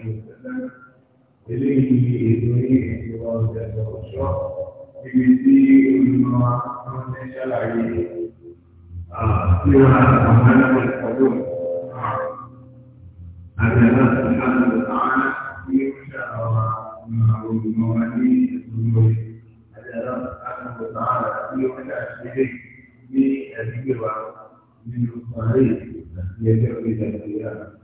عليه وسلم إليه بإذنه وجل وشرف بمثله ما كنت شرعي سوى مهلك القدوم هذا الله سبحانه وتعالى في مشاعر مع المواليد الذنوب هذا الله سبحانه وتعالى في مشاعره بأذكر من الصحيح يدعو إلى القيامة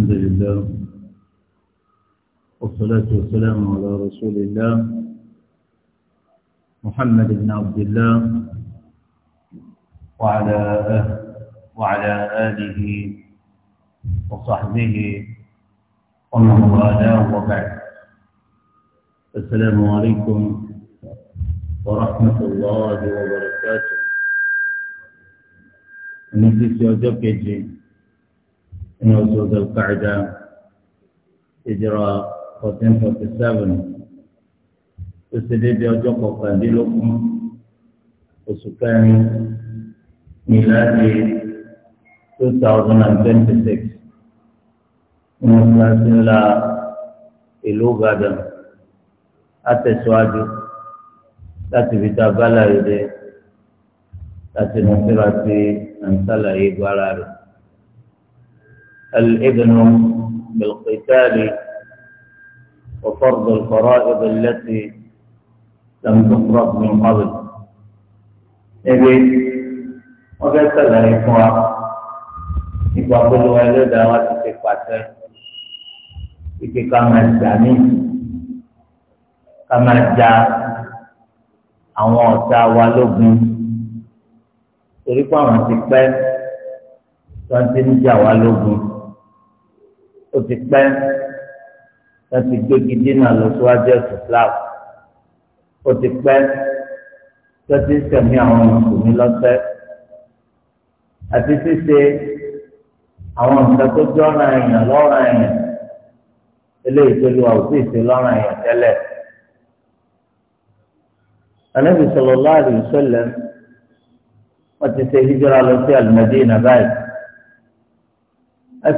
الحمد لله والصلاة والسلام على رسول الله محمد بن عبد الله وعلى آه- وعلى آله وصحبه ومن والاه وبعد السلام عليكم ورحمة الله وبركاته نجلس يا جوكي ní oṣù Zulqa'da ìjìrà fourteen forty seven tó ṣe déédéé ọjọ́ kọkàndínlógún oṣù kẹrin míládì two thousand and twenty six ní ọ̀sán ńlá ìlú Ìbàdàn àtẹ̀síwájú láti fi ta bálà yìí dé الإذن بالقتال وفرض الفرائض التي لم تفرض من قبل نبي وقال لها إخوة إخوة كل والدة وتفقة إذا كما الجامي كما الجامي àwọn ọ̀tá wa lógun torí pé àwọn ti pẹ́ tí wọ́n ti ń jà wá lógun ó ti pẹ́ láti gbégi dínà lọ síwájú ẹ̀sìn Islam ó ti pẹ́ tọ́tí sẹ̀mí àwọn mùsùlùmí lọ́sẹ̀ àti ṣíṣe àwọn nǹkan tó jẹ́ ọ̀ràn èèyàn lọ́ràn èèyàn eléyìí tó lu àwùjọ ìṣe lọ́ràn èèyàn tẹ́lẹ̀. Ànábì sallallahu alaihi wasallam wọ́n ti ṣe hijira lọ sí Al-Madina báyìí.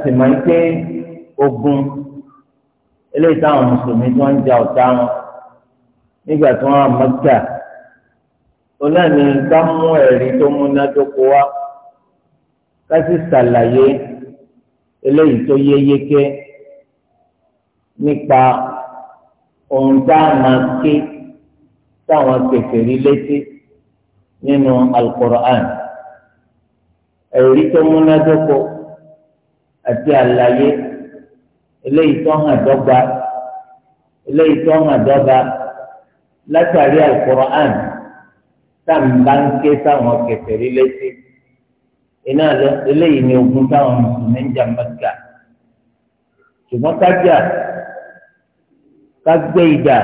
sì máa ń pé ogun eléyìí táwọn mùsùlùmí tí wọ́n ń ja ọ̀tá wọn nígbà tí wọ́n á Mẹ́kà tó náà ní ká mú ẹ̀rí tó múnádóko wá ká sì ṣàlàyé eléyìí tó yé yéké nípa ohun tá a máa ké táwọn kèfèrí létí nínú al ẹ̀rí tó múnádóko àti àlàyé eléyìí tó hàn dọ́gba eléyìí tó hàn dọ́gba látàrí alukur'an táǹbà ń ké sáwọn kèfèrí létí iná eléyìí ni ogun táwọn mùsùlùmí ń jà mẹ́ta ṣùgbọ́n kájà kágbé ìdá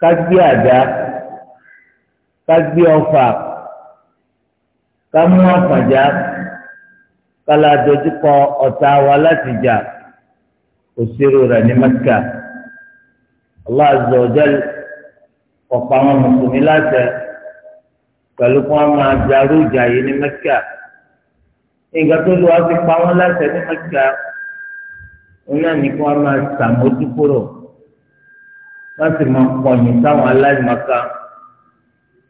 kágbé àdá kágbé ọfà kámú àfàjá kálá dojúkọ ọ̀tá wa láti jà òṣèré rẹ̀ ní mẹ́kà Allah azza wa jal ọ̀pọ̀ àwọn mùsùlùmí láṣẹ pẹ̀lú kí wọ́n máa darú ìjà yìí ní mẹ́kà ìgbà tó lù wá fi pa wọ́n láṣẹ ní mẹ́kà wọn náà kí wọ́n máa ṣàmójúkúrò wọ́n sì máa pọ̀yìn sáwọn aláìmọ̀ká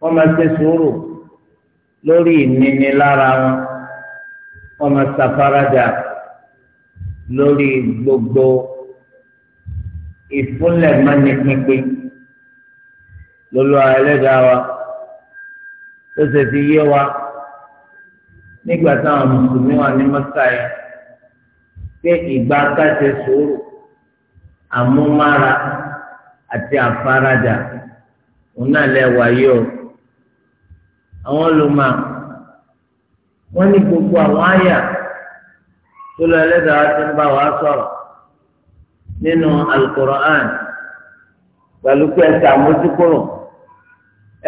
wọ́n máa ṣe sùúrù lórí ìnínilára wọn ọmọ safarada lórí gbogbo ìfúnlẹ̀ mání pínpín lọ́lọ́ ẹlẹ́dàá wa tó ṣe fi yé wa nígbà táwọn mùsùlùmí wà ní mọ́tà yẹn pé ìgbà káṣe sùúrù àmúmára àti àfaradà òun náà lẹ wáyé o àwọn olùmọ̀ wọ́n ní gbogbo àwọn àyà tó lọ ẹlẹ́dàá ti ń bá wa sọ̀rọ̀ nínú alukur'an pẹ̀lú pé ẹ ṣàmójúkúrò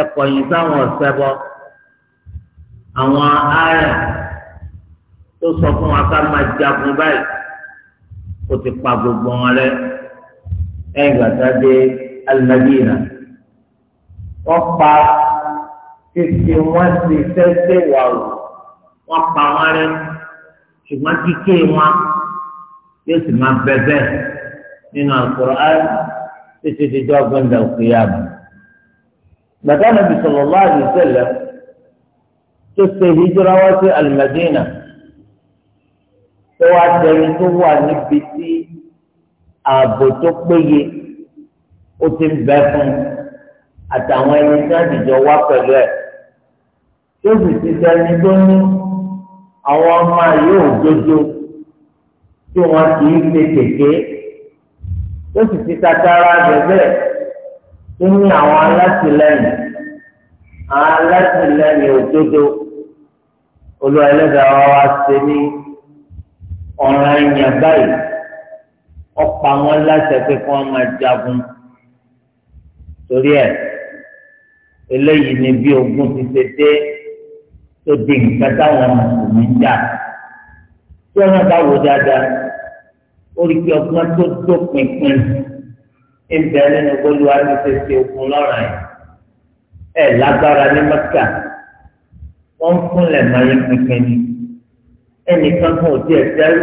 ẹ kọ̀yìn sáwọn ọ̀sẹ̀bọ àwọn àyà tó sọ fún wa ká máa jagun báyìí ó ti pa gbogbo wọn rẹ́ ẹ̀yìn gbàtà dé alimẹ́dínà wọ́n pa fífi wọ́n ti sẹ́sẹ́ wà ó wọ́n pa wọn rẹ́ ṣùgbọ́n kíké wọn yóò sì máa bẹ bẹ́ẹ̀ nínú Al-Qur'an títí dídọ́ gbẹ̀ndà òkèèyàn. Bàtà nàbì sallallahu alaihi wasallam tó ṣe hijira wá sí Al-Madina tó wá dẹni tó wà níbi tí ààbò tó péye ó ti ń bẹ fún àtàwọn ẹni tí wọ́n ti jọ wá pẹ̀lú ẹ̀ tó sì ti dẹni tó ní àwọn ọmọ yóò jójó tí wọn kì í ṣe kèké ó sì ti tatara bẹ̀bẹ̀ tó ní àwọn alátìlẹ́yìn àwọn alátìlẹ́yìn òdodo olú ẹlẹ́dàá wa wá ṣe ní ọ̀ràn ẹ̀yàn báyìí ọ̀pọ̀ àwọn láṣẹ pé kí wọ́n máa jagun torí ẹ̀ eléyìí ni bí ogun ti ṣe dé tó di nǹkan táwọn mùsùlùmí ń jà tí wọn bá wò dáadáa ó rí pé ọgbọ́n tó dópin pin ń bẹ nínú gbólúwa ní sèse okun lọ́ràn ẹ̀ lágbára ní mẹ́kà wọ́n fúnlẹ̀ máa yẹ pínpín ni ẹnìkan kan ò tí ẹ̀ sẹ́rú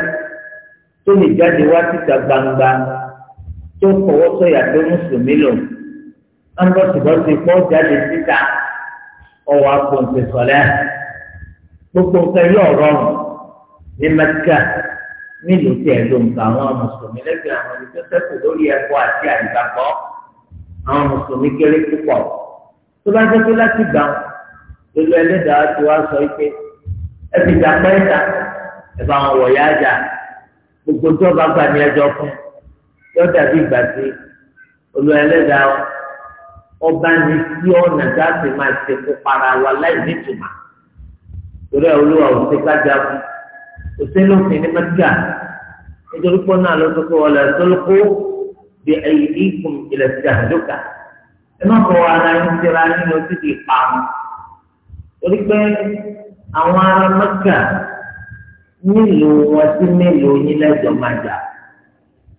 tó lè jáde wá síta gbangba tó fọwọ́ sọ̀yà pé mùsùlùmí lò ń bọ̀ síbọ̀ sí pọ́ jáde síta ọwọ́ àpòǹtẹ̀sọ̀lẹ́ gbogbo nǹkan ilé ọ̀rọ̀ rùn ní mẹ́tíkà nílùú tí ẹ̀ ló ń ka àwọn mùsùlùmí lẹ́gbẹ̀ẹ́ àwọn ìjọ sẹ́kù lórí ẹ̀kọ́ àti àyíkàkọ́ àwọn mùsùlùmí kéré púpọ̀ tó bá jẹ́ pé láti gbà lólu ẹlẹ́dàá tí wàá sọ pé ẹ fi jà pẹ́ẹ́ta ẹ bá wọn wọ̀ yá jà gbogbo tó bá gbà ní ẹjọ́ fún yọ dàbí ìgbà tí olú ẹlẹ́dàá ọba ní sí ọ̀nà dáàbì máa ṣe kó para wa láì nítumọ̀ torí olúwa òsè kájà òsè lófin ní mẹ́tíà nítorí pọ́n náà ló sọ́kọ́ ọ̀la sọ́lọ́kọ́ bí ayé ikùn ilẹ̀ sí àdókà ẹ má fọ ara yín síra yín lọ sí ti pa ọ́ torí pé àwọn ará mẹ́tíà nílùú wọn sí mélòó yín lẹ́jọ́ máa jà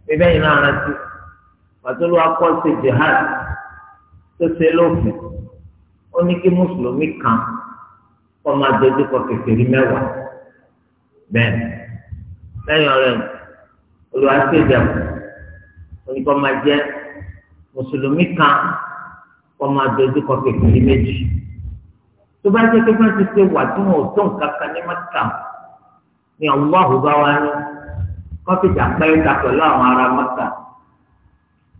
bíbẹ́ yìí náà rántí pàtó ló akọ́ sí jihad tó ṣe lófin ó ní kí mùsùlùmí kan kọ́ máa dojú kọ kékeré mẹ́wàá bẹ́ẹ̀ lẹ́yìn ọ̀rẹ́ olùwà ṣèjì ẹ̀kọ́ oníkọ́ máa jẹ́ mùsùlùmí kan kọ́ máa dojú kọ kékeré méjì tó bá jẹ́ pé wọ́n ti ṣe wà tí wọn ò tó nǹkan kan ní mọ́tà ni ọlọ́hu bá wá ní kọ́fíìsì àpẹ́ẹ́ta pẹ̀lú àwọn ará mọ́tà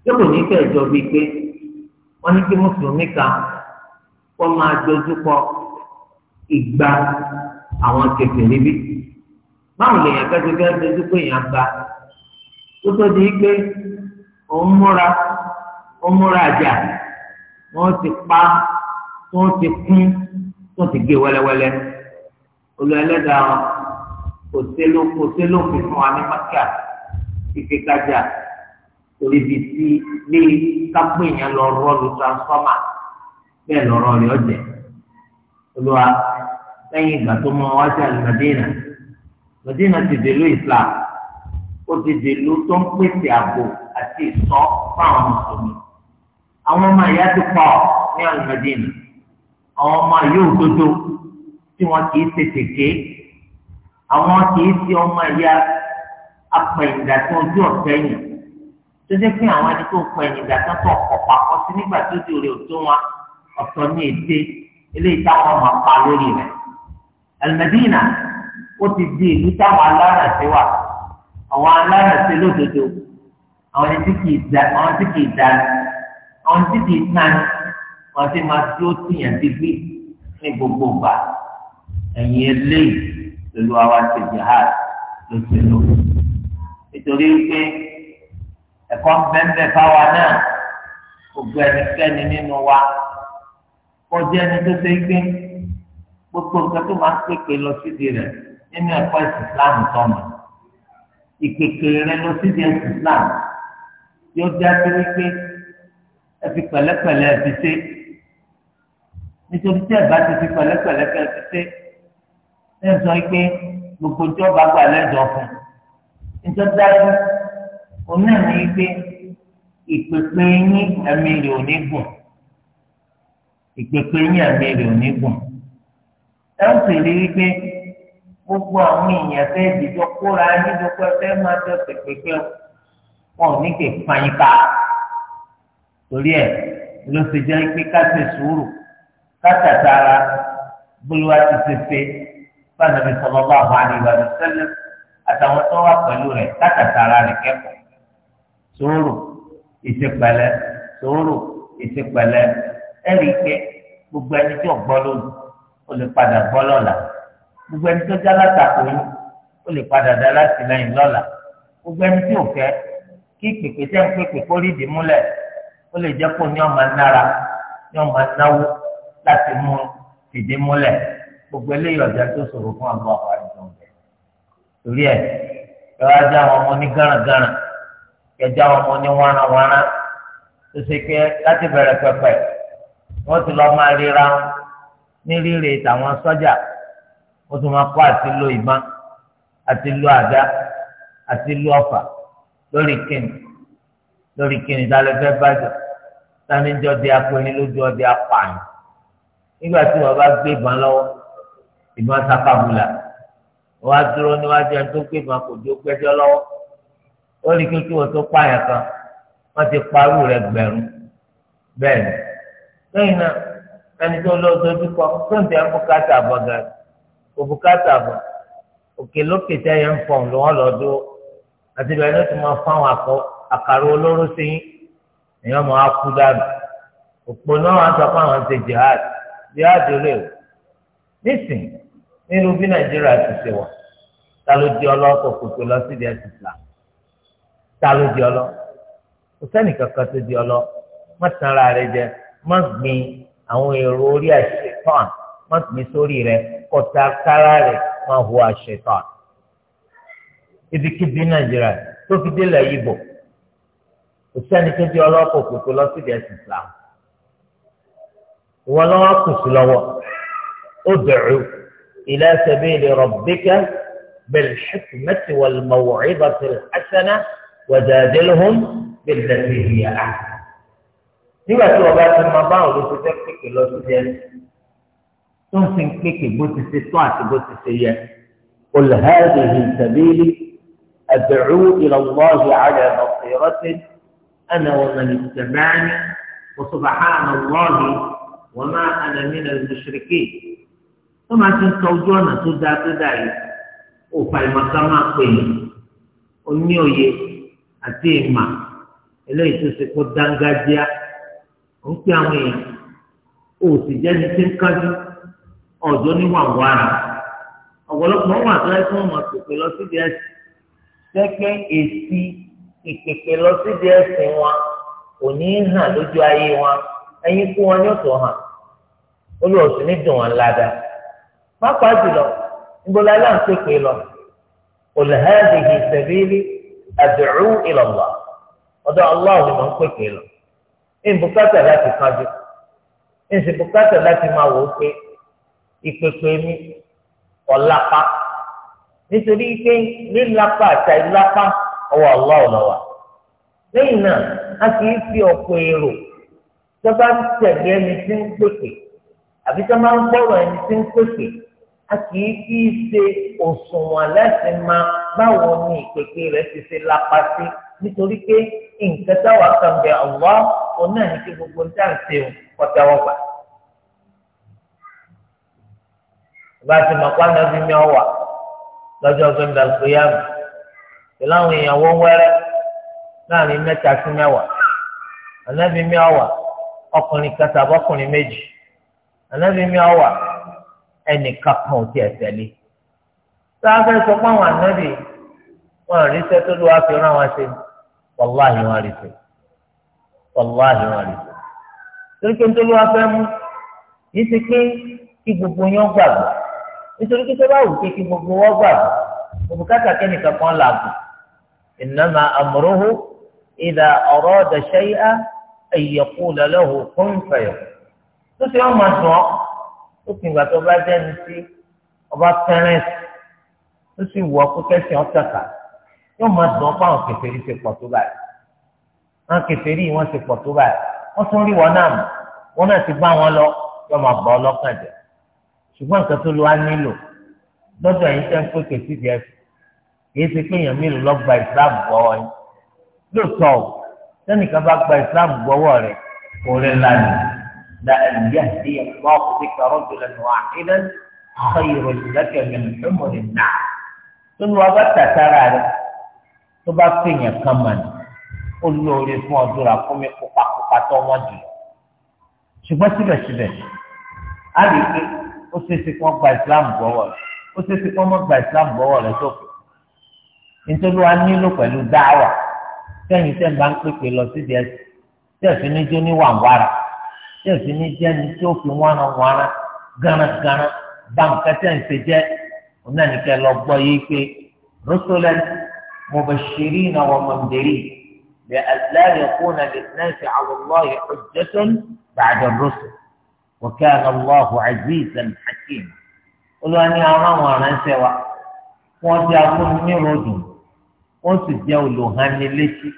tí kò ní fẹ́ jọ bíi pé wọ́n ní kí mùsùlùmí kan kọ́ máa dojú kọ. ìgbà àwọn kẹfẹ níbí báwo lèèyàn kẹsì fẹẹ dojú pé èèyàn gba tó tó di pé òun múra òun múra àjà wọn ti pa wọn ti kún wọn ti gé wẹlẹwẹlẹ olú ẹlẹdàá kò séló kò séló fi fún wa ní mákà ti lé kápẹ́ lẹ́yìn ìgbà tó mú wá sí àlùmọdéènà mọdéènà ti dèlú islam ó ti dèlú tó ń pèsè ààbò àti ìsọ fáwọn mùsùlùmí àwọn ọmọ ìyá ti pọ̀ ní àlùmọdéènà àwọn ọmọ yóò dodo tí wọn kì í tètè ké àwọn kì í ti ọmọ ìyá apẹ̀yìndàtọ̀ ojú ọ̀sẹ̀ yìí tó jẹ́ pé àwọn ẹni tó pẹ̀yìndàtọ̀ tó ọ̀pọ̀ àkọsí nígbà tó di orí òtó wọn ọ̀tọ̀ ní ète eléyìí táwọn máa pa lórí rẹ̀ Al-Madina ó ti di ìlú táwọn aláràṣẹ wà àwọn aláràṣẹ lódodo àwọn tí kì í da àwọn tí kì í da àwọn tí kì í tán àwọn tí máa tí ó tìyàn ti gbé ní gbogbo ìgbà ẹ̀yìn eléyìí lólu àwa ṣe jihad lóṣèlú nítorí pé ẹ̀kọ́ ń bẹ́ńbẹ́ fáwa náà gbogbo ẹnikẹ́ni nínú wa kọjá ẹni tó ṣe é gbé gbogbo nǹkan tó máa ń pèpè lọ sídi rẹ nínú ẹ̀kọ́ ẹ̀sìn islam tọmọ ìpèpè rẹ lọ sídi ẹ̀sìn islam yóò dá sí wípé ẹ fi pẹ̀lẹ́pẹ̀lẹ́ ẹ fi ṣe nítorí tí ẹ bá ti fi pẹ̀lẹ́pẹ̀lẹ́ ẹ fi ṣe ẹ sọ pé gbogbo tí ọba gbà lẹjọ fún nítorí dájú òun náà ní pé ìpèpè yín ẹ̀mí rẹ̀ ò ní gùn ìpèpè yín ẹ̀mí rẹ̀ ò ní gùn ẹ ń pèrè wípé gbogbo àwọn èèyàn fẹ́ dìjọ kóra nídòkó ẹfẹ́ máa jọ pèpèpè wọn ò ní kè pàyíká torí ẹ ló ṣe jẹ́ pé ká ṣe sùúrù ká tàtàrà gbólóhà ti ṣe ṣe fáànàbí sallallahu alaihi wa sallam àtàwọn tó wà pẹ̀lú rẹ̀ ká tàtàrà rẹ̀ kẹ́kọ̀ọ́ sùúrù ìṣèpẹ̀lẹ́ sùúrù ìṣèpẹ̀lẹ́ ẹ̀rí pé gbogbo ẹni tí ò gbọ́ lónìí ó lè padà bọ́ lọ́la gbogbo ẹni tó já látakò yín ó lè padà dá láti lẹ́yìn lọ́la gbogbo ẹni tí ò fẹ́ kí pèpè tẹ́ ń pèpè kó rí ìdímúlẹ̀ ó lè jẹ́ kó ní ọmọ nára ní ọmọ náwó láti mú ìdímúlẹ̀ gbogbo eléyìí ọ̀dà tó ṣòro fún àwọn ọ̀pá ìdánwò torí ẹ̀ ẹ wá já àwọn ọmọ ní gánragánra ẹ já àwọn ọmọ ní wánawánà tó ṣe pé láti bẹ̀rẹ̀ pẹ̀pẹ̀ wọ́n ti lọ́ọ́ máa ríra wọn ní rírè tàwọn sọ́jà ó tún máa kọ́ àti lo ìbọn àti lo àdá àti lo ọfà lórí kíni lórí kíni dálẹ́ fẹ́ bàjẹ́ sani jọ di apẹni lójú ọdẹ apààyàn nígbà tí wọn bá gbé ìbọn lọ́wọ́ ìbọn sakabula wọn á dúró níwájú ẹni tó gbé ìbọn kò jó gbẹ́jọ́ lọ́wọ́ ó rí kí wọn tó pààyàn kan wọn ti parú rẹ̀ gbẹ̀rún bẹ́ẹ̀ ni lẹ́yìn náà ẹni tó lọ dojú kọ tó ń tẹ bùkátà bọ̀ gan kò bùkátà bọ̀ òkè lókè tẹ́yẹ̀ ń fọ̀n lọ́wọ́ lọ́dún àti bẹ́ẹ̀ ló ti máa fáwọn àkàrà olóró sí èèyàn máa kú dànù òpó náà wọ́n sọ pé àwọn ti jihad jihad rè o nísìn nínú bí nàìjíríà ti ṣe wà ta ló di ọlọ́kọ̀ kòtò lọ sí ìdíyẹ ti fìlà ta ló di ọlọ́ kò sẹ́nì kankan tó di ọlọ́ má tanra rẹ jẹ má gbin àwọn èrò orí àṣetán wọn gbé sórí rẹ kọta kára rẹ wọn hu àṣetán ibikíbi nàìjíríà tó fi délẹ̀ yìí bọ̀ kò sẹ́ni tó di ọlọ́pàá òkùnkùn lọ sí ìdẹ́sì islam wọn lọ́wọ́ kù sí lọ́wọ́ ó dẹ̀rù ilé ilé ẹsẹ bíi ila sabili rabbika bilhikmati wal maw'izati alhasana wajadilhum billati hiya ahsan. nígbà tí ọba ti máa bá òun ló ti fẹ́ pèpè lọ sí yẹn tó ń fi pèpè bó ti ṣe tó àti bó ti ṣe yẹ قل هذه سبيلي أدعو إلى الله على بصيرة أنا ومن اتبعني وسبحان الله وما أنا من المشركين ثم تنتوجون تدى تدى وفي مقام قيل ونيوي أتيما إليه تسكت دنجاجيا nke pè àwọn èèyàn o sì jẹ́ni tí ń kájú ọ̀dọ́ níwàwọ̀ ara ọ̀pọ̀lọpọ̀ wà tó ẹ fún ọmọ pèpè lọ síbi ẹsẹ̀ tẹ́pẹ́ èsì ìpèpè lọ wọn kò ní í hàn lójú ayé wọn ẹ̀yin kú wọn ní ọ̀tọ̀ hàn ní dùn wọn ládàá pápá jùlọ lọ qul hadhihi sabili ìbùkátà láti kájú ìsìbùkátà láti máa wò ó pé ìpèpè mi ọ̀lápá nítorí pé lílápá àti àìlápá ọwọ́ Allah ọ̀lọ́wà lẹ́yìn náà a kì í fi ọ̀pọ̀ èrò tó bá ń tẹ̀lé ẹni tí ń pèpè àbí tó máa ń gbọ́rọ̀ ẹni tí ń pèpè a kì í fi ṣe òṣùwọ̀n láti máa báwo ni ìpèpè rẹ̀ ti ṣe lápá sí. Si nítorí pé nǹkan táwọn kan bẹ ọ̀wọ́ òun náà ní kí gbogbo ń dáǹsì ọ̀tẹ̀ ọgbà. bá a ti mọ̀ pé àná fi mi ọ̀wà lọ́jọ́ gbẹ̀ngà gbéyàmù pẹ̀lú àwọn èèyàn wọ́n wẹ́rẹ́ láàrin mẹ́ta sí mẹ́wàá àná fi mi ọ̀wà ọkùnrin kan tàbí méjì àná mi ọ̀wà ẹnìkan kan ò tiẹ̀ tẹ̀lé sáà sọ pé àwọn ànábì wọn àríṣẹ́ tó wá fi rán wọn ṣe ni wàláhì wọn rí sí wàláhì wọn rí sí torí pé nítorí wọn fẹ́ mú yìí ti pé kí gbogbo yẹn gbàgbọ́ nítorí pé tó bá wù pé kí gbogbo wọn gbàgbọ́ gbogbo kàkà kẹ́nìkan kan làbù ìnáma àmúróhó ìdá ọ̀rọ̀ dàṣẹ́yà ẹ̀yẹ̀kú lọ́lọ́hùn fún ìfẹ̀yọ̀ tó ti wọn máa dùn ọ́ ó fi ìgbà tó bá dẹ́ni sí ọba fẹ́rẹ́ẹ̀sì ó sì wù pé kẹ́sì ọ́ tàkà yóò máa dùn fún àwọn kèfèrí ṣe pọ̀ tó báyìí àwọn kèfèrí wọn ṣe pọ̀ tó báyìí wọ́n tún rí wọn náà wọn náà ti bá wọn lọ yóò máa bọ̀ ọlọ́kàn jẹ ṣùgbọ́n nǹkan tó lu wá nílò lọ́dọ̀ ẹ̀yin tẹ́ ń pé kèsì bí ẹ̀sìn kì í ṣe pé èèyàn mélòó lọ gba islam gbọ́wọ́ yín lóòótọ́ o sẹ́nìkan bá gba islam gbọ́wọ́ rẹ̀ kò rẹ̀ lánàá la ẹ̀yà sí ẹ̀kọ́ òṣìkà rọ́jòlẹ̀ nù àkílẹ̀ ọ̀yẹ̀rọ̀ ìlẹ́kẹ̀ mi lọ́mọdé náà tó lu wá bá tàtàrà rẹ̀ tó bá pèèyàn kan mà ní ó lóore fún ọdún rà fún mi kópakópa tó wọ́n jù ṣùgbọ́n síbẹ̀síbẹ̀ á rí i pé ó ṣe é ṣe kí wọ́n gba ìsìláàmù gbọ́wọ́ rẹ̀ ó ṣe é ṣe kí wọ́n gba ìsìláàmù gbọ́wọ́ rẹ̀ sókè nítorí wàá nílò pẹ̀lú dáwà sẹ́yìn tẹ́ ń bá ń pèpè lọ sí díẹ̀ tẹ̀sí ní jó ní wàǹwàrà tẹ̀sí ní jẹ́ni tí ó fi wọ́n ran wọ́n ran gánragánra bá nǹkan tẹ̀ ń ṣe jẹ́ òun lọ gbọ́ yìí pé rọ́sọ́lẹ́ni مبشرين ومنذرين لئلا يكون للناس على الله حجة بعد الرسل وكان الله عزيزا حكيما قلوا أني أرى وأنا سوا وأنت أقول نيرودون وأنت جاولو هاني لشي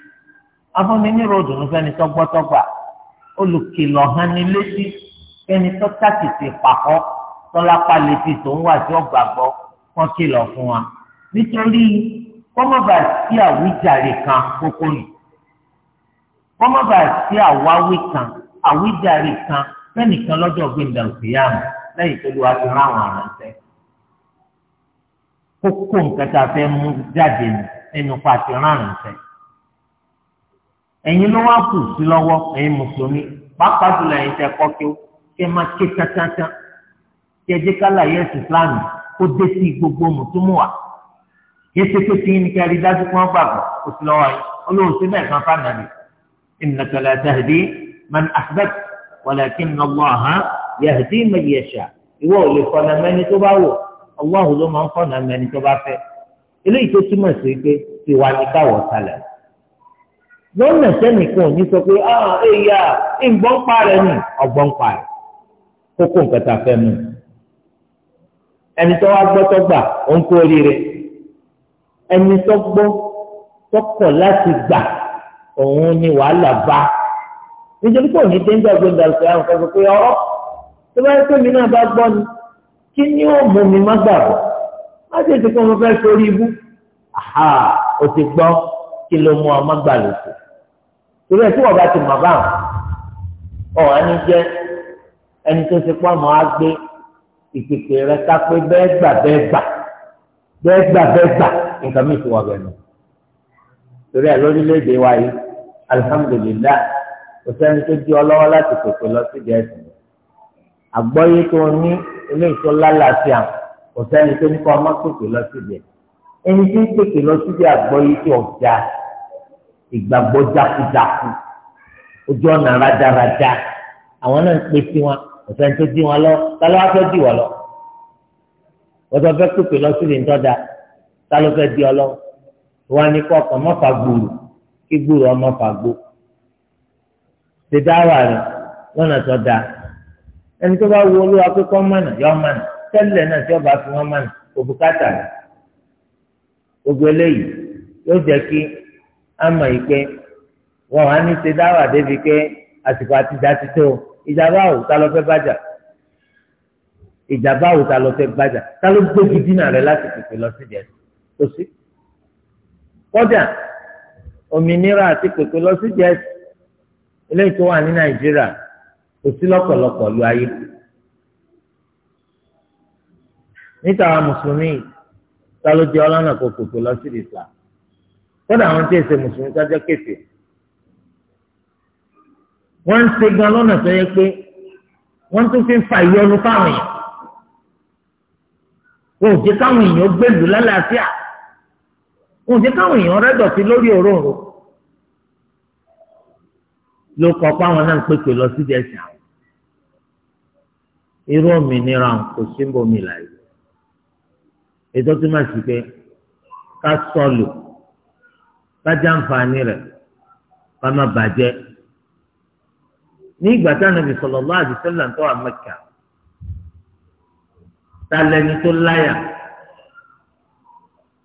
أقول نيرودون فأني تقبى تقبى قلوا كيلو هاني لشي فأني تقتاتي في تقبى تقبى تقبى تقبى تقبى تقبى تقبى تقبى تقبى kọ́mọ́bà sí àwíjàre kan kókó nù kọ́mọ́bà sí àwáwí kan àwíjàre kan fẹ́nìkan lọ́jọ́ gbẹ̀ndà òkèèyàn lẹ́yìn tó lu aṣọ ráwọn àránṣẹ́ kókó nǹkan tá a fẹ́ mú jáde nínú pàṣẹ ránṣẹ́ ẹ̀yin ló wá kù sí lọ́wọ́ ẹ̀yin mùsùlùmí pàápàá jùlọ ẹ̀yin tẹ kọ́ kí ó kí ẹ máa ké tátátá kí ẹ jẹ́ ká láyé ẹ̀sìn Islam kó dé sí gbogbo mùtúmùwà yìí ṣe pé kí ni kí a rí dájú pé wọ́n gbàgbọ́ kò sí lọ́wọ́ yìí olóhùn sí bẹ́ẹ̀ kan fáànà mi innaka la tahdi man ahbabta walakinna Allaha yahdi man yasha ìwọ ò lè fọ̀nà mẹ́ni tó bá wọ̀ Allahu ló máa ń fọ̀nà mẹ́ni tó bá fẹ́ eléyìí tó túmọ̀ sí pé tiwa ni káwọ̀ kalẹ̀ lọ́nà sẹ́nìkan ò ní sọ pé ah eya ìgbọ́n pa rẹ̀ ni ọ̀gbọ́n pa rẹ̀ kókó nǹkan ta fẹ́ mú ẹni tó wá gbọ́tọ́ gbà ó ń ẹni tó gbọ́ tó kọ̀ láti gbà òun ni wàhálà bá nítorí pé òní dé ń dàgbé ìdàgbé àwọn kan sọ pé tó bá yẹ pé mi náà bá gbọ́ ni kí ni ó mú mi má gbàgbọ́ má ṣe ti kọ́ mo fẹ́ sórí ibú àhà o ti gbọ́ kí ló mú ọ má gbà lóṣù torí ẹ̀ tí wọ́n bá ti mọ̀ báwọn ọ̀hún ẹni jẹ́ ẹni tó ti pọ́n mọ́ á gbé ìpèpè rẹ ká pé bẹ́ẹ̀ gbà bẹ́ẹ̀ gbà bẹ́ẹ̀ gbà bẹ́ẹ̀ gbà nǹkan mi ti wọ bẹ̀rù torí ẹ lórílẹ̀‐èdè wa yìí alihamudulilá kò sẹ́ni tó di ọlọ́wọ́ láti pèpè lọ sí gẹ̀ẹ́sì àgbọ́yé tó ní eléyìí tó lálàáfíà kò sẹ́ni tó ní kọ́ ọmọ pèpè lọ sí gẹ̀ẹ́ ẹni tí ń pèpè lọ sí gẹ̀ẹ́ àgbọ́yé tó ọ̀gá ìgbàgbọ́ jákujáku ojú ọ̀nà rádaràda àwọn náà ń pè sí wọn kò tó di wọn lọ tálọ́ fẹ́ di wọn lọ wọ́n tó fẹ́ pèpè lọ sí lè ń tọ́ da ta di ọlọ́wọ́ wọn ni kọ́ ọkàn kí fà gbó rẹ tó da ẹni tó bá wo olúwa pé kọ́ mọ̀nà yọ mọ̀nà tẹ́lẹ̀ náà tí ọba fi wọ́n òbúkátà rẹ gbogbo eléyìí yóò jẹ́ kí á yìí pé wọn wá ní débi pé àsìkò ti tó ìjàmbá kò sí. kọ́dà òmìnira àti pèpè lọ sí jẹ́sì eléyìí tó wà ní nàìjíríà kò sí lọ́pọ̀lọpọ̀ lu ayé. níta àwọn mùsùlùmí ta ló jẹ́ ọlọ́nà kò pèpè lọ sí ìsìlá kọ́dà àwọn tí èsè mùsùlùmí tó jẹ́ kéfì. wọ́n ń ṣe gan lọ́nà tó yẹ pé wọ́n tún fi ń fa ìyọnu fáwọn èèyàn. wọn ò jẹ́ káwọn èèyàn gbèlú lálàáfíà kò jẹ́ káwọn èèyàn rẹ̀ dọ̀tí lórí òróǹro ló kọ́ pa àwọn náà ń pèpè lọ sí ẹ̀sìn àwọn irú òmìnira kò síbòmí láyé ètò tó máa sì pé ká sọlù ká jàǹfààní rẹ̀ ká má bàjẹ́ ní ìgbà tí Ànábì sallallahu ń tọ́ Mẹ́kà ta lẹni tó láyà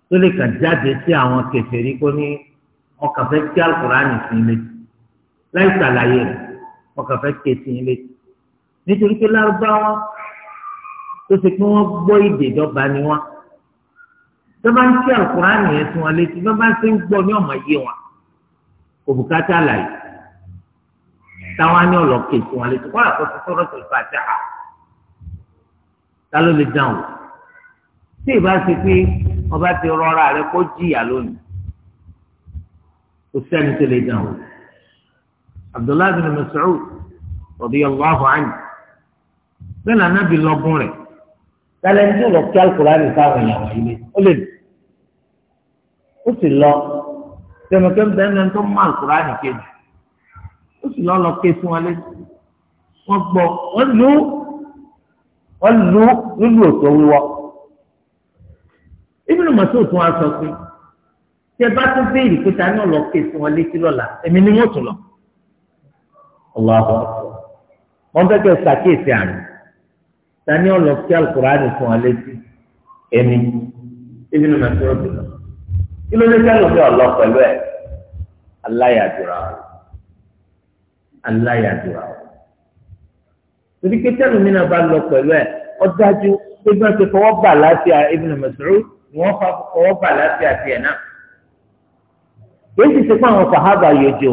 tó lè kàn jáde sí àwọn kèfèrí kó ní ọkàn fẹ́ kí alukurani sí ilé láì sàlàyé rẹ̀ ọkàn fẹ́ ké sí ilé nítorí pé lárúbáwá tó ṣe pé wọ́n gbọ́ èdè dọ́gba ni wọ́n tó bá ń kí alukurani yẹn sí wọn létí tó bá ń ṣe ń gbọ́ ní ọmọ yé wọn kò bùkátà àlàyé táwọn á ní ọlọ́kè sí wọn létí wọ́n àkọsí sọ́rọ́ tó fà á ta ló lè dáhùn tí ì bá ṣe pé ọba ti rọra rẹ kó jìyà lónìí kò sẹ́ni tó lè dàn o abdullahi bin mas'ud radiyallahu anhu bẹ́ẹ̀ náà nábì lọ́gùn rẹ̀ tẹ́lẹ̀ ní ìlọ kí alukurani sáwọn èèyàn wà ilé ó lè ó sì lọ tẹmẹkẹ ń bẹ́ẹ̀ náà tó mọ alukurani kejì ó sì lọ lọ ké sí wọn lé wọn gbọ́ wọn lù wọn lù nílùú òtò wíwọ́ èmi ló mọ̀ tó tún wá sọ pé tí ẹ bá tún béèrè pé ta ni ọ̀lọ́ ké fún ọ létí lọ́la èmi ni wọ́n tún lọ. Allahu akbar. Wọ́n fẹ́ kẹ́ ṣàkíyèsí àrùn. Ta ni ọ̀lọ́ kí Al-Kùránì fún ọ létí? Èmi. Èmi ló mọ̀ tó tún lọ. Kí ló dé sẹ́nu bí ọ̀lọ́ pẹ̀lú ẹ̀? Aláyàdúrà o. Aláyàdúrà o. Torí pé tẹ́lu mi náà bá lọ pẹ̀lú ẹ̀, ọ dájú pé bí wọ́n ti fọwọ́ bà láti Ibn Mas'ud wọ́n fa ọwọ́ bà láti àti ẹ̀ náà. Èyí ti ṣe fún àwọn sàhábà yòjò.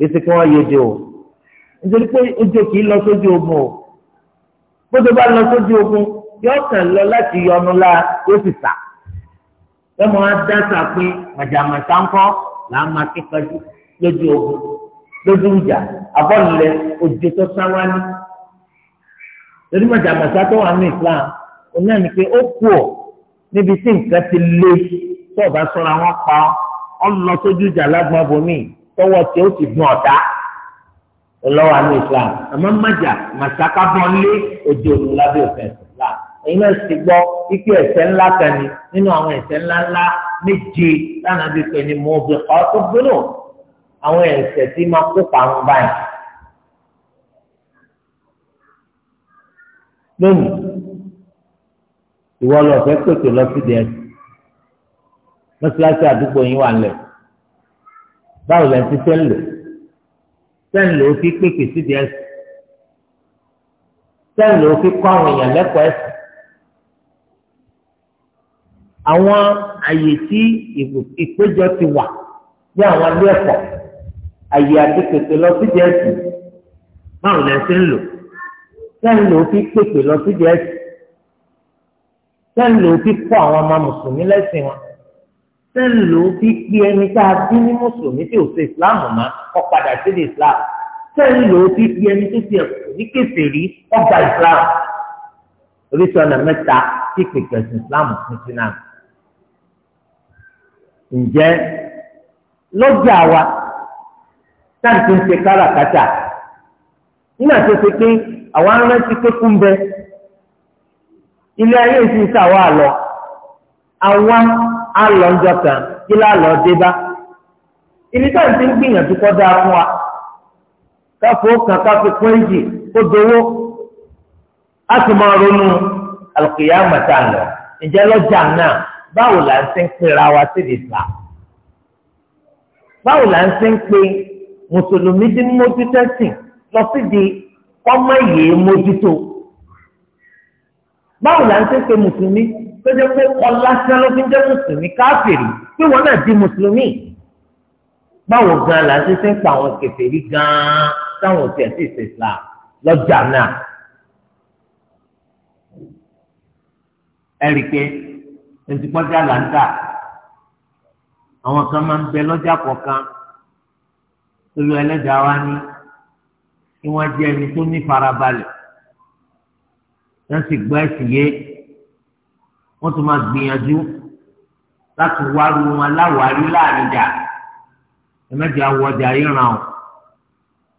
Èyí ti kí wọ́n yòjò. Nítorí pé ojú kìí lọ sójú ogun o. Bó tó bá lọ sójú ogun, yóò kàn lọ láti yọnu la yóò sì sà. Bẹ́ẹ̀ mo á dáta pé màjàmàta ń là á máa kíkanjú lójú ogun lójú ìjà abọ́lulẹ̀ ojú tó sáwá ní. Lórí màjàmàta tó wà ní Ìsìlámù oní ẹni pé ó kú ọ níbi tí nǹkan ti lé tó ọba sọra wọn pa ọlọ sójú ìjà lágbọn bomi tọwọ tí ó ti gun ọdá ọlọwọ àmì islam àmọ́ májà màsáká bọ́n lé òjò òru lábẹ́ òfin islam èyí náà ti gbọ́ ike ẹ̀ṣẹ̀ ńlá kan ni nínú àwọn ẹ̀ṣẹ̀ ńlá ńlá méje lánàá bí pé ni mo bẹ ọ tó gbóná àwọn ẹ̀ṣẹ̀ tí máa kó parun báyìí lónìí ìwọ lọ fẹ́ pètè lọ sí díẹ̀ mọ́sálásí àdúgbò yín wà lẹ̀ báwo lẹ́ ti fẹ́ lò sẹ́ń lò ó fi pèpè sí díẹ̀ sẹ́ń lò ó fi kọ́ àwọn èèyàn lẹ́kọ̀ọ́ ẹ̀sìn àwọn àyè tí ìpéjọ ti wà ní àwọn ilé ẹ̀kọ́ àyè àti pèpè lọ sí díẹ̀ báwo lẹ́ ti ń lò sẹ́ń lò ó fi pèpè lọ sí díẹ̀ sẹ́ńlò fi kọ́ àwọn ọmọ mùsùlùmí lẹ́sìn wọn sẹ́ńlò fi pé ẹni tá a bí ní mùsùlùmí tí ò ṣe ìsìláàmù mọ́ kọ́ padà sí ní ìsìláàmù sẹ́ńlò fi pé ẹni tó ti ẹ̀kọ́ ní kèfèrí kọ́ gba ìsìláàmù oríṣi ọ̀nà mẹ́ta tí pèpè ẹ̀sìn ìsìláàmù fún sí ǹjẹ́ lọ́jà wa táǹtì ń ṣe káràkátà nígbà tó ṣe pé àwọn aránsí pé kú ń bẹ́ẹ̀ ilé ayé sì sàwọ́ àlọ́ àwa alọ́njọ kan kí lálọ́ dé bá ibi táwọn ti ń gbìyànjú kọ́ dáa fún wa káfọ́ kan káfọ́ pẹ́ẹ́jì kó dowó a sì máa ronú alùpùpù tá a lọ ǹjẹ́ lọ́jà náà báwo là ń ṣe ń pera wa sí ìdìbà báwo là ń ṣe ń pe mùsùlùmí dín mójútẹ́sìn lọ sídìí kọ́mọ yìí mójútó báwo là ń ṣe ṣe mùsùlùmí tó jẹ́ pé ọlá tí wọ́n fi ń jẹ́ mùsùlùmí káfìrí pé wọ́n náà di mùsùlùmí báwo gan là ń ṣe ṣe ń pa àwọn kèfèrí gan táwọn ò tiẹ̀ sí ìṣe Islam lọ́jà náà ẹ̀rí pé là ń tà àwọn kan máa ń bẹ lọ́jà kọ̀ọ̀kan olú ẹlẹ́dàá wa ní kí wọ́n jẹ́ ẹni tó ní farabalẹ̀ wọ́n sì gbọ́ ẹ̀sìn yé wọ́n tún máa gbìyànjú láti wárú wọn aláwárí láàrin jà ẹ̀mẹ́jẹ̀ awọ́jà ìran o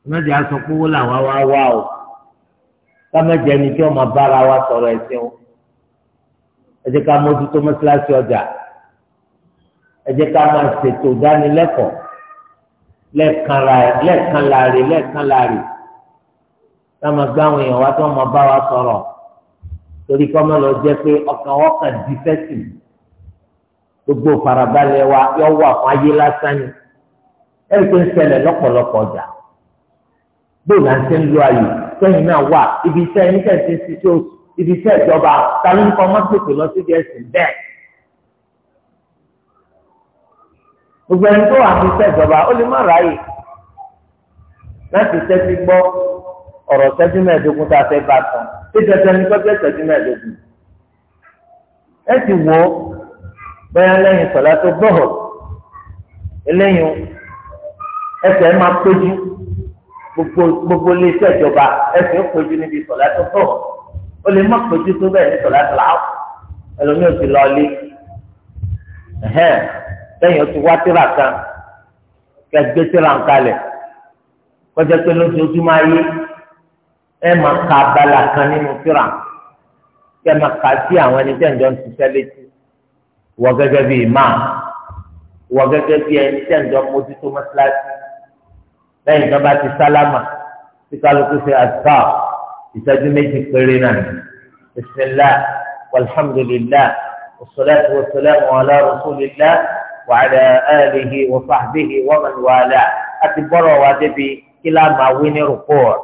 ẹ̀mẹ́jẹ̀ asọ̀kówó làwọn wá wá o kámẹ́jẹ̀ ni kí wọ́n máa bára wa sọ̀rọ̀ ẹ̀sìn o ẹ jẹ́ ká mójútó mọ́sálásí ọjà ẹ jẹ́ ká máa ṣètò ìdánilẹ́kọ̀ọ́ lẹ́ẹ̀kan láàrin lẹ́ẹ̀kan láàrin ká máa gbá àwọn èèyàn wá tó máa bá wa sọ̀rọ̀ torí kọ́ mọ́ lọ jẹ́ pé ọkàn ọkàn di fẹ́sì gbogbo farabalẹ̀ wa yọ wà fún ayé lásán ni ẹ̀rí tó ń ṣẹlẹ̀ lọ́pọ̀lọpọ̀ ọjà bóòlù à ń ṣe ń lo ayò sẹ́yìn náà wà ibi iṣẹ́ ẹni tẹ̀sí ti tó ibi iṣẹ́ ìjọba ta ló ń kọ́ mọ́tòkò lọ sí ẹ̀sìn bẹ́ẹ̀. gbogbo ẹni tó wà ní iṣẹ́ ìjọba ó lè má ráyè láti tẹ́tí gbọ́ ọ̀rọ̀ ṣẹ́jú mẹ́ẹ̀ẹ́dógún tá a fẹ́ bá tán bí dandan ní kọjá ṣẹ́jú mẹ́ẹ̀ẹ́dógún ẹ ti wọ bẹ́ẹ̀ lẹ́yìn sọ̀lá tó gbọ́họ̀ eléyìn ẹsẹ̀ máa péjú gbogbo ilé iṣẹ́ ìjọba ẹsẹ̀ ó péjú níbi sọ̀lá tó gbọ́họ̀ ó lè má péjú tó bẹ́ẹ̀ ní sọ̀lá tó láwù ẹlòmíràn ti lọ ilé lẹ́yìn o ti wá tíra kan kẹgbẹ́ tíra ń kalẹ̀ kọjá pé lójoojúmọ́ ayé ẹ máa ka abala kan nínú síra kẹ máa kà sí àwọn ẹni tẹ̀jọ́ ń ṣiṣẹ́ létí wọ gẹ́gẹ́ bíi imam wọ gẹ́gẹ́ bíi ẹni tẹ̀jọ́ mójútó mọ́sálásí lẹ́yìn tó bá ti sálámà tí kálukú ṣe àtúbà ìṣẹ́jú méjì péré náà bisimilá walhamdulilá wasalaatu wasalaamu ala rasulilá wàhálà alihi wa sàhbihi àti bọ́rọ̀ wa débi kí láà máa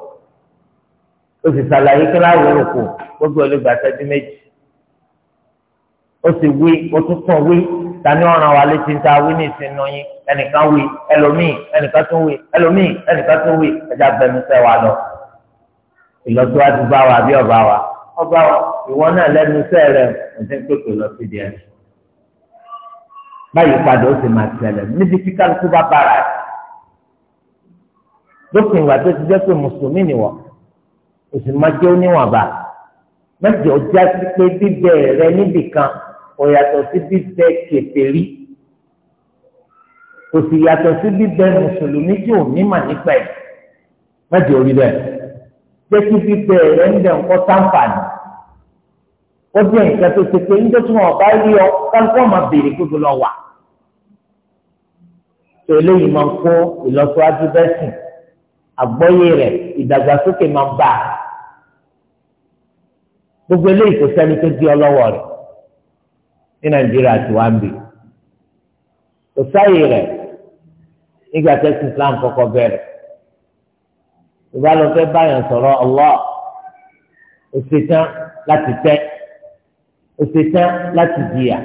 ó sì ṣàlàyé kí láwọn olùkọ́ gbogbo olùgbà sẹ́jú méjì ó sì wí ó tún tún wí tani ọ̀ràn wa létí ń ta wí ní ìsinmi yín ẹnìkan wí ẹlòmíì ẹnìkan tún wí ẹlòmíì ẹnìkan tún wí ẹja gbẹnusẹ wa lọ ìlọsíwájú bá wa bí ọba wa ọba wa ìwọ náà lẹ́nu iṣẹ́ rẹ ọdún pépè lọ sí di ẹnu báyìí padà ó sì máa ṣẹlẹ̀ níbi tí kálukú bá bára rẹ lópin ìgbà tó ti jẹ́ pé mùsùlùmí nìwọ kò sì máa jẹ́ oníwàbà mẹ́jọ já sí pé bíbẹ̀ rẹ níbì kan kò yàtọ̀ sí bíbẹ̀ kèfèrí kò sì yàtọ̀ sí bíbẹ̀ mùsùlùmí tí ò ní mà nípa ẹ̀ mẹ́jọ orí bẹ́ẹ̀ jẹ́ kí bíbẹ̀ rẹ ń bẹ̀ sáǹfààní ó jẹ́ nǹkan tó ṣe pé níjọ́ tí wọn bá rí ọ kálukọ́ máa béèrè kó lọ wà tó eléyìí máa ń kó ìlọsíwájú bẹ́sìn àgbọ́yé rẹ̀ ìdàgbàsókè máa ń bá a gbogbo eléyìí kò sẹ́ni tó di ọlọ́wọ́ rẹ̀ ní nàìjíríà tí wàá ń bì kò sáyè rẹ̀ nígbà tẹ́sí islam kọ́kọ́ bẹ̀rẹ̀ ìbá lọ fẹ́ báyọ̀ sọ̀rọ̀ Allah ó ṣe láti tẹ́ ó láti jìyà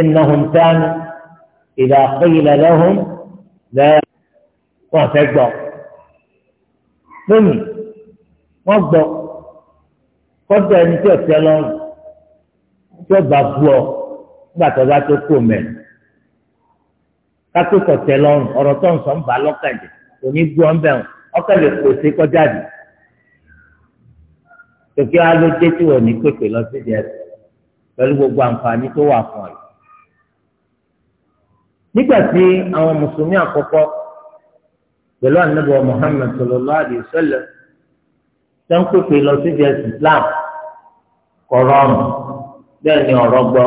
innahum kanu idha qila lahum lẹ́yìn wọ́n fẹ́ gbọ́ lónìí wọ́n gbọ́ kọ́dọ̀ ẹni tí ọ̀tẹ́ lọ́rùn tí ọba bu ọ nígbà tó bá tó kó mẹ́ kátó kọ̀tẹ́ lọ́rùn ọ̀rọ̀ tó ń sọ ń bá lọ́kàjẹ́ òní bu ọ́n bẹ̀rùn ọkàn lè kó sí kọjá dì tòkí wa ló dé tí wọ́n ní pèpè lọ sí díẹ̀ pẹ̀lú gbogbo àǹfààní tó wà fún ọ yìí. nígbà tí àwọn mùsùlùmí àkọ́kọ́ pẹ̀lú ànábọ̀ Muhammad sallallahu alaihi tó ń pèpè lọ sí jẹ́sì Islam kọ̀ bẹ́ẹ̀ ni ọ̀rọ̀ gbọ́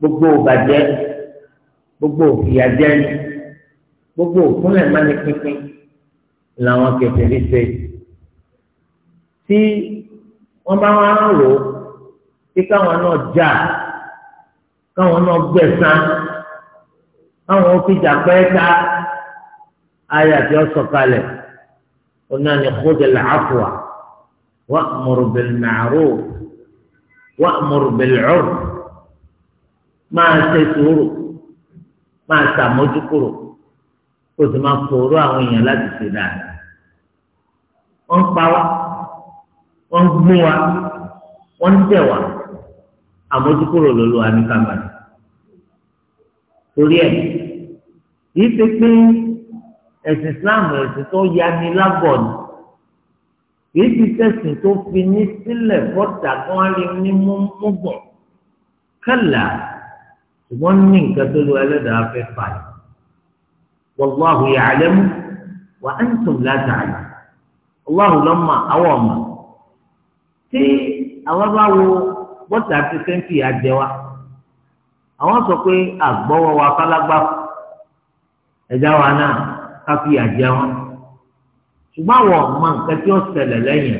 gbogbo òbàjẹ́ gbogbo òfìyàjẹ́ gbogbo òkúnlẹ̀ mání pínpín làwọn kẹfìrí ṣe tí wọ́n bá wá ń rò ó kí káwọn náà jà káwọn náà gbẹ̀san káwọn ó fi jà pẹ́ẹ́ta ayé àti ọ̀sọ̀kalẹ̀. قلنا خذ العفو وأمر بالمعروف وأمر بالعرف máa ṣe sùúrù máa ṣàmójúkúrò kó sì máa fòrò àwọn èèyàn láti ṣe dáadáa. wọ́n ń pa wá wọ́n ń gbé wa wọ́n ń tẹ̀ wá àmójúkúrò lólu àníkàmàdì. torí ẹ̀ kìí ṣe pé ẹ̀sìn islam ẹ̀sìn tó yani lágọ̀ ni kìí ti sẹ́sìn tó fi ní sílẹ̀ bọ́tà kan rí ní múgbọ̀n kálá ṣùgbọ́n ní nǹkan tó lu ẹlẹ́dàá fẹ́ fà yìí wallahu ya'lamu wa antum la ta'lamun wallahu lọ́mọ àwọn ọ̀mọ̀ tí àwọn bá wo bọ́tà ti sẹ́ńtì àjẹ àwọn sọ pé àgbọ̀wọ́ wa kálágbá ẹ̀dá wa náà ká fi àjẹ wọn ṣùgbọ́n àwọn ọmọ nǹkan tí ó ṣẹlẹ̀ lẹ́yìn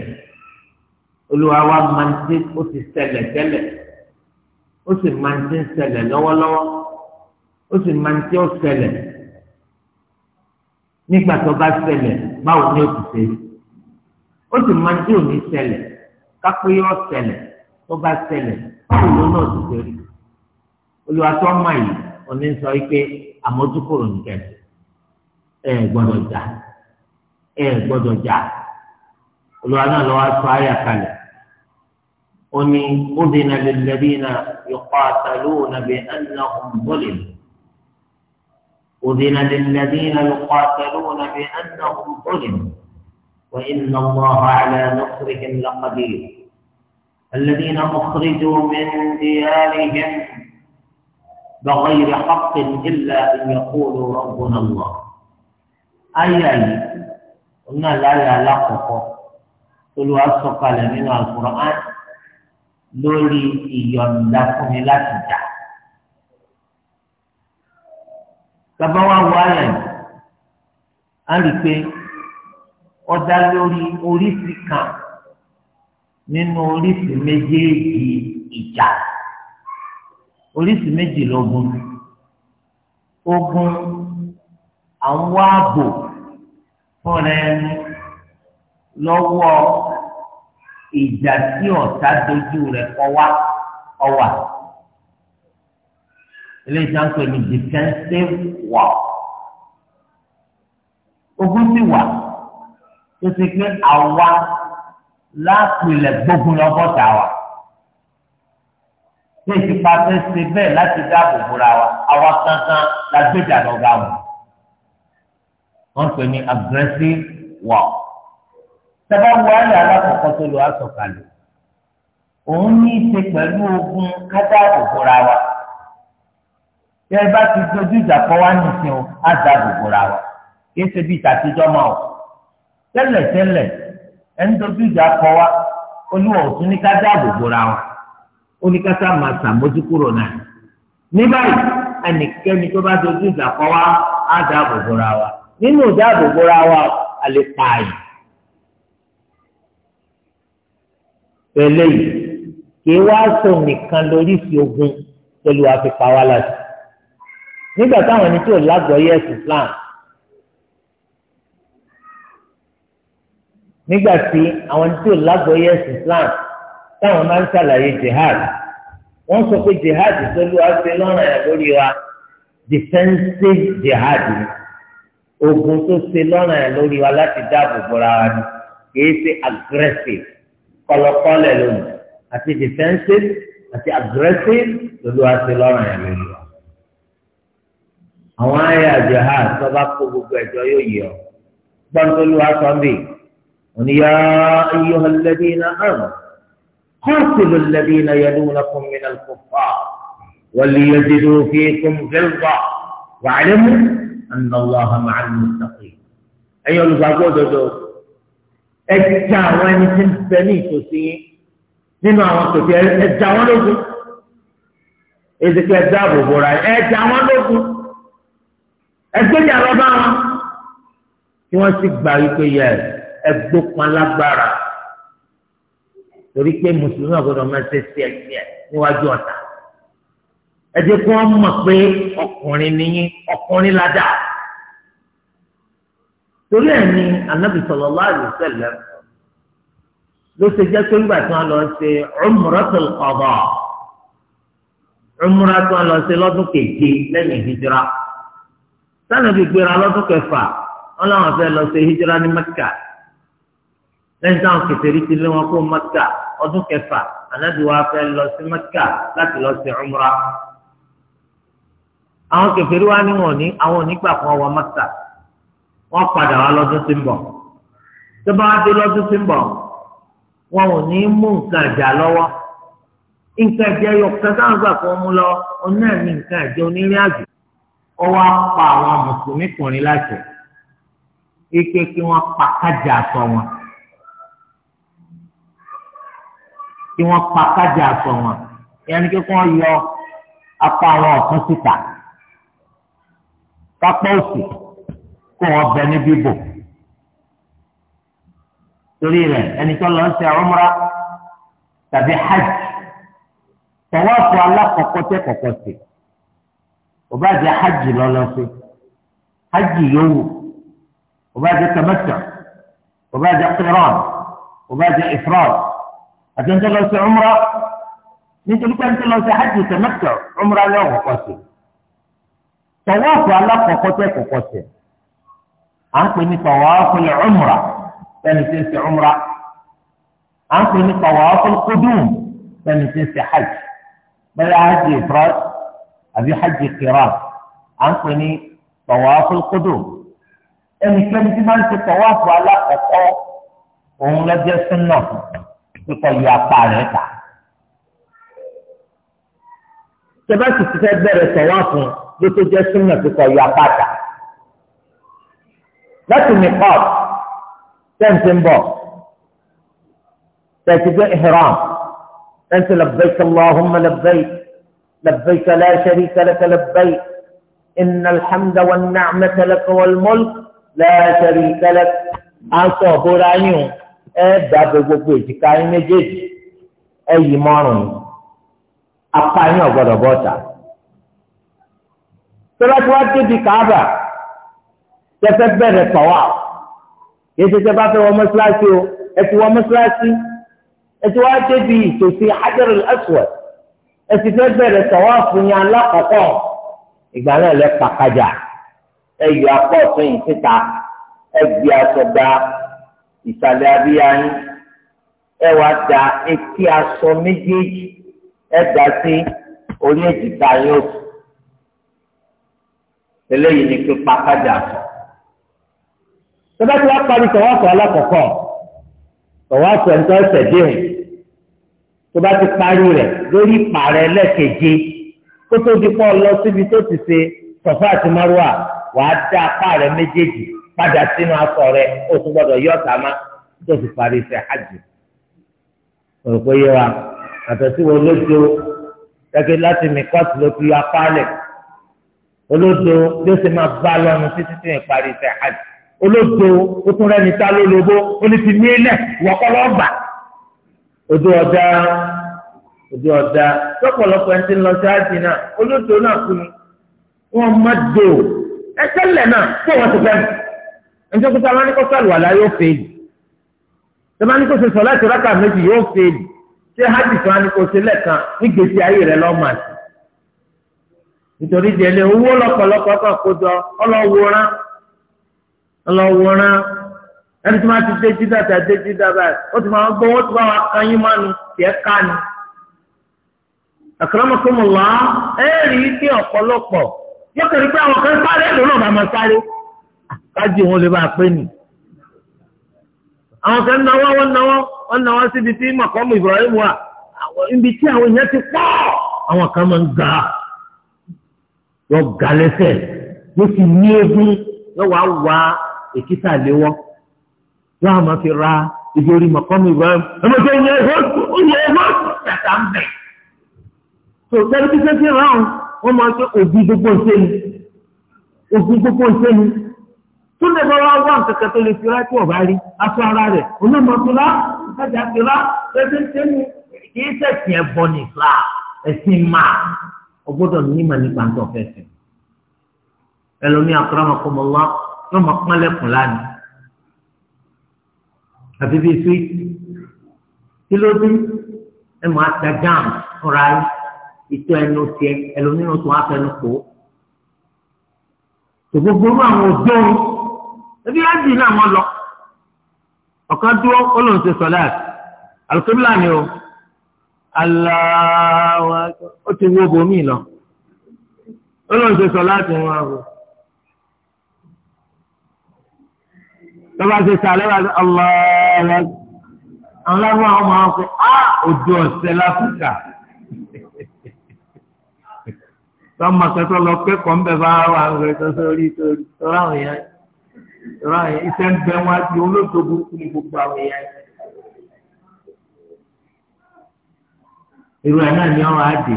olúwa wa máa ń tí ó ti ṣẹlẹ̀ tẹ́lẹ̀ ó sì máa ń tí ń ṣẹlẹ̀ lọ́wọ́lọ́wọ́ ó sì máa ń tí ó ṣẹlẹ̀ nígbà tó bá ṣẹlẹ̀ báwo ni ó ti ṣe ó sì máa ń tí ò ní ṣẹlẹ̀ kápé yóò ṣẹlẹ̀ tó bá ṣẹlẹ̀ báwo ló náà ti ṣe rí olùwàtọ́ mọ̀ yìí òní sọ wípé àmójúkòrò nìkẹ́ni. ẹ gbọ́dọ̀ jà ẹ gbọ́dọ̀ jà olùwà náà lọ́wọ́ sọ àyà kalẹ̀ ó ní udhina lilladhina yuqataluna bi annahum zulimu udhina lilladhina yuqataluna bi annahum zulimu wa inna Allaha ala nasrihim laqadir الذين أخرجوا من ديارهم بغير حق إلا أن يقولوا ربنا الله àyà yìí ọ̀nà láyà alákọ̀ọ́kọ́ olùwà sọ̀kalẹ̀ nínú Al-Qur'an lórí ìyọ̀ǹda fún mi láti jà. bàbá wa wọ àyà yìí a rí i pé ó dá lórí oríṣi kan nínú oríṣi méjèèjì ìjà oríṣi méjì lógun ogun àwọn ààbò fún rẹ lọ́wọ́ ìjà tí ọ̀tá dojú rẹ̀ kọ́ wá ọ̀wà. eléyìí sáà ń pè ní defensive war. ogun sì wà tó ti pé àwa lápilẹ̀ gbógun lọ́gọ́ta wa. bí ìfipá fẹ́ ṣe bẹ́ẹ̀ láti dáàbò bora wa àwa kankan la gbéjà lọ́gàá wọn wọ́n pè ní aggressive war sábà wàhálà alákọ̀ọ́kọ́ tó lọ àsọ̀kalẹ̀ òun ní í ṣe pẹ̀lú ogun kátà àbòbòra wa tẹ́ ẹ bá ti dojú ìjà kọ wá nìsín o á da àbòbòra wa kìí ṣe bí ìtàtijọ́ máa o tẹ́lẹ̀ tẹ́lẹ̀ ẹ̀ ń dojú ìjà kọ wá olúwa òtún ní kátà àbòbòra wa ó ní kátà máa ṣàmójúkúrò náà ní báyìí ẹnikẹ́ni tó bá dojú ìjà kọ wá á da wa nínú ìdáàbòbò ra wa a lè pààyàn. pẹ̀lẹ́ yìí kì í wá sọ nìkan lórí fi ogun pẹ̀lú àfipá wa láti. nígbà táwọn ẹni tí ò lágbọ̀ọ́yé ẹ̀sìn Islam nígbà tí àwọn ẹni tí ò lágbọ̀ọ́yé ẹ̀sìn Islam táwọn máa ń ṣàlàyé jihad wọ́n sọ pé jihad tó lù wá lọ́rùn ẹ̀ lórí wa defensive jihad ni. ogun tó ṣe lọ́rùn ẹ̀ lórí wa láti dáàbò bora wa ni kìí ṣe aggressive kọlọkọlẹ̀ lónìí àti defensive àti aggressive lórí wa ṣe lọ́rùn ẹ̀ lórí wa. àwọn ayé àjọ ha bá kó gbogbo ẹjọ yóò yẹ ọ gbọ́ntolú wa sọ bí oníyà ayyuha alladhina amanu qatilu alladhina yalunakum minal kuffar wal yajidu fikum lé mú. anna Allaha ma'al muttaqin ẹ̀yin olùgbàgbọ́ òdodo ẹ̀jẹ̀ àwọn ẹni tí ń bẹ ní ìtòsí nínú àwọn tòsí ẹ̀jẹ̀ àwọn lógun ezeke ẹ̀jẹ̀ àbòbò ra ẹ̀jẹ̀ àwọn lógun ẹgbẹ́ bá wọn kí wọ́n sì gbà wípé yẹ ẹgbó lágbára torí pé mùsùlùmí ọ̀gbọ́dọ̀ máa ṣe sí ẹ̀jẹ̀ níwájú ọ̀tá ẹ jẹ́ kí wọ́n mọ̀ pé ọkùnrin nìyí ọkùnrin ládà torí ẹ̀ ni anabi sallallahu alaihi wasallam ló ṣe jẹ́ pé nígbà tí wọ́n lọ ṣe umratul qada umra tí wọ́n lọ ṣe lọ́dún keje lẹ́yìn hijira sanabi gbéra lọ́dún kẹfà wọ́n làwọn fẹ́ lọ ṣe hijira ní mẹ́kà lẹ́yìn táwọn kẹfẹ́rí ti lé wọn kó mẹ́kà ọdún kẹfà anabi wa fẹ́ lọ sí mẹ́kà láti lọ ṣe umra àwọn kèfèrí wa ni wọn ní àwọn onígbà kan wọ mọ́tà wọ́n padà wá lọ́dún tí ń bọ̀ tó bá wá dé lọ́dún tí ń bọ̀ wọn ò ní mú nǹkan ìjà lọ́wọ́ nǹkan ìjà ẹyọ kan táwọn gbà kan mú lọ ọ̀nà ní nǹkan ìjà onírìn àjò ọwọ́ apá àwọn mùsùlùmí kùnrin láṣẹ ike kí wọ́n pa kájà aṣọ wọn kí wọ́n pa kájà aṣọ wọn ìyẹn ni kí wọ́n yọ apá àwọn ọ̀tún síta. pápá òsì kó wọn bẹ ní bíbò torí rẹ ẹni tó lọ ń ṣe umra tàbí hajj tọwọ́ tọwọ́fù alákọ̀ọ́kọ́ tẹ kọ̀kọ́ sí ọ bá jẹ hajj lọ́lọ́ sí hajj yòówù ọ bá jẹ tẹmẹtẹ ọ bá jẹ qiran ọ bá jẹ ifrad àti ń tó lọ sí umra nítorí pé ń tó lọ ṣe hajj tamattu umra lọ́wọ́ kọ̀kọ́ sí. tọwọ́ọ̀fù alákọ̀ọ́kọ́ tẹ́ kọ̀kọ́ tẹ̀ à ń pè ní tọwọ́ọ̀fù umra ẹni tí ń ṣe umra à ń pè ní tọwọ́ọ̀fù kudum ẹni tí ń ṣe hajj bẹ́ẹ̀ hajj ifrad àbí hajj qiran à ń pè ní tọwọ́ọ̀fù kudum ẹnikẹ́ni tí máa ń ṣe tọwọ́ọ̀fù alákọ̀ọ́kọ́ òun lọ́jọ́ sínú pípọ̀ yọ apá rẹ̀ ta tẹ bá ló tó jẹ́ súnmọ̀ tó sọ ya pàtà. láti kọ́ tẹ́ǹtì ń bọ̀ tẹ́ǹtì gbé ihram tẹ́ǹtì labbaik allahumma labbaik labbaik la sharika laka labbaik inna alhamda wa na'mata laka wal mulk la sharika laka aṣọ òbúra yín ẹ dàbẹ gbogbo èjìká yín méjèèjì ẹ yìí mọ́rùn-ún apá yín ọ̀gbọ́dọ̀ bọ́ta. tọ́lá tí wàá débi káàbà tẹ́fẹ́ bẹ̀rẹ̀ pàwá yìí tẹ́tẹ́ bá fẹ́ wọ mọ́ṣáláṣí o ẹ ti wọ mọ́ṣáláṣí ẹ ti wàá débi ìtòsí Hajar al-Aswad ẹ ti fẹ́ bẹ̀rẹ̀ pàwá fún yàn lákọ̀ọ́kọ́ ìgbà náà pàkàjà ẹ yọ yìí síta ẹ gbé ìsàlẹ̀ abíyá yín wá da etí aṣọ méjèèjì ẹ dá sí orí èjìká eléyìí ni pé pàkàjà sọ tọ́lá tí wọ́n parí tọ́wọ́sọ alákọ̀ọ́kọ́ tọ́wọ́sọ ẹ̀ńtọ́ ẹ̀sẹ̀ déhùn tó bá ti parí rẹ̀ lórí ìpàrẹ́ lẹ́ẹ̀keje kó tó di pọ́ lọ síbi tó ti ṣe sọ̀fà àti márùwà wàá dá apá rẹ̀ méjèèjì padà sínú aṣọ rẹ̀ ó tún gbọ́dọ̀ yọ ọ̀tá má tó ti parí ṣe hajj òròpé yẹ wa àtẹ̀síwọ̀ lójó gẹ́gẹ́ láti mi kọ́ọ̀tù ló fi apá lẹ̀ olódo yóò ṣe máa bá lọ́nu títí tí yẹn parí iṣẹ́ hajj olóso ó tún rẹ́ni ló ó ní ti ní ilẹ̀ wọ́kọ́lọ́ gbà ojú ọ̀dà ojú ọ̀dà lọ́pọ̀lọpọ̀ ẹni tí ń lọ sí hajj náà náà ẹsẹ̀ lẹ̀ náà kó wọ́n ti fẹ́ mi kúta wọn kó sọ̀rọ̀ wà láyé ó ní kó ṣe láti rákà méjì nítorí délé owó lọ́pọ̀lọpọ̀ kọ̀ kójọ ọlọ́wọ́rán ọlọ́wọ́rán ẹni tí wọ́n ti dé tí a dé jídá báyìí ó ti máa gbọ́ ó ti máa ká ni. ẹ rí i pé ọ̀pọ̀lọpọ̀ yóò kẹ́rì pé àwọn kan sáré náà bá máa sáré kájí lè bá pé àwọn kan náwó wọn náwó wọn náwó síbi tí yọ ga lẹ́sẹ̀ yóò sì ní egun yọ wá wá èkìtà léwọ́ yọ àmọ́ fi ra ibi orí mọ̀kánmi ìbára ọmọ tó yẹ ẹ̀họ́ ó yẹ ẹ̀họ́ yàtà ń bẹ̀. tó tẹ́lifíṣẹ́ ti ràn wọ́n máa ń pẹ́ òbí gbogbo ṣe ni òbí gbogbo ṣe ni tó lè bá wá wá nǹkan tó lè fi ra tí ọ̀bá rí aṣọ ara rẹ̀ onímọ̀tòlá ìtajà tòlá ẹgbẹ́ ṣe ni kì í ṣẹ̀sìn ẹ̀bọ ní ìfà ẹ̀sìn máa o gbọ́dọ̀ nímọ̀ nípa ń tọ́ fẹ́ẹ́ sìn ẹlòmí akọ́rọ́mọkọ́mọlá yóò máa pọ́n lẹ́kùn lánàá àfi bíi suwiti kí ló dé ẹ máa ta jam fúnra yín ìtọ́ ẹnu tiẹ ẹlòmí náà tún á fẹnu kó gbogbo àwọn òjò ń ebi ẹ́ńdì náà wọ́n lọ ọ̀kan dúró ó lóun sọ̀lá àlùkò bílà ni o aláwọ̀ ó ti wó bomi lọ ó lóun ṣe sọ láti wọn àbò lọ́ba ṣe sàlẹ̀ wá sí aláwọ̀ àwọn lábọ̀ àwọn máa ń pè á òjò ọ̀sẹ̀ láfíríkà tọ́mọ kẹtọ́ lọ kẹ́kọ̀ọ́ ńbẹ bá wà rẹ̀ sọ́sọ́rí torí tọ́ra àwọn èèyàn tọ́ra àwọn èèyàn iṣẹ́ ń bẹ wá sí olóòtú burúkú ní gbogbo àwọn yẹn. irú ẹ̀ náà ni ọ̀rọ̀ àdè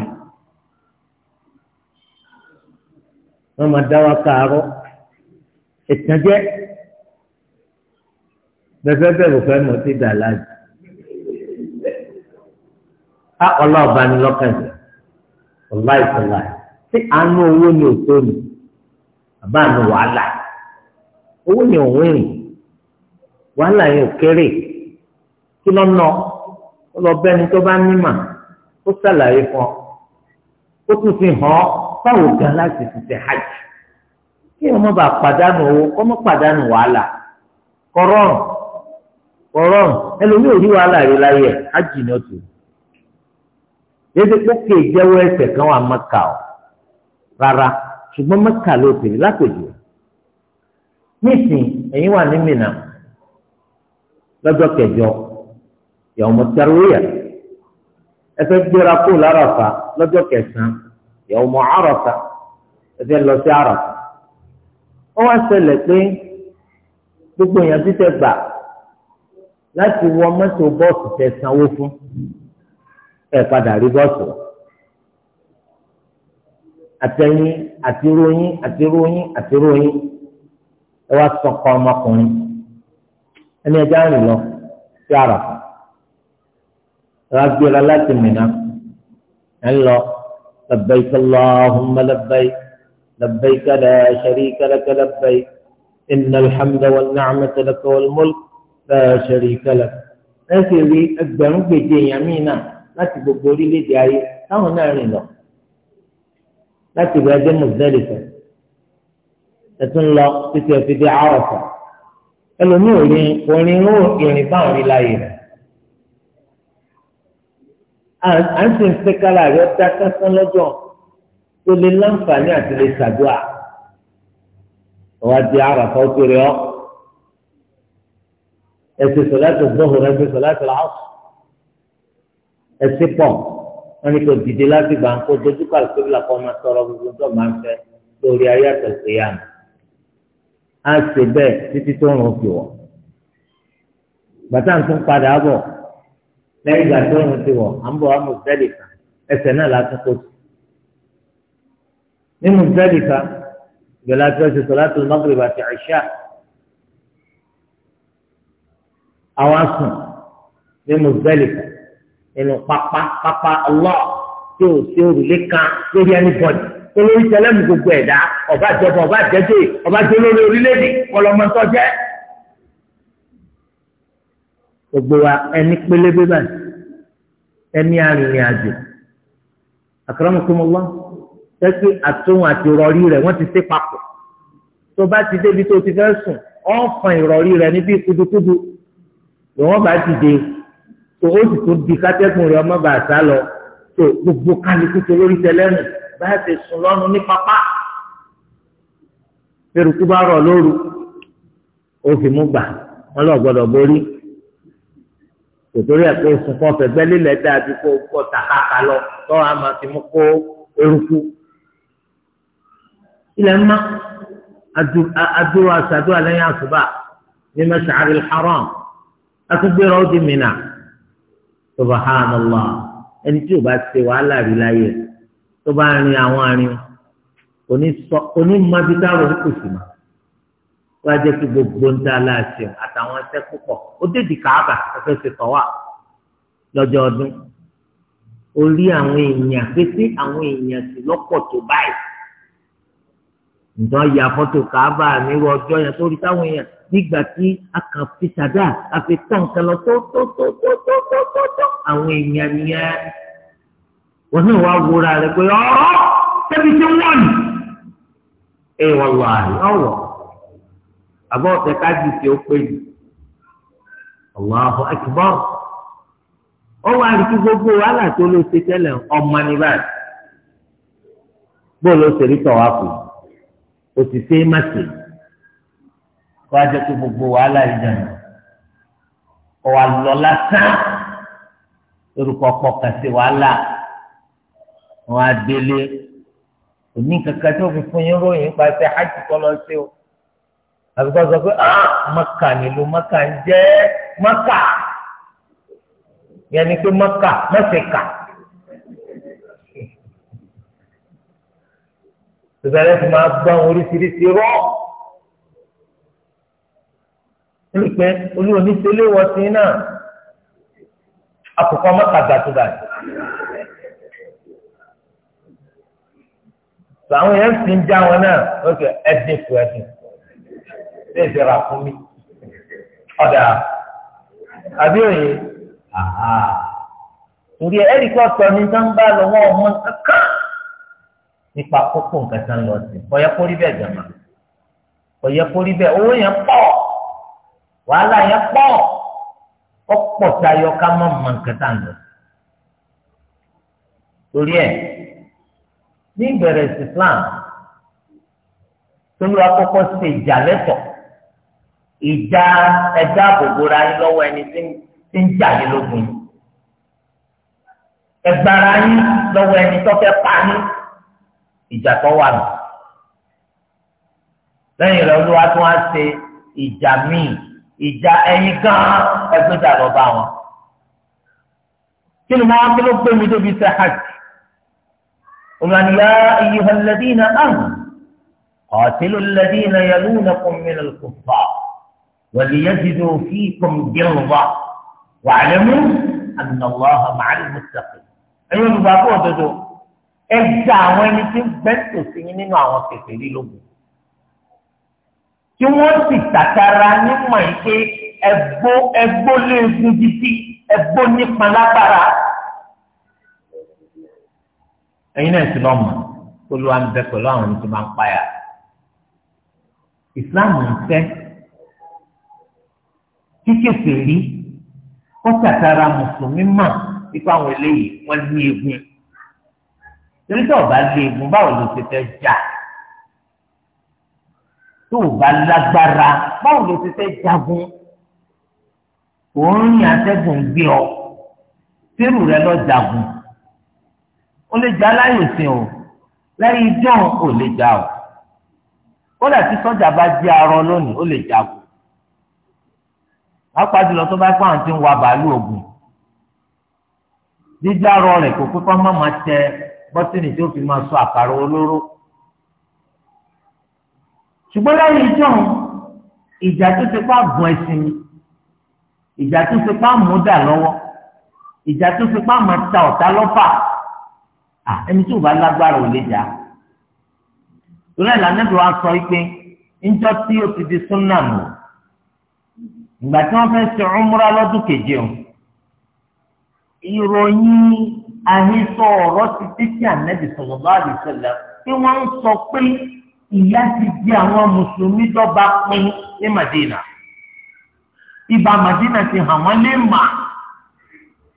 wọ́n máa dá wa káàárọ̀ ìtànjẹ́ bẹ́ẹ̀ bẹ́ẹ̀ kò fẹ́ mọ̀ sí dàlájì á ọlọ́ọ̀bá ni lọ́kàn jẹ́ ọláì ọláì tí àánú owó ni òtó ni bàbá àánú wàhálà owó ni òun rìn wàhálà yẹn ò kéré kí lọ́nà ọlọ́bẹ́ni tó bá ní ó ṣàlàyé fún ọ ó tún fi hàn ọ báwo gan láti fi ṣe hajj kí ọmọ bá pàdánù owó kọ́ mọ́ pàdánù wàhálà kọ́rọ́ọ̀n kọ́rọ́ọ̀n ẹlòmíì ò rí wàhálà rí láyé hajj ni ó tù yéésì pókè jẹ́wọ́ ẹsẹ̀ kan wà mẹ́ka ọ rárá ṣùgbọ́n mẹ́ka ló tèrè lápèjì nísìn ẹ̀yin wà ní Mínà lọ́jọ́ kẹjọ yawmu tarwiyah ẹfẹ́ gbéra kó láràfà lọ́jọ́ kẹsàn-án yawmu Arafa ẹfẹ́ lọ sí àràfà. ó wá ṣẹlẹ̀ pé gbogbo èèyàn ti tẹ gbà láti wọ mọ́tò bọ́ọ̀sì tẹ sanwó fún ẹ padà rí bọ́ọ̀sì rẹ̀ àtẹ̀yìn àti ròyìn àti ròyìn àti ròyìn ẹ wá sọkọ ọmọkùnrin ẹni ẹja rìn lọ sí àràfà. رابيرا لا تمنا الله لبيك اللهم لبيك لبيك لا شريك لك لبيك إن الحمد والنعمة لك والملك لا شريك لك أسير لي أكبر بيتي يمينا لا تبقوري لي دياري تهو نعني لا تبقى دي مزدلسة تتن لو تسير في دي عرفة قالوا نيو لي قولي نو يعني باوري لا يلي à ń sìn fẹ́ kára rẹ̀ dá kánkán lọ́jọ́ tó lè láǹfààní àti lè ṣàdúrà wọ́n á di àràfà ó péré ọ́ ẹsẹ̀ sọ̀láṣọ gbọ́hùn rẹ̀ ẹsẹ̀ sọ̀láṣọ làásù ẹsẹ̀ pọ̀ wọ́n ní kò dìde láti gbà ń kó dojú kàlù pé bílà kọ́ máa sọ̀rọ̀ gbogbo tó máa ń fẹ́ lórí ayé àtẹ̀sẹ̀ yá mi á ṣe bẹ́ẹ̀ títí tó rùn fi wọ̀ bàtà ń tún padà bọ̀ lẹ́yìn ìgbà tó ń ti wọ̀ à ń bọ̀ wá mùsùlùmí ẹsẹ̀ náà la tún kó sí. ní mùsùlùmí ìgbàlá tó ṣe sọ̀láàtù Maghrib àti Ìṣà àwọn sùn ní mùsùlùmí nínú pápá pápá ọlọ́ tí ò sí òrùlé kan lórí ẹni bọ̀dì olórí tẹlẹ́mù gbogbo ẹ̀dá ọba àjọba ọba àjẹjẹ ọba àjẹlórí orílẹ̀-èdè ọlọmọtọ́jẹ́ gbogbo wa ẹni pélébé báyìí ẹni arìnrìn àjò àkàràmọ̀kọ́mọ́lá tẹ́sí àtúnwò àti ìrọ̀rí rẹ̀ wọ́n ti ṣe papọ̀ tó bá ti débi tó ti fẹ́ sùn ọ̀fàn ìrọ̀rí rẹ̀ níbi kudukudu ni wọ́n bá ti dé tó ó sì tún di kátẹ́kùn rẹ̀ ọmọ bá a sá lọ tó gbogbo kálukú tó lórí tẹlẹ́nu bá a ti sùn lọ́nu ní pápá eruku bá rọ̀ lóru ó fi mú gbà wọ́n lọ gbọ́dọ̀ borí tòtòrí ẹ̀ pé sunkún fẹ̀gbẹ́ lílẹ̀ dàbí kó kó tàkàkà lọ tọ́ a máa fi mú kó eruku. ilẹ̀ ń mọ́ adúrò àṣàdó àlẹ́yìn àṣùbà ní mẹ́sàárì haram akúgbèrè ọdún mìíràn subahánàlá ẹni tí o bá ṣe wàhálà rí láyé tó bá rin àwọn arin onímọ̀ bí táwọn kù sí máa wọ́n á jẹ́ kí gbogbo ń dá aláàṣẹ àtàwọn ẹsẹ̀ púpọ̀ ó dèdì káàbà ẹfẹ́ ṣe tọ́wà lọ́jọ́ ọdún orí àwọn èèyàn pété àwọn èèyàn sì lọ́pọ̀ tó báyìí ǹjọ́ ya fọ́tò káàbà nírú ọjọ́ yẹn tó rí táwọn èèyàn nígbà tí a kàn fi ṣàdá a fi tán nǹkan lọ tó àwọn èèyàn nìyẹn wọn náà wá wúra rẹ pé ọ̀rọ̀ tẹ́bi tí wọ́n ní. ẹ wọ́n wà á rí àbọ̀ ọ̀fẹ́ káàdì tí ó pè ní Allahu akbar ó wà ní kí gbogbo wàhálà tó ló ṣe tẹ́lẹ̀ ọmọ ní báyìí bóòlù ó ṣe rí tọ̀wá kù ó ti ṣe é má ṣe kó a jẹ́ pé gbogbo wàhálà yìí dànù ó lọ lásán orúkọ ọ̀pọ̀ kan wàhálà wọn á délé òní kankan tó fi fún yín ròyìn nípa ṣe hajj kọ́ lọ sí o àbí kọ́ sọ pé ah maka nílùú maka ń jẹ́ maka yẹn ni pé maka mẹ́sẹ̀ka. tòbẹ̀rẹ̀ ti máa gbọ́ oríṣiríṣi rọ́ nílùú pé olúwo ní sẹ́lẹ̀ wọ́n ti náà àkùkọ maka gbàtúgbà. sọ àwọn yẹn ń sin já wọn náà ó kẹ ẹdín fún ẹdín ṣé ìṣe rà fún mi ọ̀dà àbí òye torí ẹ̀rí kọ́ sọ ní tó ń bá lọ wọ́n ọmọ kankan nípa kókó nǹkan tó ń lọ sí ọ̀yẹ́ kórí bẹ́ẹ̀ jàmá ọ̀yẹ́ kórí bẹ́ẹ̀ owó yẹn pọ̀ wàhálà yẹn pọ̀ ọ̀pọ̀ tayọ ká má mọ nǹkan tá ń lọ torí ẹ̀ ní ìbẹ̀rẹ̀ Islam tó ló akọ́kọ́ ṣe ìjà lẹ́tọ̀ọ́ ìjà ẹja àbòbóra yín lọ́wọ́ ẹni tí ń jà yín lógun ẹgbàrá yín lọ́wọ́ ẹni tó fẹ́ pa yín ìjà tó wà nù lẹ́yìn rẹ̀ olúwa tó wá ṣe ìjà míì ìjà ẹyin gan ẹgbẹ́jà lọ bá wọn kí ni wọ́n kí ló gbé mi débi sẹ́ hajj olùwànìyá iyì hàn lẹ́dínà ọ̀tí ló lẹ́dínà yẹlú nàkùnmí nàkùnfà. وليجدوا فيكم جرضا واعلموا أن الله مع المتقين ẹ̀yin olùgbàgbọ́ òdodo ẹ gba àwọn ẹni tí ń gbẹ́tò sí yín nínú àwọn kèfèrí lógun tí wọ́n sì tàtàrà nímọ̀ yìí pé ẹgbó ẹgbó léegun títí ẹgbó nípa lágbára ẹ̀yin náà sì lọ́mọ tó lọ́wọ́ ń bẹ pẹ̀lú àwọn ẹni tó máa ń payà ìsìláàmù ń fẹ́ kíkèsè rí wọ́n tàtàrà mùsùlùmí mà nípa àwọn eléyìí wọ́n ní egun torí tó o bá lé egun báwo ló ti fẹ́ jà tó o bá lágbára báwo ló ti fẹ́ jagun òórùn yìí atẹ́gùn gbé ọ tẹ́rù rẹ lọ jagun ó lè jà láyè sìn o lẹ́yìn dán ò lè jà o kódà tí ṣọ́jà bá jẹ́ arọ lónìí ó lè jagun apá jùlọ tó bá pàrọ̀ ti ń wa bàálù ògùn dídárọ rẹ̀ kò pé kọ́ má máa tẹ bọ́tìnì tó fi máa sọ àkàrà olóró ṣùgbọ́n lẹ́yìn ìjọ́un ìjà tó ti pa gun ẹ̀sìn mi ìjà tó ti pa mú dà lọ́wọ́ ìjà tó ti pa máa ta ọ̀tá lọ́fà ẹni tó bá lágbára ò lè jà torí ẹ̀ lànà ìdúrà sọ pé ńjọ́ tí ó ti di súnnà nù ìgbà tí wọ́n fẹ́ ṣe ọmúra lọ́dún keje o ìròyìn àhesọ ọ̀rọ̀ ti dé sí ànẹ́bí sallallahu alaihi wasallam tí wọ́n ń sọ pé ìyà ti di àwọn mùsùlùmí dọ́ba pín ní Madina ibà Madina ti hàn wọ́n lé mà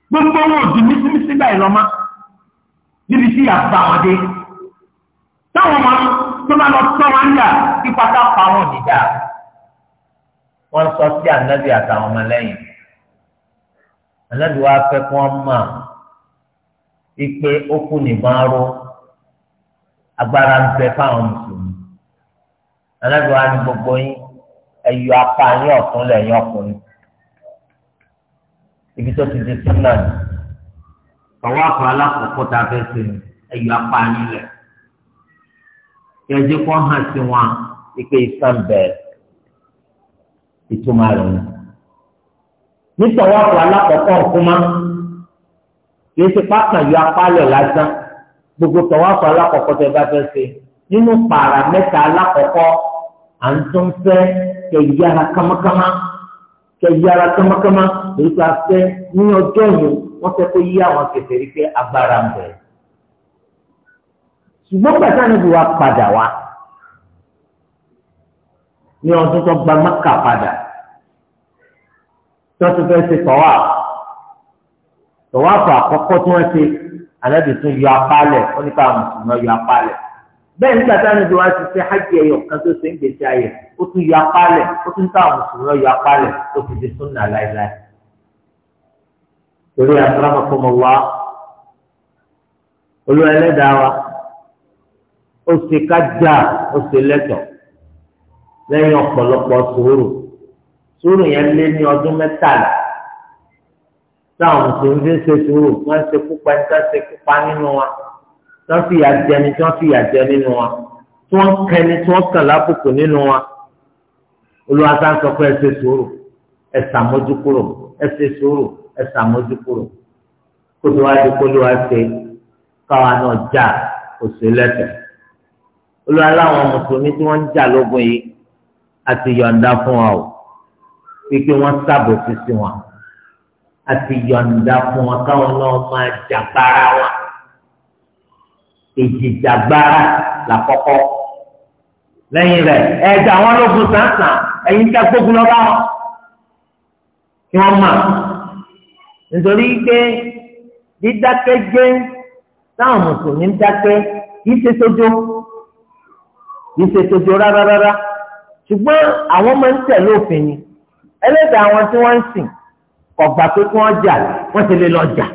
gbogbo wọn ò dùn mísímísí báyìí lọ́mọ́ níbi tí àgbà wọn dé táwọn ọmọ tó bá lọ tọ́ wọn dà kí pátá pa wọn nìjà wọ́n sọ sí ànábì àtàwọn ọmọlẹ́yìn ànábì wa fẹ́ kí wọ́n mọ̀ ipe okùn nìbọn ró agbára ń bẹ fáwọn mùsùlùmí ànábì wa ní gbogbo yín ẹyọ apá yín ọ̀tún lẹ́yìn ọkùnrin ibi tó ti di sílẹ̀ ọwọ́ àpò alákòókò tá a fẹ́ sí ni ẹyọ apá yín lẹ̀ kí ẹ jẹ́ kó hàn sí wọn ipe ìsàn bẹ̀rẹ̀ ìtumọ̀ rẹ̀ ni. nítorí wàá fún alákọ̀ọ́kọ́ nkúmá kì í ṣe pákànyọ apálẹ̀ lásán gbogbo tọ̀wáfọ̀ alákọ̀ọ́kọ́ tẹ bá fẹ́ ṣe nínú pààrà mẹ́ta alákọ̀ọ́kọ́ à ń tún fẹ́ kẹ̀ yára kámákámá kẹ̀ yára kámákámá èyí tó a fẹ́ ní ọjọ́ yìí wọ́n fẹ́ kó yí àwọn kẹfẹ́ rí pé agbára ń bẹ̀rẹ̀ ṣùgbọ́n gbàtà wa padà wá ní ọdún tó gba mẹ́kà padà tí wọ́n ti fẹ́ ṣe tọ́wà tọ́wà fún àkọ́kọ́ tí wọ́n ṣe anábì tún yọ apálẹ̀ wọ́n ní ká mùsùlùmí yọ apálẹ̀ bẹ́ẹ̀ nígbà tí anábì wá ti ṣe hajj ẹ̀yọ̀ kan tó ṣe ń gbèsè ayẹ̀ ó tún yọ apálẹ̀ ó tún ká mùsùlùmí yọ apálẹ̀ tó fi di súnà láéláé torí àtàràmọ́kọ́mọ́ wá olú ẹlẹ́dàá wa ó ṣe ká ó ṣe lẹ́tọ̀ọ́ lẹ́yìn ọ̀pọ̀lọpọ̀ sòwòrò sòwòrò yẹn lé ní ọdún mẹ́tàlá táwọn mùsùlùmí fi ń ṣe sòwòrò wọ́n ń ṣe púpa ẹni tó púpa nínú wa tó fìyà jẹ ni tó ń fìyà jẹ nínú wa tó ń kẹni tó ń kàn lábùkù nínú wa olúwa sá ń sọ pé ẹ ṣe sòwòrò ẹ ṣàmójúkúrò ẹ ṣe sòwòrò ẹ ṣàmójúkúrò kó tó wá di kó ló wá ṣe káwa náà já òṣèlú ẹ̀tẹ̀ mùsùlùmí tí wọ́n ń jà lógun yìí àti yọ̀ǹda fún wa o pípé wọ́n sábò sísí wọn àti yọ̀ǹda fún wa káwọn náà máa jàgbára wa èjì jàgbára làkọ́kọ́ lẹ́yìn rẹ̀ ẹ̀dá àwọn ológun sàǹsàn ẹ̀yin tí a gbógun lọ́ba wọn kí wọ́n mọ̀ nítorí pé dídákẹ́jẹ́ táwọn mùsùlùmí ń dákẹ́ kì ṣe tójó kì ṣe tójó rárá rárá ṣùgbọ́n àwọn máa ń tẹ̀lé òfin ni ẹlẹ́dàá àwọn tí wọ́n ń sìn kọ̀gbà pé kí wọ́n jà wọ́n ti lè lọ jà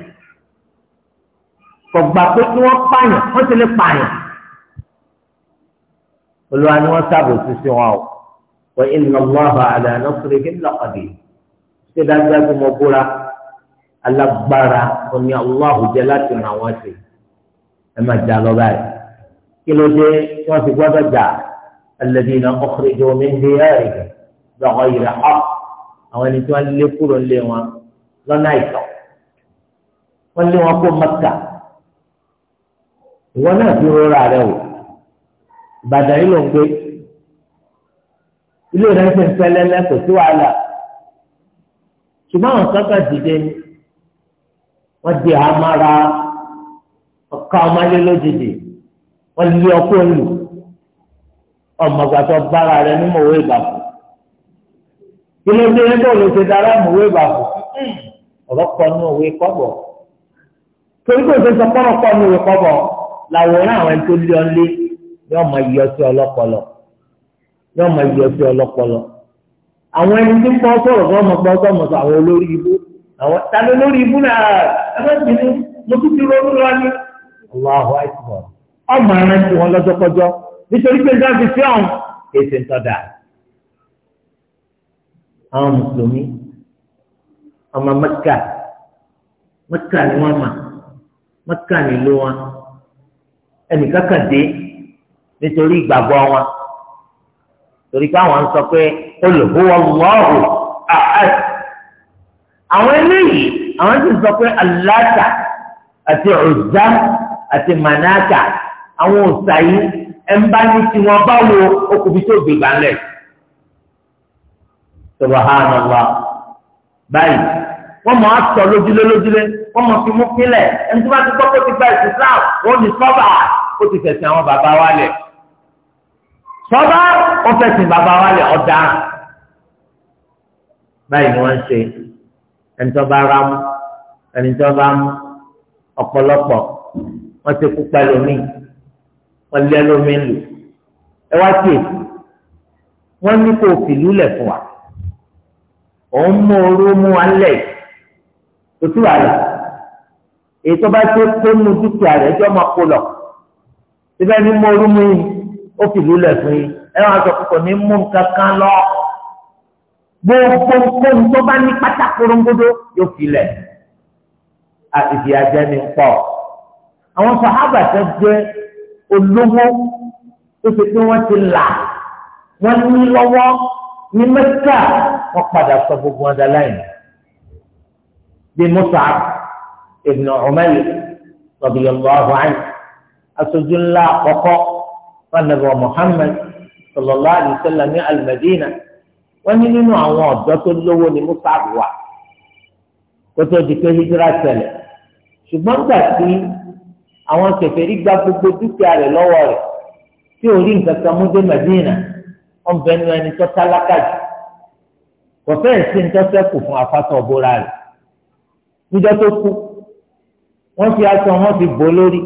kọ̀gbà pé kí wọ́n pààyàn wọ́n ti lè pààyàn. olúwa ni wọ́n sábò sísè wọn o wa inna Allaha ala nasrihim laqadir ṣé dájúdá tí mo búra alágbára oní Allahu jẹ́ láti ràn wọ́n sí ẹ máa jà lọ báyìí kí ló dé wọ́n ti gbọ́dọ̀ jà. الذين أخرجوا من ديارهم بغير حق àwọn ẹni tí wọ́n lé kúrò lé wọn lọ́nà ìtọ wọ́n lé wọn kó Mẹ́kà ìwọ náà fi rọra rẹ wò Ìbàdàn yìí ló ń gbé ilé rẹ ṣe ń fẹlẹlẹ kò sí wàhálà ṣùgbọ́n àwọn kankan dìde ni wọ́n di àmàrà ọ̀ka ọmọlé lójijì wọ́n lé ọkọ̀ òlù. ọmọgbàtọ bára rẹ ní mọ̀wé ìbàfọ kí ló dé bó ló ṣe dára mọ̀wé ìbàfọ ọ̀rọ̀ kọ ní òwe kọ́bọ̀ torí kò ṣe sọ pọ́nrọ́ kọ́ ní òwe kọ́bọ̀ làwòrán àwọn ẹni tó lé ọ lé yóò máa yọ sí ọlọ́pọlọ yóò máa yọ sí ọlọ́pọlọ àwọn ẹni tí ń bọ́ sọ̀rọ̀ fún ọmọ gbọ́ sọ̀mọ̀ sọ àwọn olórí ibú àwọn tani olórí ibú náà ẹgbẹ́ ti mo tún ti ronú lọ ní. Allahu akbar ọmọ arántí wọn lọ́jọ́kọ́jọ́ nítorí pé nǹkan fi sí ọ̀hún èsì ńtọ́dà. àwọn mùsùlùmí ọmọ mẹ́kà mẹ́kà ni wọ́n mà mẹ́kà ni ìlú wọn ẹnìkan kàn dé nítorí ìgbàgbọ́ wọn torí pé àwọn ń sọ pé olùhùwọ́lọ́hù àhàd àwọn eléyìí àwọn sì sọ pé aláta àti ọ̀zá àti mànáta àwọn òòṣà yìí ẹnba ní tiwọn báwo okùnfin tó gbé gbalẹ̀ subahánàlá báyìí wọ́n mọ̀ á sọ lójúlé lójúlé wọ́n mọ̀ fi mú kílẹ̀ ẹni tó bá ti gbọ́ pé ti gba ìsìláà wọ́n ní sọ́bà ó ti fẹ̀sìn àwọn bàbá wa lẹ̀ sọ́bà ó fẹ̀sìn bàbá wa lẹ̀ ọ̀dà báyìí ni wọ́n ṣe ẹni tó bá rámú ẹni tó bá mú ọ̀pọ̀lọpọ̀ wọ́n ti kú pẹ̀lú míì ọlẹ́ lómi ń lò ẹ wá sí èsì wọ́n ní kó fìlú lẹ̀ fún wa òun mú orú mú wa lẹ̀ kò sí wàhálà èyí tó bá tó tó nu dúkìá rẹ̀ ẹjọ́ máa kó lọ síbẹ̀ ní mú orú mú yìí ó fìlú lẹ̀ fún yìí ẹ wá sọ kò ní mú nǹkan lọ gbogbo nǹkan tó bá ní pátákórógbódó yóò fi lẹ̀ àti ìdí ajẹ́ ni pọ̀ àwọn sàhábà tó jẹ́ olówó tó ṣe pé wọ́n ti là wọ́n ní lọ́wọ́ ní mẹ́ta wọ́n padà sọ gbogbo ọ̀dà láìní. bí Mus'ab ibn Umayr radiyallahu anhu aṣojú ńlá àkọ́kọ́ wọn nàbẹ̀ Muhammad sallallahu alaihi wasallam ní al-Madina wọ́n ní nínú àwọn ọ̀dọ́ tó lówó ni Mus'ab wà kótó di pé hijira ṣẹlẹ̀ ṣùgbọ́n gbà sí àwọn kèfèrí gba gbogbo dúkìá rẹ̀ lọ́wọ́ rẹ̀ tí ò rí nǹkan kan mú dé Madina wọn bẹ nu ẹni tó tálákà jù kọfẹ́ ẹ̀sìn ń tọ́sẹ̀ kù fún afásọ̀ bóra rẹ̀ níjọ́ tó kú wọ́n fi aṣọ wọn fi bò lórí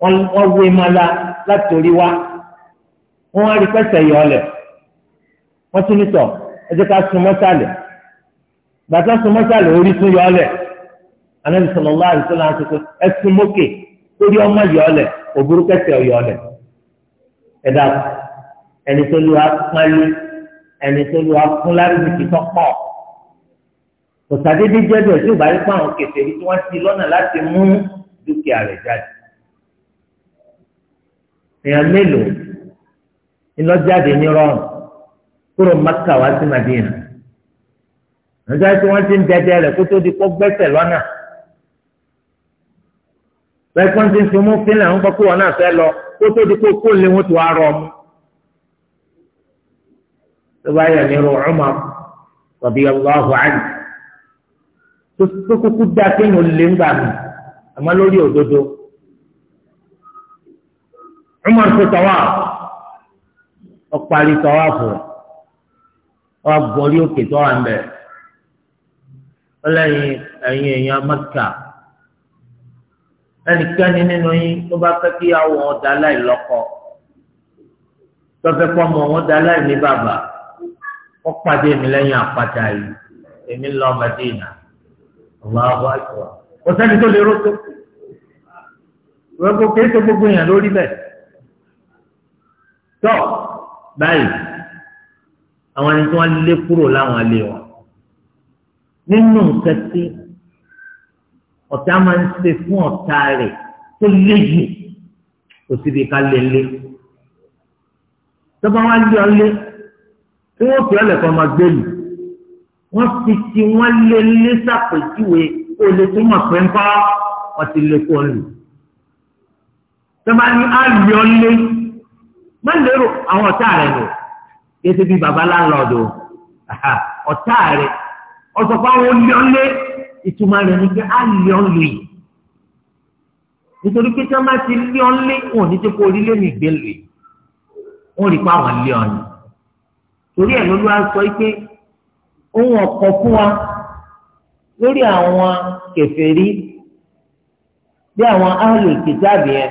wọ́n wé mọ́lá láti orí wá wọ́n wá rí pẹ́sẹ̀ yọ ọlẹ̀ wọ́n tún ní sọ ẹ jẹ́ ká sun mọ́sálẹ̀ gbàtà sun mọ́sálẹ̀ orí tún yọ ọlẹ̀ anabi sọlọlá àdìsọlá àti sọ ẹsùn mókè torí ọmọ yọọlẹ òbúrú kẹsẹ ọyọọlẹ ẹdá ẹni tó lu apánlé ẹni tó lu apúnlárìbìkì tó pọ òsàdédé jẹdọ tí ìgbà yìí fáwọn kẹsẹ yìí tí wọn ti lọ́nà láti mú dúkìá rẹ̀ jáde èèyàn mélòó ìlọjáde ní rọrùn kúrò Mẹ́kà wá sí Madina ọjọ́ tí wọ́n ti ń dẹdẹ rẹ̀ kó tó di kó gbẹ́sẹ̀ lọ́nà bẹ́ẹ̀kọ́n ti ń fi mú fínlẹ̀ ń gbọ́ pé wọn náà fẹ́ lọ kó tó di kókó lé wọn tó wá rọ ọmú. tó bá yẹ nírú Umar radiyallahu anhu tó kúkú dá kéèyàn lé ńgbà mi àmọ́ lórí òdodo. Umar tó tọ́wà ọ̀parí tọ́wà fún ọ gbọ́rí òkè tọ́wà ń bẹ̀. ó lẹ́yìn ẹ̀yìn èèyàn ẹnikẹ́ni nínú yín tó bá fẹ́ kí ìyàwó wọn dá láì lọ́kọ tó fẹ́ kọ́ ọmọ wọn dá láì ní bàbá wọ́n pàdé mi lẹ́yìn àpáta yìí èmi ń lọ Mẹ́dínà Allahu akbar kò sẹ́ni tó lè rótó gbogbo kéé tó gbogbo yẹn lórí bẹ́ẹ̀ tọ́ báyìí àwọn ẹni tí wọ́n lé kúrò láwọn alẹ́ wọn nínú nǹkan ọ̀tá máa ń ṣe fún ọ̀tá rẹ̀ tó lé jù kò síbi ká lé lé tọ́ba wá lé ọ lé tí wọ́n fi ọlẹ̀ kan máa gbé lù wọ́n fi ti wọ́n lé lé sàpèjúwe kó o lè tó mọ̀ pé ń bá ọtí lé kó lù tọ́ba ní á lé ọ má lérò àwọn ọ̀tá rẹ̀ lò yé ti bí babaláńlọ́ọ̀dù ọ̀tá rẹ̀ ọ̀sọ̀pá wọn lé ọ ìtumọ̀ rẹ̀ ni pé á lé ọ́n lè nítorí pé tí wọ́n bá ti lé ọ́n wọn ní jẹ́ orílẹ̀ mi gbé lè rí pa àwọn lé ọ́n ni torí ẹ̀ lólu á sọ pé ohun ọ̀kọ̀ fún wa lórí àwọn kèfèrí bí àwọn ahlul kìtàbí yẹn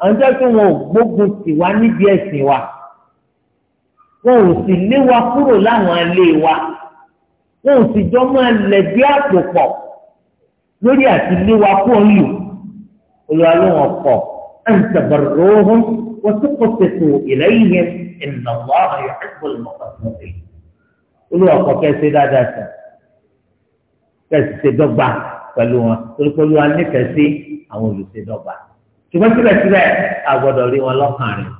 àwọn jẹ́ pé wọn ò gbógun tì wá níbi ẹ̀sìn wa wọn ò sì lé wa kúrò láwọn ilé wa wọn ò sì jọ máa lẹ̀dí àpò pọ̀ lórí àti léwa kó ń lò olùwà ló wọn kọ ẹn tẹbẹrẹ ohun wọn tó kọ tètè ìlẹyìn ìnáwó àwọn ẹgbẹ́ olùmọkànlẹ olùwà kọ kẹsẹ dáadáa sàn kẹsì ṣe dọ́gba pẹ̀lú wọn torí pé olùwà àwọn olùṣèdọ́gba ṣùgbọ́n síbẹ̀síbẹ̀ àgbọ́dọ̀ rí wọn lọ́kàn rẹ̀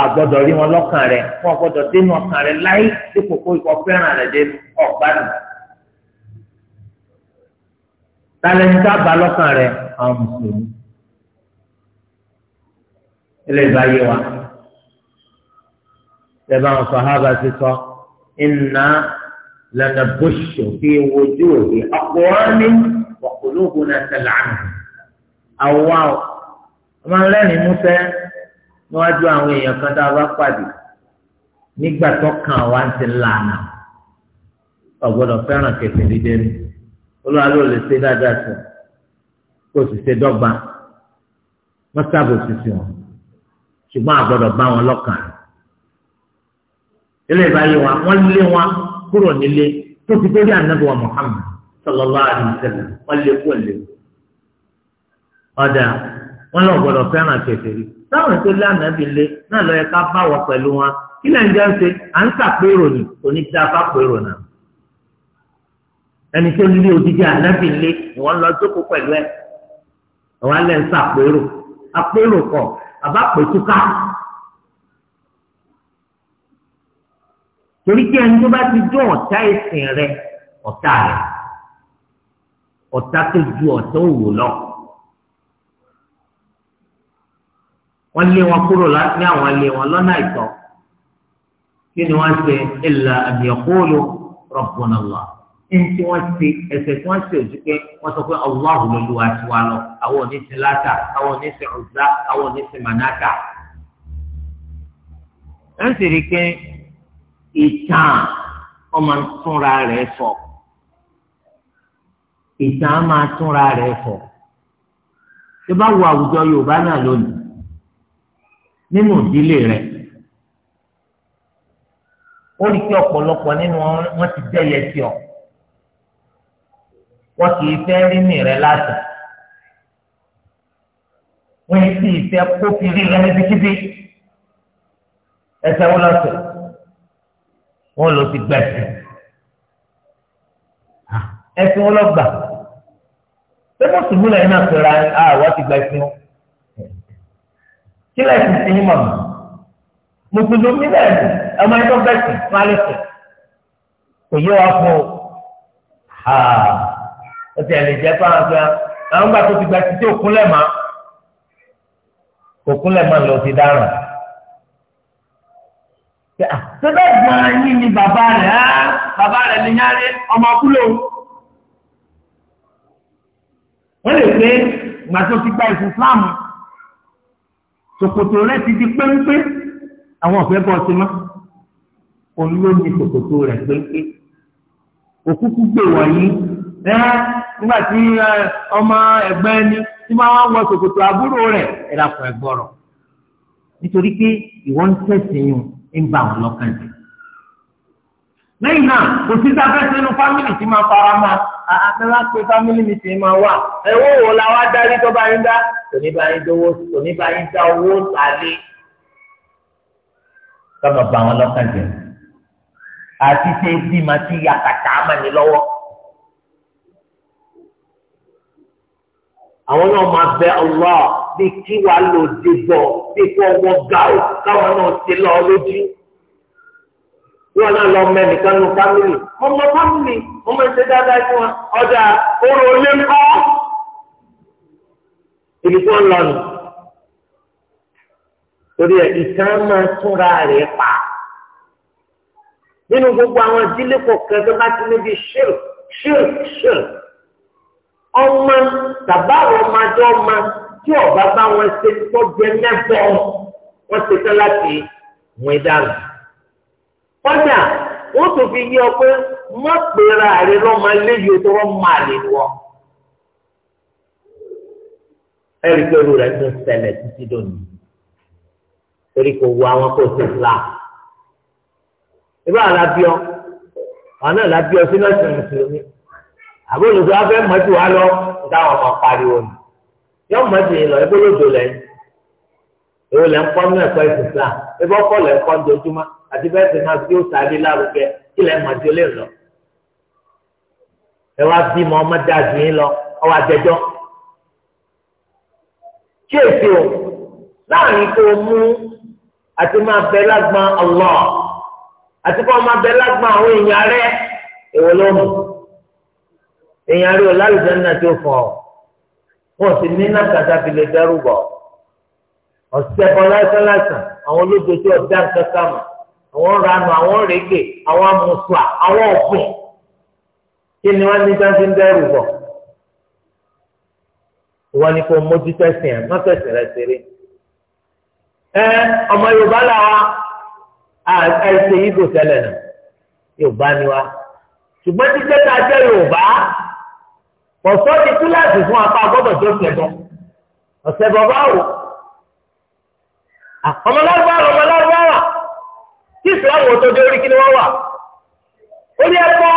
àgbọ́dọ̀ rí wọn lọ́kàn rẹ fún ọgbọ́dọ̀ dénú ọkàn rẹ láì dípò kó ikọ̀ fẹ́ràn rẹ dé ọ̀gbádùn. tálẹ̀ ní ká bá lọ́kàn rẹ àwọn mùsùlùmí. ilé ìgbà yé wa tẹ̀bá àwọn sọ̀hábà ti sọ inna lanabushu fi wujuhi aqwami wa qulubuna tal'anuhum. àwa ọmọ lẹ́rìn-ín níwájú àwọn èèyàn kan tá a bá pàdé nígbà tó kàn wá ń ti lànà ọ̀gbọ́dọ̀ fẹ́ràn kẹfẹ́ dídé ní olúwa ló lè ṣe dáadáa sí kó sì ṣe dọ́gba wọ́n sábò sísè wọn ṣùgbọ́n àgbọ́dọ̀ bá wọn lọ́kàn ilé ìbáyé wa wọ́n lé wọn kúrò nílé tó fi dórí ànábì wa Muhammad sallallahu alaihi wọ́n lé kó lé ọ̀dà wọ́n lọ fẹ́ràn kẹfẹ́ dídé táwọn tó lánàá bí lé náà lọ yẹ ká bá wọ pẹ̀lú wọn kí nàìjíríà ń ṣe à ń sàpérò ní onídàáfà pérò náà ẹni tó ní odidi ànábì lé ìwọ́n lọ jókòó pẹ̀lú ẹ̀ àwọn alẹ́ ń sàpérò àpérò kọ̀ àbápẹ̀túká torí kí ẹni tó bá ti dún ọ̀tá ìsìn rẹ ọ̀tá rẹ ọ̀tá tó ju ọ̀tá òwò lọ. wọ́n lé wọn kúrò ní àwọn ilé wọn lọ́nà àìtọ́ kí ni wọ́n ṣe ìlà àbíyàkóòlù rabbuna Allah ẹni tí wọ́n ṣe ẹsẹ̀ tí wọ́n ṣe ojú pé wọ́n sọ pé Allahu lolúwa ti wá lọ àwọn ò Láta àwọn ò ní àwọn ò ní ṣe ń sì pé ìtàn ọmọ túnra rẹ̀ sọ ìtàn máa túnra rẹ̀ sọ. ṣé bá wo àwùjọ Yorùbá náà lónìí nínú ìdílé rẹ ó rí kí ọ̀pọ̀lọpọ̀ nínú wọn ti dẹ́yẹ sí ọ wọn kì í fẹ́ rí mi rẹ láti wọn yìí sì fẹ́ kó fi rí rẹ níbikíbi ẹsẹ̀ wọn lọ́sẹ̀ wọn lọ sí gbẹ̀sẹ̀ ah, ẹsẹ̀ wọn lọ́gbà pé mùsùlùmí lẹ́yìn náà pẹ̀lú àwọn ah, ti gbẹ̀sẹ̀ wọn kí lẹ́sìn sí yín mọ̀ mùsùlùmí lẹ́sìn ọmọ ẹjọ́ bẹ́sìn pálẹ́sìn kò yé wa fún o ha ó ti ẹ̀lẹ́ jẹ́ fún àwọn fún àwọn gbà tó ti gba títí òkun lẹ̀ mọ́ òkun lẹ̀ mọ́ lọ sí dáràn tó bẹ́ẹ̀ gbọ́n yín ni bàbá rẹ̀ á bàbá rẹ̀ ní yáre ọmọ kúlò wọ́n lè pé gbàtó ti gba ìsìn fúlàmù ṣòkòtò rẹ ti di péńpé àwọn ọ̀fẹ́ bọ́ sí mọ́ olómi ṣòkòtò rẹ péńpé òkúkú gbè wọ̀nyí ẹ nígbà tí ọmọ ẹgbẹ́ ni tí máa wá wọ ṣòkòtò àbúrò rẹ ẹ dàpọ̀ ẹgbọ́rọ̀ nítorí pé ìwọ́n ń tẹ̀sìn yìí ń ba àwọn lọ́kàn jẹ́ lẹ́yìn náà kò sí sáfẹ́ sínú fámìlì tí máa fara máa àtàlà pé family meeting máa wà ẹ̀wọ́ wo la wá darí tó bá yín dá tòní bá yín dówó tòní bá yín dá owó tàlẹ́. kọ́mọ̀ bá wọn lọ́kàn jẹ àti ṣe bí ma ti yà kàtà àmà ní lọ́wọ́. àwọn náà máa bẹ ọlọ́ọ̀ bí kí wàá lò dé bọ̀ bí kò wọ́n ga ọ̀ káwọn náà ti lọ́ọ́ lójú yóò náà lọ mẹ nìkan nu fámìlì ọmọ fámìlì ọmọ ìṣe dáadáa sí wọn ọjà orò olé ńkọ ibi tí wọn lọ nù torí ẹ ìtàn máa túnra rẹ pa nínú gbogbo àwọn ìdílé kọ̀ọ̀kan tó bá ti níbi ṣírò ṣírò ṣírò ọmọ tàbá ọmọdé ọmọ tí ọba bá wọn ṣe tọjẹ mẹbọ wọn ṣe tán láti wọn dànù kọ́dà wọ́n tún fi yí ọ pé mọ́ pera rẹ lọ́mọ eléyìí tó wọ́n máa lè wọ́. ẹ̀rí pé irú rẹ̀ ń tún ṣẹlẹ̀ títí lónìí torí kò wo àwọn kò sí Islam. ìbára la bí ọ àwọn náà la bí ọ sínú ẹ̀sìn mùsùlùmí àbí olùsọ afẹ́ mọ́tò wa lọ dáwọn ọmọ pariwo ni yọ mọ́tò yìí lọ ẹgbẹ́ lódò lẹ́yìn èwo lẹ́ ń kọ́ nínú ẹ̀kọ́ ìsìn Islam ẹgbẹ́ ń kọ́ ń àti bẹ́ẹ̀ sì máa fi òòsà lé lárugẹ kílẹ̀ mọ̀ tí ó lè lọ. ẹ wá bímọ ọmọ dáàbì yín lọ ọwọ́ àjẹjọ́. kí èsì o láàrin tó mú àti máa bẹ lágbọn ọlọ àti kó máa bẹ lágbọn àwọn èèyàn rẹ èwo ló mú èèyàn rẹ ò lálùjẹ náà tó fọ wọn sì ní náà fi lè dẹrù bọ ọsẹ bọ lásán lásán àwọn olódodo ọdá nǹkan kàmọ àwọn ranu àwọn rege àwọn amusua àwọn òfin kí ni wọn ní sáfi ń dẹrù bọ wọn ni kò mójútó ẹsìn ẹ má fẹsẹ̀ rẹ ṣeré ẹ ọmọ yorùbá làwa àìsè ibo tẹ́lẹ̀ nà yorùbá ni wa ṣùgbọ́n títẹ́ tá a jẹ́ yorùbá pọ̀sọ́ ti kíláàsì fún apá gbọ́dọ̀ tó ṣẹ̀bọ̀ ọ̀ṣẹ̀bọ̀ báwo ọmọlẹ́gbàá ọmọlẹ́gbàá tí ìsìláàmù tó dé orí kí ni wọ́n wà ó ní ẹ̀kọ́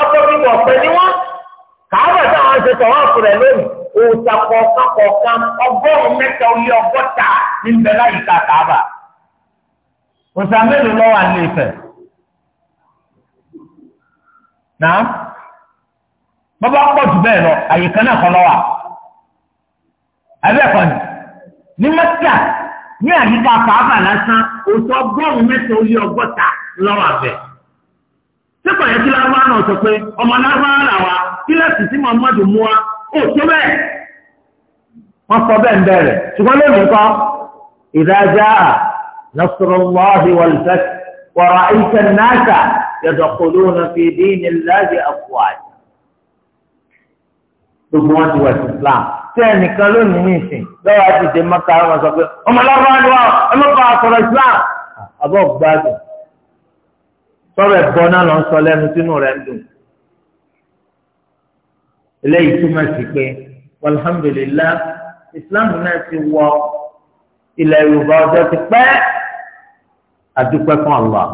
afọ́fíkọ̀ ọ̀pẹ ni wọ́n kàábà táwọn ṣe tọ̀wọ́ àfúrẹ̀ lónìí òòtà kọ̀ọ̀kan kọ̀ọ̀kan ọgọ́rùn-ún mẹ́ta ó lé ọgọ́ta ní ń bẹ láyìíká kàábà òòtà mélòó lọ́wọ́ àlè ìfẹ́ náà bàbá pọ̀ jù bẹ́ẹ̀ lọ àyíká náà kọ́ lọ́wọ́ àbẹ́ẹ̀kọ́ ni ní mẹ́tíà ní àyíká kàábà lásán òtún ọgọ́rùn-ún mẹ́ta ó lé ọgọ́ta lọ́wọ́ àbẹ̀. sẹ́kọ̀ọ́ yẹn kí lárúbá náà sọ pé ọmọ lárúbá náà wá kílẹ̀sì tí muhammadu mú wa ó tó bẹ́ẹ̀. wọ́n sọ bẹ́ẹ̀ ń bẹ̀rẹ̀ ṣùgbọ́n lónìí kọ́ ìdájá nasrullahi wal fath wa ra'aita an-nasa yadkhuluna fi dinillahi afwaj. gbogbo wọn ti wà sí islam tí ẹnìkan lónìí ní ìsìn lọ́wọ́ àtìsẹ́ mọ́ta wọn sọ pé ọmọ lọ́wọ́ ni wọ́n ọlọ́pàá àkọ̀rọ̀ islam àbọ̀ gbádùn sọ̀rọ̀ ẹ̀gbọ́n náà lọ ń sọ lẹ́nu sínú rẹ̀ ń dùn. eléyìí túmọ̀ sí pé alhamdulillah islam náà ti wọ ilẹ̀ yorùbá ọjọ́ ti pẹ́ àdúpẹ́ fún Allah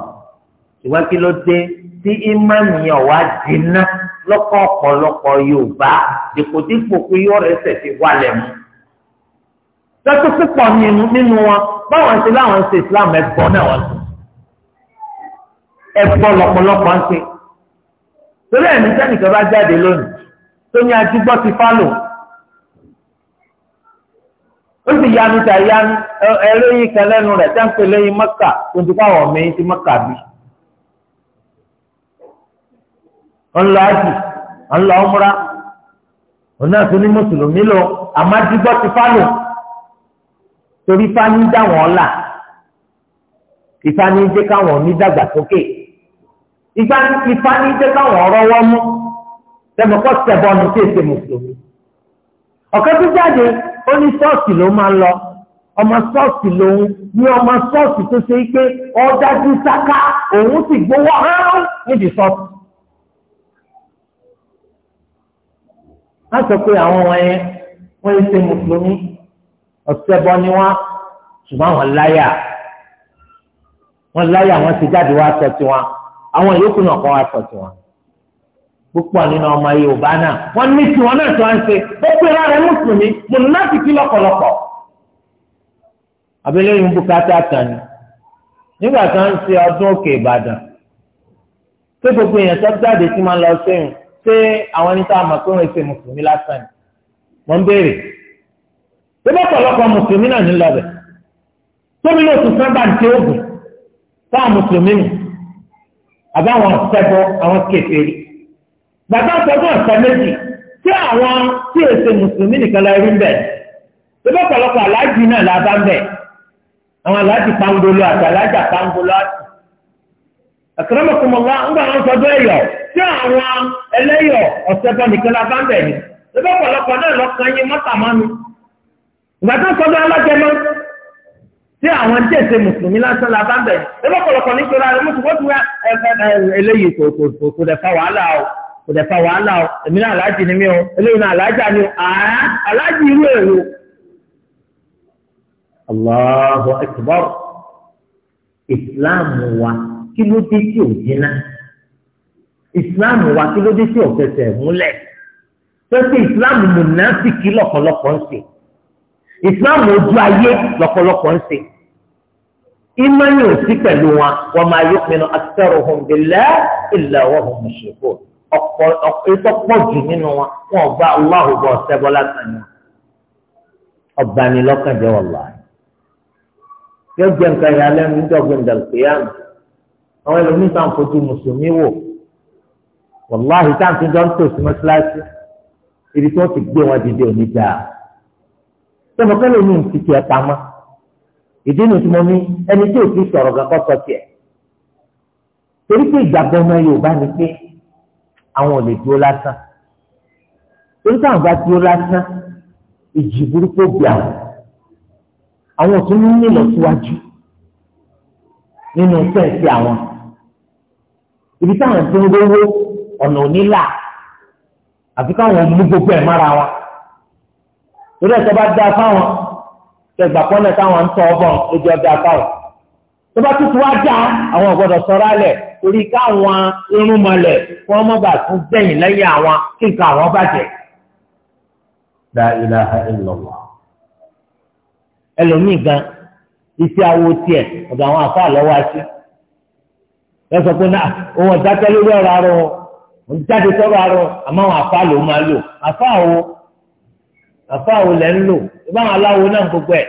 ìwá ló dé tí ìmánìyàn wá dínà lọ́kọ̀ ọ̀pọ̀lọpọ̀ Yorùbá dèpòdépò pé yóò rẹsẹ̀ ti wálẹ̀ mu. Lọ́tọ́ púpọ̀ nínú wọn báwọn ṣe láwọn ṣe Islam ẹ̀bọ náà wọ́n ṣe. Ẹ̀bọ lọ́pọ̀lọpọ̀ ń ṣe. Torí ẹ̀mí sẹ́nìkan bá jáde lónìí tó ní ajígbọ́ ti fálò. Ó sì yanu tà yanu ẹ̀rọ yìí kan lẹ́nu rẹ̀ tẹ́ ń pè lẹ́yìn Mọ́kà tó ti fáwọn ọmọ yìí ti Mọ́kà bíi. ńlọ àjì ńlọ ọmúra òun náà tó ní mùsùlùmí lò àmàdígbọ́ ti fálò torí fani dá wọn là ìfani jẹ́ káwọn onídàgbàsókè ìfani jẹ́ káwọn rọwọ́ mú tẹmọ̀kọ́ sẹ̀bọ̀nù tí èsè mùsùlùmí ọ̀kẹ́ tó jáde ó ní ṣọ́ọ̀ṣì ló máa ń lọ ọmọ ṣọ́ọ̀ṣì lòun ní ọmọ ṣọ́ọ̀ṣì tó ṣe pé ọ̀dájú sáká òun sì gbowó hán níbi ṣọ́ọ̀ṣì wọ́n sọ pé àwọn wọn yẹn wọ́n ṣe mùsùlùmí ọ̀sẹ̀ bọ́ ni wọ́n ṣùgbọ́n wọ́n láyà wọ́n láyà wọ́n ti jáde wá sọ tiwọn àwọn yòókù náà kọ́ wá sọ tiwọn púpọ̀ nínú ọmọ Yorùbá náà wọ́n ní tiwọn náà tó ń ṣe ó pé rárá mùsùlùmí mùnàfíkì lọ́pọ̀lọpọ̀ abẹ́lẹ́ yìí ń bùkátà tán ni nígbà tó ń ṣe ọdún òkè Ìbàdàn tó gbogbo èèyàn tó jáde tí máa lọ sẹ́yìn ṣé àwọn ẹni tá a mọ̀ pé wọ́n ṣe mùsùlùmí lásán ni wọ́n ń béèrè ṣé bá pọ̀lọpọ̀ mùsùlùmí náà ní lọ́bẹ̀ tóbi ló tún sábà ń tẹ oògùn táwọn mùsùlùmí nù àbáwọn ọ̀sẹ̀bọ àwọn kèfèrí gbàtà sọ́dún ọ̀sẹ̀ méjì tí àwọn tí èsè mùsùlùmí nìkan lọ rí ń bẹ̀ ṣé bá pọ̀lọpọ̀ aláàjì náà lábá ń bẹ̀ àwọn aláàjì pangolo àti aláàjà pangolo àti akramakumullah ńgbà wọn sọ bẹ́ẹ̀ yọ tí àwọn ẹlẹ́yọ̀ ọ̀sẹ̀ bọ́ nìkan la ń bẹ̀ ni ebi ọ̀pọ̀lọpọ̀ náà lọ́kàn yín mọ́tàmánu ìgbà tó ń sọ bẹ́ẹ̀ tí àwọn mùsùlùmí lásán ń bẹ̀ ni mùsùlùmí wàhálà o èmi náà ni mí o náà ni o irú èrò Allahu akbar kí ló dé tí ò jiná ìsìláàmù wa kí ló dé tí ò fẹsẹ̀ múlẹ̀ pẹ́sẹ́ ìsìláàmù mùnàfíkì lọ́pọ̀lọpọ̀ ń ṣe ìsìláàmù ojú ayé lọ́pọ̀lọpọ̀ ń ṣe ìmọ̀nyìn ò sí pẹ̀lú wọn wọn máa yọ pinnu aktharuhum billahi illa wahum mushrikun ọ̀pọ̀ ìtọ́pọ̀ jù nínú wọn wọn gba aláhùn bọ̀ ṣẹ́bọ́ látàn ni wọ̀lá yóò jẹ́ nǹkan ìyàlẹ́nu níjọ́ gbẹ̀ndàlùkìyàmù àwọn ẹlòmíì tá à ń fojú mùsùlùmí wò wàláhì tá à ń fi jọ ń tòsí mọ́ṣáláṣí ibi tí wọ́n ti gbé wọn dìde òní dáa sọ́mọ kẹ́lẹ́ mi ń fi tiẹ̀ pamọ́ ìdí nu tí mo ní ẹni tí ò ti sọ̀rọ̀ gan kọ́ sọ tiẹ̀ torí pé ìgbàgbọ́ ọmọ Yorùbá ni pé àwọn ò lè dúró lásán torí táwọn bá dúró lásán ìjì burúkú bí àwọn àwọn ò tún ní nílọ nínú sẹ́ǹsì àwọn ibi táwọn ti ń gbówó ọ̀nà onílà àfi káwọn mú gbogbo ẹ̀ mára wa torí ẹ̀sọ́ bá dáa fáwọn kẹgbà pọ́nlẹ̀ táwọn ń tọ́ ọbọ̀n lójú ọjà fáwọn tó bá tútù wá já àwọn ọ̀gbọ́dọ̀ sọ̀rọ̀ alẹ̀ torí káwọn irúnmọlẹ̀ kí wọ́n mọ̀gbà tún gbẹ̀yìn lẹ́yìn àwọn kí nǹkan àwọn bàjẹ́. La ilaha illallah ẹlòmíì gan iṣẹ́ awo tiẹ̀ ọ̀dọ̀ àwọn àfa àlọ́wọ́ àṣẹ ẹ sọ pé náà òun ọ̀dákẹ́ lórí ọ̀rọ̀ arọ òun jáde sọ̀rọ̀ arọ àmọ́ àwọn àfa lòun máa lò àfa àwo àfa àwo lẹ́ ń lò ìbáwọn aláwo náà gbogbo ẹ̀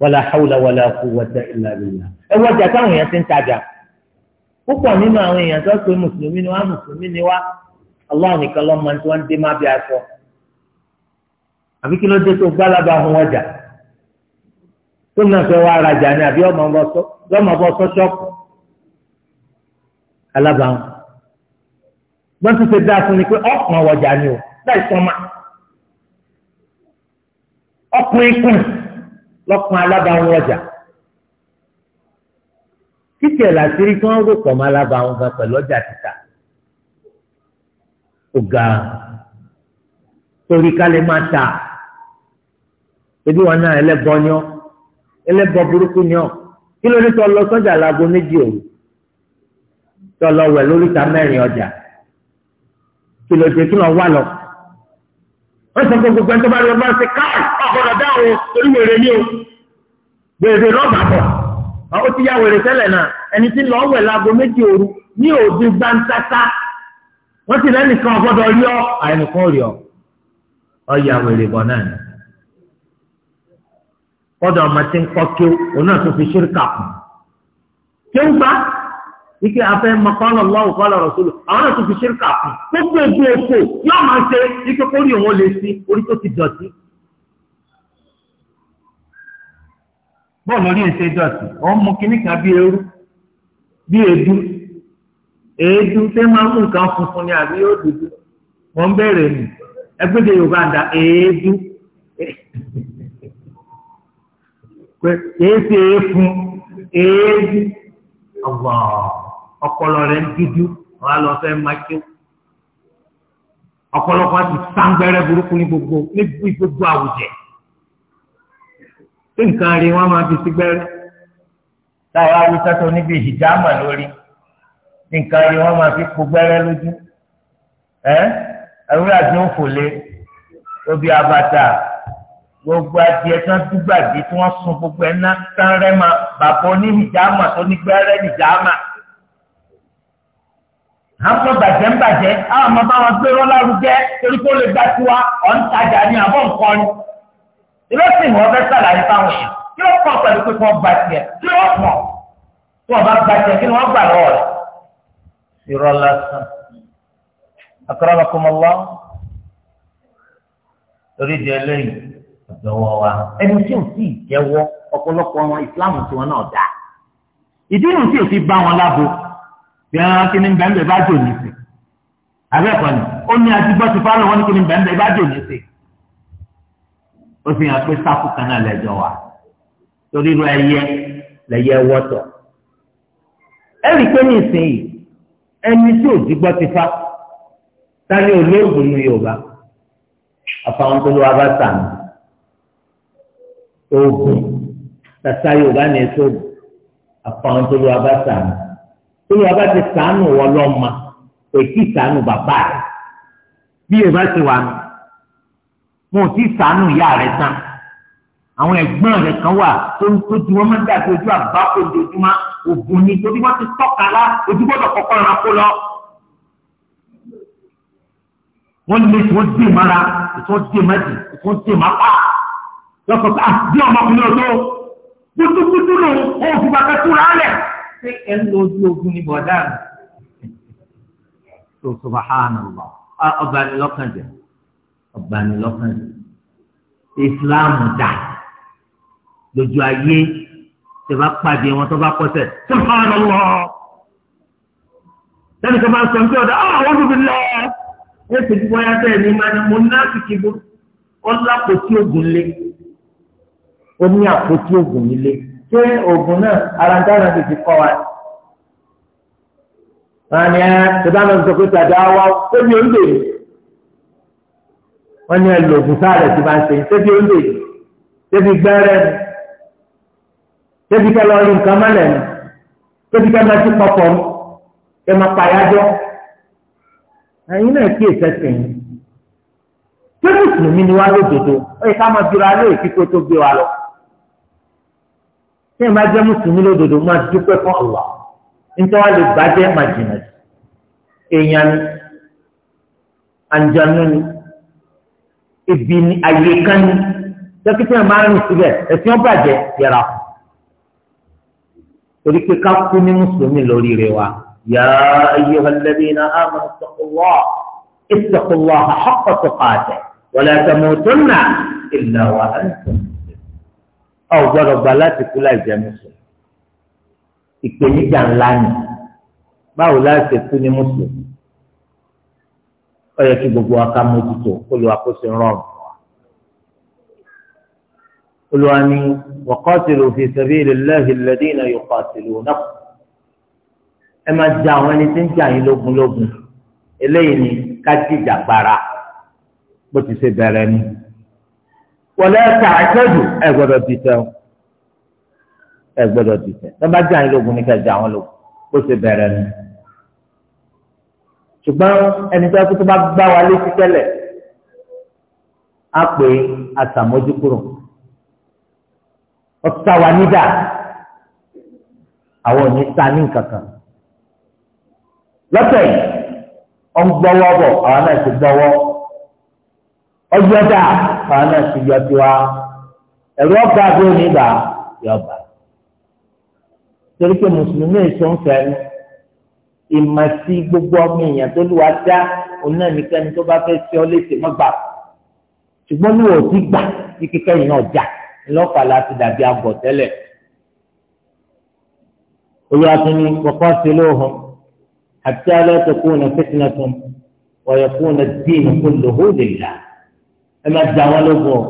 wàlà hàwùlà wàlà quwwata illa billah ẹ wọ́n jà táwọn èèyàn ti ń tajà púpọ̀ nínú àwọn èèyàn tó pé mùsùlùmí ni wá mùsùlùmí ni wá aláwọ̀ nìkan lọ́mọ tí wọ́n dé má bí aṣọ àbí kí ló dé tó gbálábà hun ọjà tó náà fẹ́ wá rajà ni àbí alábàáwọn gbọ́n tún ṣe dáa fún ni pé ọ̀pọ̀ ọjà ni o láì sọ́mà ọkùnrin kùn lọ́kùn alábàáwọn ọjà títẹ̀ làṣírí tí wọ́n rò pọ̀ mọ́ alábàáwọn gan pẹ̀lú ọjà títà ọ̀gá torí ká lè máa tà ebi wọn náà ẹlẹ́bọ ni ọ ẹlẹ́bọ burúkú ni ọ kí ló ní sọ lọ sọ́jà láago méjì òru tọlọ wẹ lóríta mẹ́rin ọjà kí ló ṣe kí lọ wà lọ wọn sọ pé gbogbo ẹni tó bá lọ bá ṣe káà ọgbọ́dọ̀ dá o torí wèrè ni o wèrè lọba bọ ó ti yá wèrè tẹ́lẹ̀ náà ẹni tí lọ wẹ láago méjì òru ní òde gbantata wọn ti lẹnìkan ọgbọ́dọ̀ rí ọ àìnìkan rí ọ ọ yà wèrè bọ náà ni kọdọ ọmọ tí ń kọ kí o òun náà tó fi ṣírí kà kù kí ń gbà. ike afẹ́ mọ̀kànlá lọ́wọ́ kọ́lá rọ̀sọ́lù àwọn náà tún fi ṣírkà fún gbogbo ègbò òfò yọ máa ṣe ike kórì òun lè sí orí tó ti dọ̀tí. bọ́ọ̀lù orí ìṣe dọ̀tí òun mú kinní bí eérú bí èédú èédú tẹ́ máa mú nǹkan funfun ni àbí yóò dúdú ọpọlọ rẹ̀ ń dúdú wọn á lọ fẹ́ máa kí ọ̀pọ̀lọpọ̀ àti sangbẹrẹ burúkú ní gbogbo níbi gbogbo àwùjẹ tí nǹkan rí wọn máa fi sígbẹrẹ táwọn awúsá tó níbi ìjàmà lórí tí nǹkan rí wọn máa fi kó gbẹrẹ lójú ẹ ẹwúrẹ àti òfòlé lóbi abata gbogbo adìẹ tán dúgbàdì tí wọn sun gbogbo ẹ ná tán rẹ ma bàbá oníhìjàmà tó nígbẹrẹ nìjàmà àwọn ọmọ bàjẹ́ ń bàjẹ́ àwọn ọmọ bá wọn gbé wọn lárugẹ torí kó lè gbà tiwa ọ̀n tajà ní àbọ̀ nǹkan ni. ìrẹsìn wọn fẹ́ sàlàyé fáwọn èèyàn kí wọ́n pọ̀ pẹ̀lú pé wọ́n gbà tiẹ̀ kí wọ́n pọ̀ tí wọ́n bá gbà tiẹ̀ kí wọ́n gbà lọ́wọ́ rẹ̀. irọ́ lásán akramakumullah torí di eléyìí ọ̀dọ́wọ́ wa ẹni tí ò sì jẹ́wọ́ ọ̀pọ̀lọpọ̀ bí wọn kí ni bẹ́ẹ̀ bá jò ní sí abẹ́ẹ̀kọ́ ni ó ní adigbọ́ ti fáwọn wọn kí ni bẹ́ẹ̀ bá jò ní sí ó fi hàn pé sáfù kan náà lẹ́jọ́ wa torí ru ẹyẹ lẹ́yẹ wọ́tọ̀ ẹ̀rí pé ní ìsinyìí ẹni tí ò digbọ́ ti fa sani olóògùn ní Yorùbá àfàwọn tó ló wá bá sàn oògùn tata Yorùbá ní ètò àfàwọn tó ló wá bá sàn tó yẹ bá ti sànù wọ lọ́mọ kò tí sànù bàbá rẹ̀ bí yẹ bá ti wà nù mo ò tí sànù ìyá rẹ̀ tán àwọn ẹ̀gbọ́n rẹ̀ kan wà tó ń tó ju wọn máa ń dàbí ojú àbá kò dojúmọ́ ògùn ni torí wọ́n ti tọ́ka lá ojú gbọ́dọ̀ kọ́kọ́ ra kó lọ. wọ́n lé tí wọ́n dé mara tí wọ́n dé má jì tí wọ́n dé má pa lọ́kọ̀ọ́ká ah, bí ọmọkùnrin ọ̀dọ́ gbúdúgbúdú lòun òun fi bàtà túra lẹ̀ ṣé ẹ ń lo ojú ogun ní bọ̀dá rẹ̀ tó subhanallah ọba ni lọ́kàn jẹ ọba ni lọ́kàn jẹ islam dà lójú ayé tẹ bá pàdé wọn tó bá kọsẹ̀ subhanallah sẹ́ni tó bá sọ ah, ní ọ̀dà ọ̀ wọ́n tóbi lọ ẹ̀ ṣe ti wáyà bẹ́ẹ̀ ni máa ní mo ná kìkì bó ọ̀là kò tí ogun lé ó ní àpótí ogun nílé ṣé oògùn náà ara dáná ti fi kọ́ wa. wọ́n ní ẹ ṣùgbọ́n àwọn ìṣòkè tàdá wa ó ní oúnjẹ yìí. wọ́n ní ẹ lo oògùn sáàrẹ̀ tí máa ń ṣe ṣé bí oúnjẹ yìí ṣé bí gbẹ́rẹ́ ni ṣé bí kẹ́lọ́ rí nǹkan mọ́lẹ̀ ni ṣé bí kẹ́lọ́ ti pọ̀pọ̀ ni kẹ́ máa pàyájọ́. ẹ̀yin náà kí èsẹ̀ sẹ́yìn ṣé mùsùlùmí ni wá lójoojú ó yẹ ká máa bira lóòkì tí ẹ máa jẹ́ mùsùlùmí lódodo máa dúpẹ́ fún ọlá nítorí wàá lè bàjẹ́ máa jìnnà sí èèyàn ni àǹjànú ni ibi ni àyè kan ni dókítà máa ń rìn síbẹ̀ ẹ̀sìn ọ̀bàjẹ́ yàrá fún torí pé ká kú ní mùsùlùmí lórí rẹ wa ya ayyuhal ladhina amanu ittaqullah ittaqullah haqqa tuqatih wa la tamutunna ìlànà wa á antum. a ò gbọ́dọ̀ gbà láti kú láì jẹ́ mùsùlùmí ìpèníjà ńlá ni báwo láti kú ní mùsùlùmí ó yẹ kí gbogbo wa ká mójútó Olúwa kó ṣe rọrùn Olúwa ni waqatilu fi sabilillahi alladhina yuqatilunakum ẹ máa jà àwọn ẹni tí ń jà yín lógun lógun eléyìí ni ká jìjà gbára bó ti ṣe bẹ̀rẹ̀ ni wọlé ẹ̀ka àtẹ́jù ẹ̀ gbọ́dọ̀ ti tẹ̀ ọ́ ẹ̀ gbọ́dọ̀ ti tẹ̀ tọ́ bá jẹ́ àwọn ológun ní kẹjọ àwọn lò ó ṣe bẹ̀rẹ̀ ni. ṣùgbọ́n ẹni tó kú tó bá gbá wa létí tẹ́lẹ̀ á pè é àtàmójúkúrò ọ̀tá wa nídà àwọn ò ní ní kankan lọ́tẹ̀ yìí ọ̀ ń gbọ́wọ́ bọ̀ àwọn náà ti gbọ́wọ́ ọjọ́ dà káwọn náà ti yọ tiwa ẹ̀rọ ọba tó ní ibà yọba torí pé mùsùlùmí èso ń fẹ́ ìmọ̀sí gbogbo ọmọ èèyàn tó lù wá dá òun náà nìkan tó bá fẹ́ ṣe ọ léṣe mọ́gbà ṣùgbọ́n ní òtí gbà ní kíkẹ́ yìí náà jà ńlọ́pàá láti dàbí àgọ̀ tẹ́lẹ̀ olùwàtúni kọ̀kọ́ sí lóhùn àti alẹ́ tó kú ní fitnatun wọ̀yẹ̀kú ní dín kúlùhùn lè là ẹ máa jà wọn lógun ọ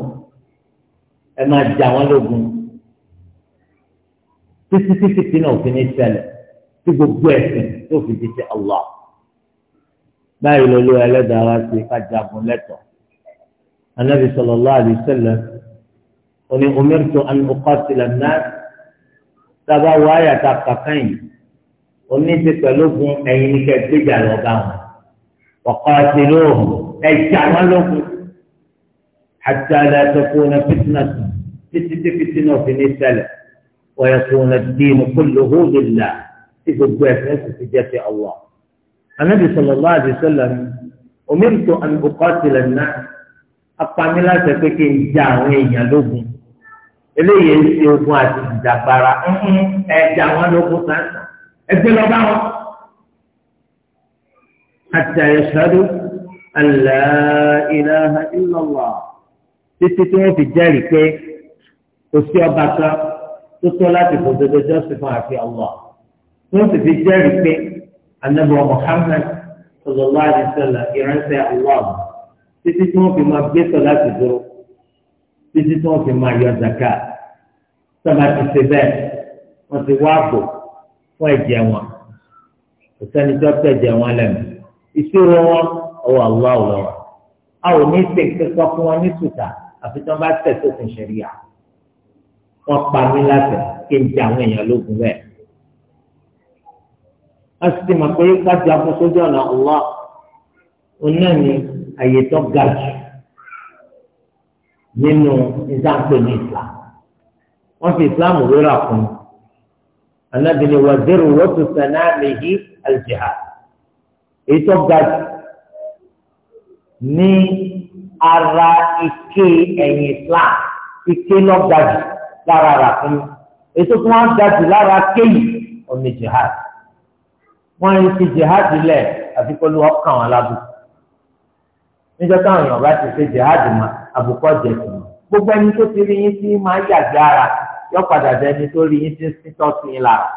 ẹ máa jà wọn lógun títí títí tí náà òfin ní ṣẹlẹ̀ tí gbogbo ẹ̀sìn tó fi di ti Allah báyìí lọ́lọ́ ẹlẹ́dàá wa ti ká jagun lẹ́tọ̀ọ́ anabi sallallahu alaihi wasallam oní umirtu an uqatila an-nas sábà wọ kàkàn yìí oní ti pẹ̀lú gun ẹ̀yin ní kẹ́ẹ́ gbéjà lọ́gà wọn wa qatiluhum ẹ̀jà wọn lógun. حتى لا تكون فتنة فتنة في نسلة ويكون الدين كله لله إذا جاءت في الله النبي صلى الله عليه وسلم أمرت أن أقاتل الناس أقامل تفكي جاوية لهم eléyìí ń ṣe ogun àti ìjàgbara ẹja wọn lókun sáńsà ẹgbẹ lọ bá wọn. حتى يشهدوا أن لا إله إلا الله títí tí wọ́n fi jẹ́rìí pé kò sí ọba kan tó tọ́ láti fòdodo jọ́sìn fún àfi Allah wọ́n sì fi jẹ́rìí pé anabi Muhammad sallallahu alaihi wasallam ìránṣẹ́ títí tí wọ́n fi máa gbé sọ láti dúró títí tí wọ́n fi máa yọ zaka sábà ti ṣe bẹ́ẹ̀ wọ́n ti wá àbò fún ẹ̀jẹ̀ wọn kò sẹ́ni tó wọn lẹ́nu ìṣòro wọn ọwọ́ Allah lọ́wọ́ a ò ní ṣe kankan fún wọn ní sùtà àfi tí wọ́n bá tẹ̀ sófin ṣẹ̀ríà wọ́n pa mí láti kí n jẹ àwọn èèyàn lógun bẹ́ẹ̀. wọ́n sì ti mọ̀ pé káàdì afọ́sójú ọ̀nà ọ̀wọ́ oná ni àyè tó ga jù nínú ìdáǹpẹ̀ ní islam wọ́n fi islam wéra fún un anabini wa zero wotu sanamihi aljihad èyí tó ga jù ní ara ike ẹ̀yìn islam ike lọ gajù lára rà fún mi èso tí wọ́n gajù lára kéyì omi jihad wọ́n ń ti jihad lẹ̀ àti pẹ̀lú ọkàn wọn lábùkù níjọ́ táwọn èèyàn bá ti ṣe jihad mà àbùkù ọ̀jẹ̀ sí wọn gbogbo ẹni tó ti rí yín sí máa yàgbé ara yọ padà dẹni tó rí yín sí sítọ́ sí i lára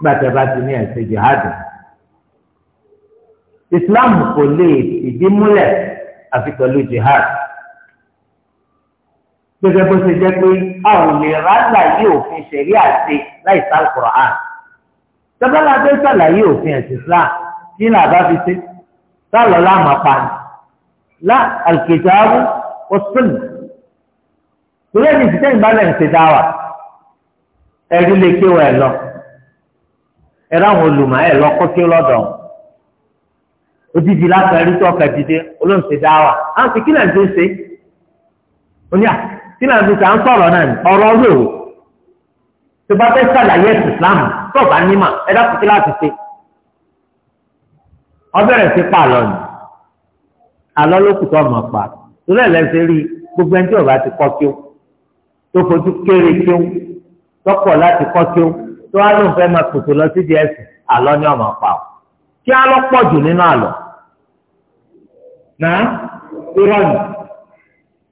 gbàtẹ́ bá ti ní ẹ̀sẹ̀ jihad islam kò lè fìdí múlẹ̀ àfi pẹ̀lú jihad gẹ́gẹ́ bó ṣe jẹ́ pé a ò lè rálà yí òfin ṣẹ̀rí àti láì sá Al-Qur'an tẹ́bọ́lá tó ṣàlàyé òfin ẹ̀sìn Islam kí ni àbá fi ṣe sálọ láàmà pani lá al-kitabu was-sunnah torí ẹni ìṣiṣẹ́ ìbálẹ̀ ń ṣe dáwà ẹ̀rí lè kéwọ̀ ẹ̀ lọ ẹ̀rọ àwọn olùmọ̀ ẹ̀ lọ kó kí lọ́dọ̀ wọn odidi lásán rí tó ọkà dìde olóhùn ṣe dá wà á sì kí nàìjíríà ṣe oníyà kí nàìjíríà à ń sọ̀rọ̀ náà ní ọ̀rọ̀ ọ̀rọ̀ òwò tó bá fẹ́ sàlàyé ẹ̀sìn Islam tó bá nímà ẹ dákun kí láti ṣe ọbẹ̀rẹ̀ sí pààlọ́ ni àlọ́ ló kù tó ọmọ pa torí ẹ̀lẹ́sẹ̀ rí gbogbo ẹni tí ọba ti kọ́ kí ó tó fojú kéré kí ó tọ́pọ̀ láti kọ́ kí ó tó wá lóun fẹ́ máa kòtò lọ kí á lọ pọ̀ jù nínú àlọ́ náà irọ́ ni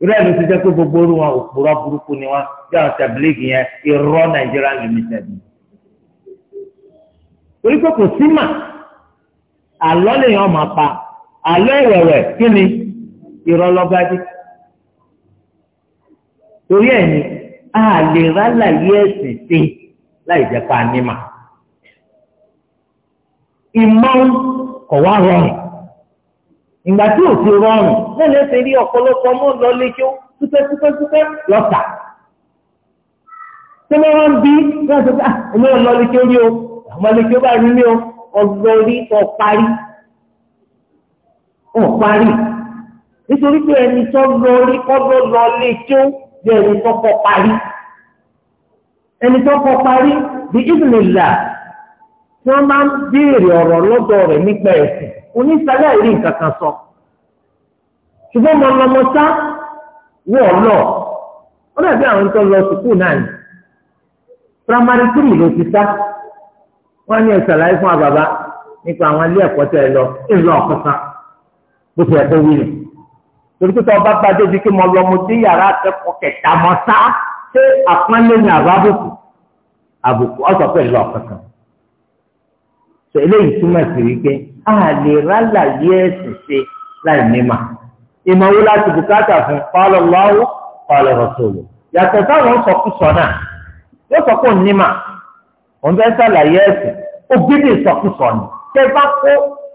irọ́ ni ti jẹ́ pé gbogbo orú wọn òpùrọ́ burúkú ni wọn bí àwọn tẹ̀blígì yẹn irọ́ Nàìjíríà limited ni torí pé kò sí mà àlọ́ lèèyàn máa pa àlọ́ ìrẹ̀wẹ̀ kí ni irọ́ lọ́ba dé torí ẹ̀ ni a lè rálàyé ẹ̀sìn sí láì jẹ́ pa ní mà ìmọ̀ kọ̀ wá rọrùn ìgbà tí ò ti rọrùn náà lè ṣe rí ọ̀pọ̀lọpọ̀ mọ́ lọ léjó túpẹ́túpẹ́túpẹ́ lọ́tà tí wọ́n wọ́n bí wọ́n ti sá ẹ̀mí ọ̀ lọ léjó rí o àwọn léjó bá rí ní o ọgbọ́n orí ọ̀ parí ọ̀ parí nítorí pé ẹni tó lọ rí kọ́dọ̀ lọ léjó bí ẹni tó kọ́ parí ẹni tó kọ́ parí bí ìdílé là tí wọ́n máa ń béèrè ọ̀rọ̀ lọ́dọ̀ rẹ̀ nípa ẹ̀sìn onísàlẹ̀ rí nǹkan kan sọ ṣùgbọ́n mo lọ mọ sá wọ́ ọ lọ àwọn tó lọ náà ní primary three ti sá wọ́n ní fún àbàbá nípa àwọn ilé ẹ̀kọ́ tẹ̀ lọ bó ti ẹ̀kọ́ wí ni torí pé bá kí mo lọ mo dé yàrá akẹ́kọ̀ọ́ kẹta sá sọ eléyìí túmọ̀ sí wípé a lè rálàyé ẹ̀sìn ṣe láì mímà ìmọ̀wó láti bùkátà fún pálọ̀ lọ́wọ́ pálọ̀ rọ̀tòlù yàtọ̀ táwọn sọkúsọ náà yóò sọ pé onímà òun fẹ́ sàlàyé ẹ̀sìn ògidì sọkúsọ ni tẹ bá kó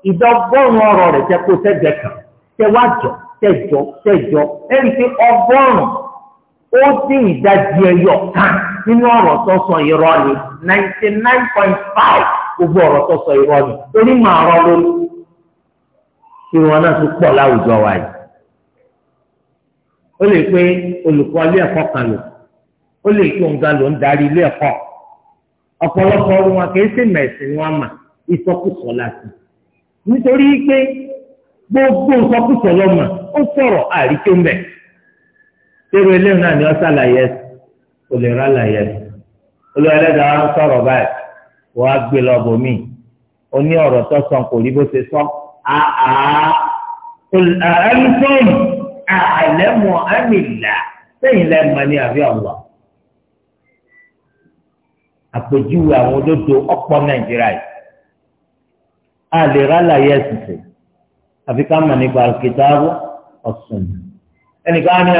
ìdọ́gọ́rùn-ún ọ̀rọ̀ tẹ kó sẹ́gbẹ̀ẹ́ kan tẹ wá jọ tẹjọ tẹjọ ẹni pé ọgọ́rùn ó dín ìdajì ẹyọ kan nínú ọ̀rọ̀ tó sọ irọ́ ninety nine point five gbogbo ọ̀rọ̀ tó sọ irọ́ ni onímọ̀ àrọ́ lórí kí wọn náà tún pọ̀ láwùjọ wa yìí. ó lè pé olùkọ́ ilé ẹ̀kọ́ kan lò ó lè pé òǹga ló ń darí ilé ẹ̀kọ́ ọ̀pọ̀lọpọ̀ wọn mẹ̀sìn wọn mà láti nítorí pé gbogbo ó sọ̀rọ̀ àríkè mbẹ̀ tẹ́rù eléyìí náà ni ọ́ sàlàyé wọ́n á gbé lọ bòmí ó ní ọ̀rọ̀ tó sọ kò rí bó ṣe sọ àá ẹnfọ́n àlẹ́mọ̀ àmìlà sẹ́yìn lẹ́mọ ní àbí ọ̀lọ́ àpèjúwe àwọn olódo ọ̀pọ̀ nàìjíríà yìí a lè rálàyé ẹ̀sìn sí àfi ká mọ̀ nípa kìtàbù ọ̀sùn ẹnìkan ni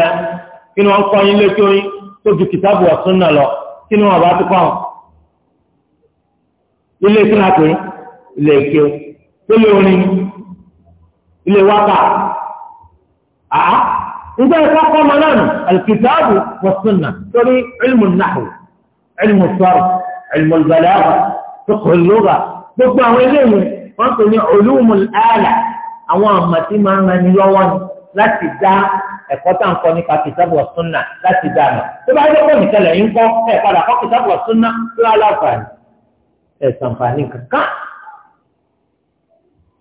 kí ni wọ́n kọ́ yín létí oyin tó ju kìtàbù ọ̀sùn náà lọ kí ni wọ́n bá tó kọ́ ọ́n ilé kí la pè ilé ike ilé orin ilé wákà á nígbà yẹn kọ́kọ́ ọmọ náà nù alkitaabu wa sunna torí ilmu nahu ilmu sarf ilmu balagha fiqh al-lugha gbogbo àwọn eléyìí wọn pè ní ulumul ala àwọn àmàtí máa ń rani lọ́wọ́ ni láti dá ẹ̀kọ́ tá ń kọ́ nípa kìtàbù wa láti dá àmà tó bá yẹ kó nìkan lẹ́yìn kọ́ ẹ̀ padà kọ́ kìtàbù wa sunna tó aláǹfààní ẹ̀ sàǹfààní kankan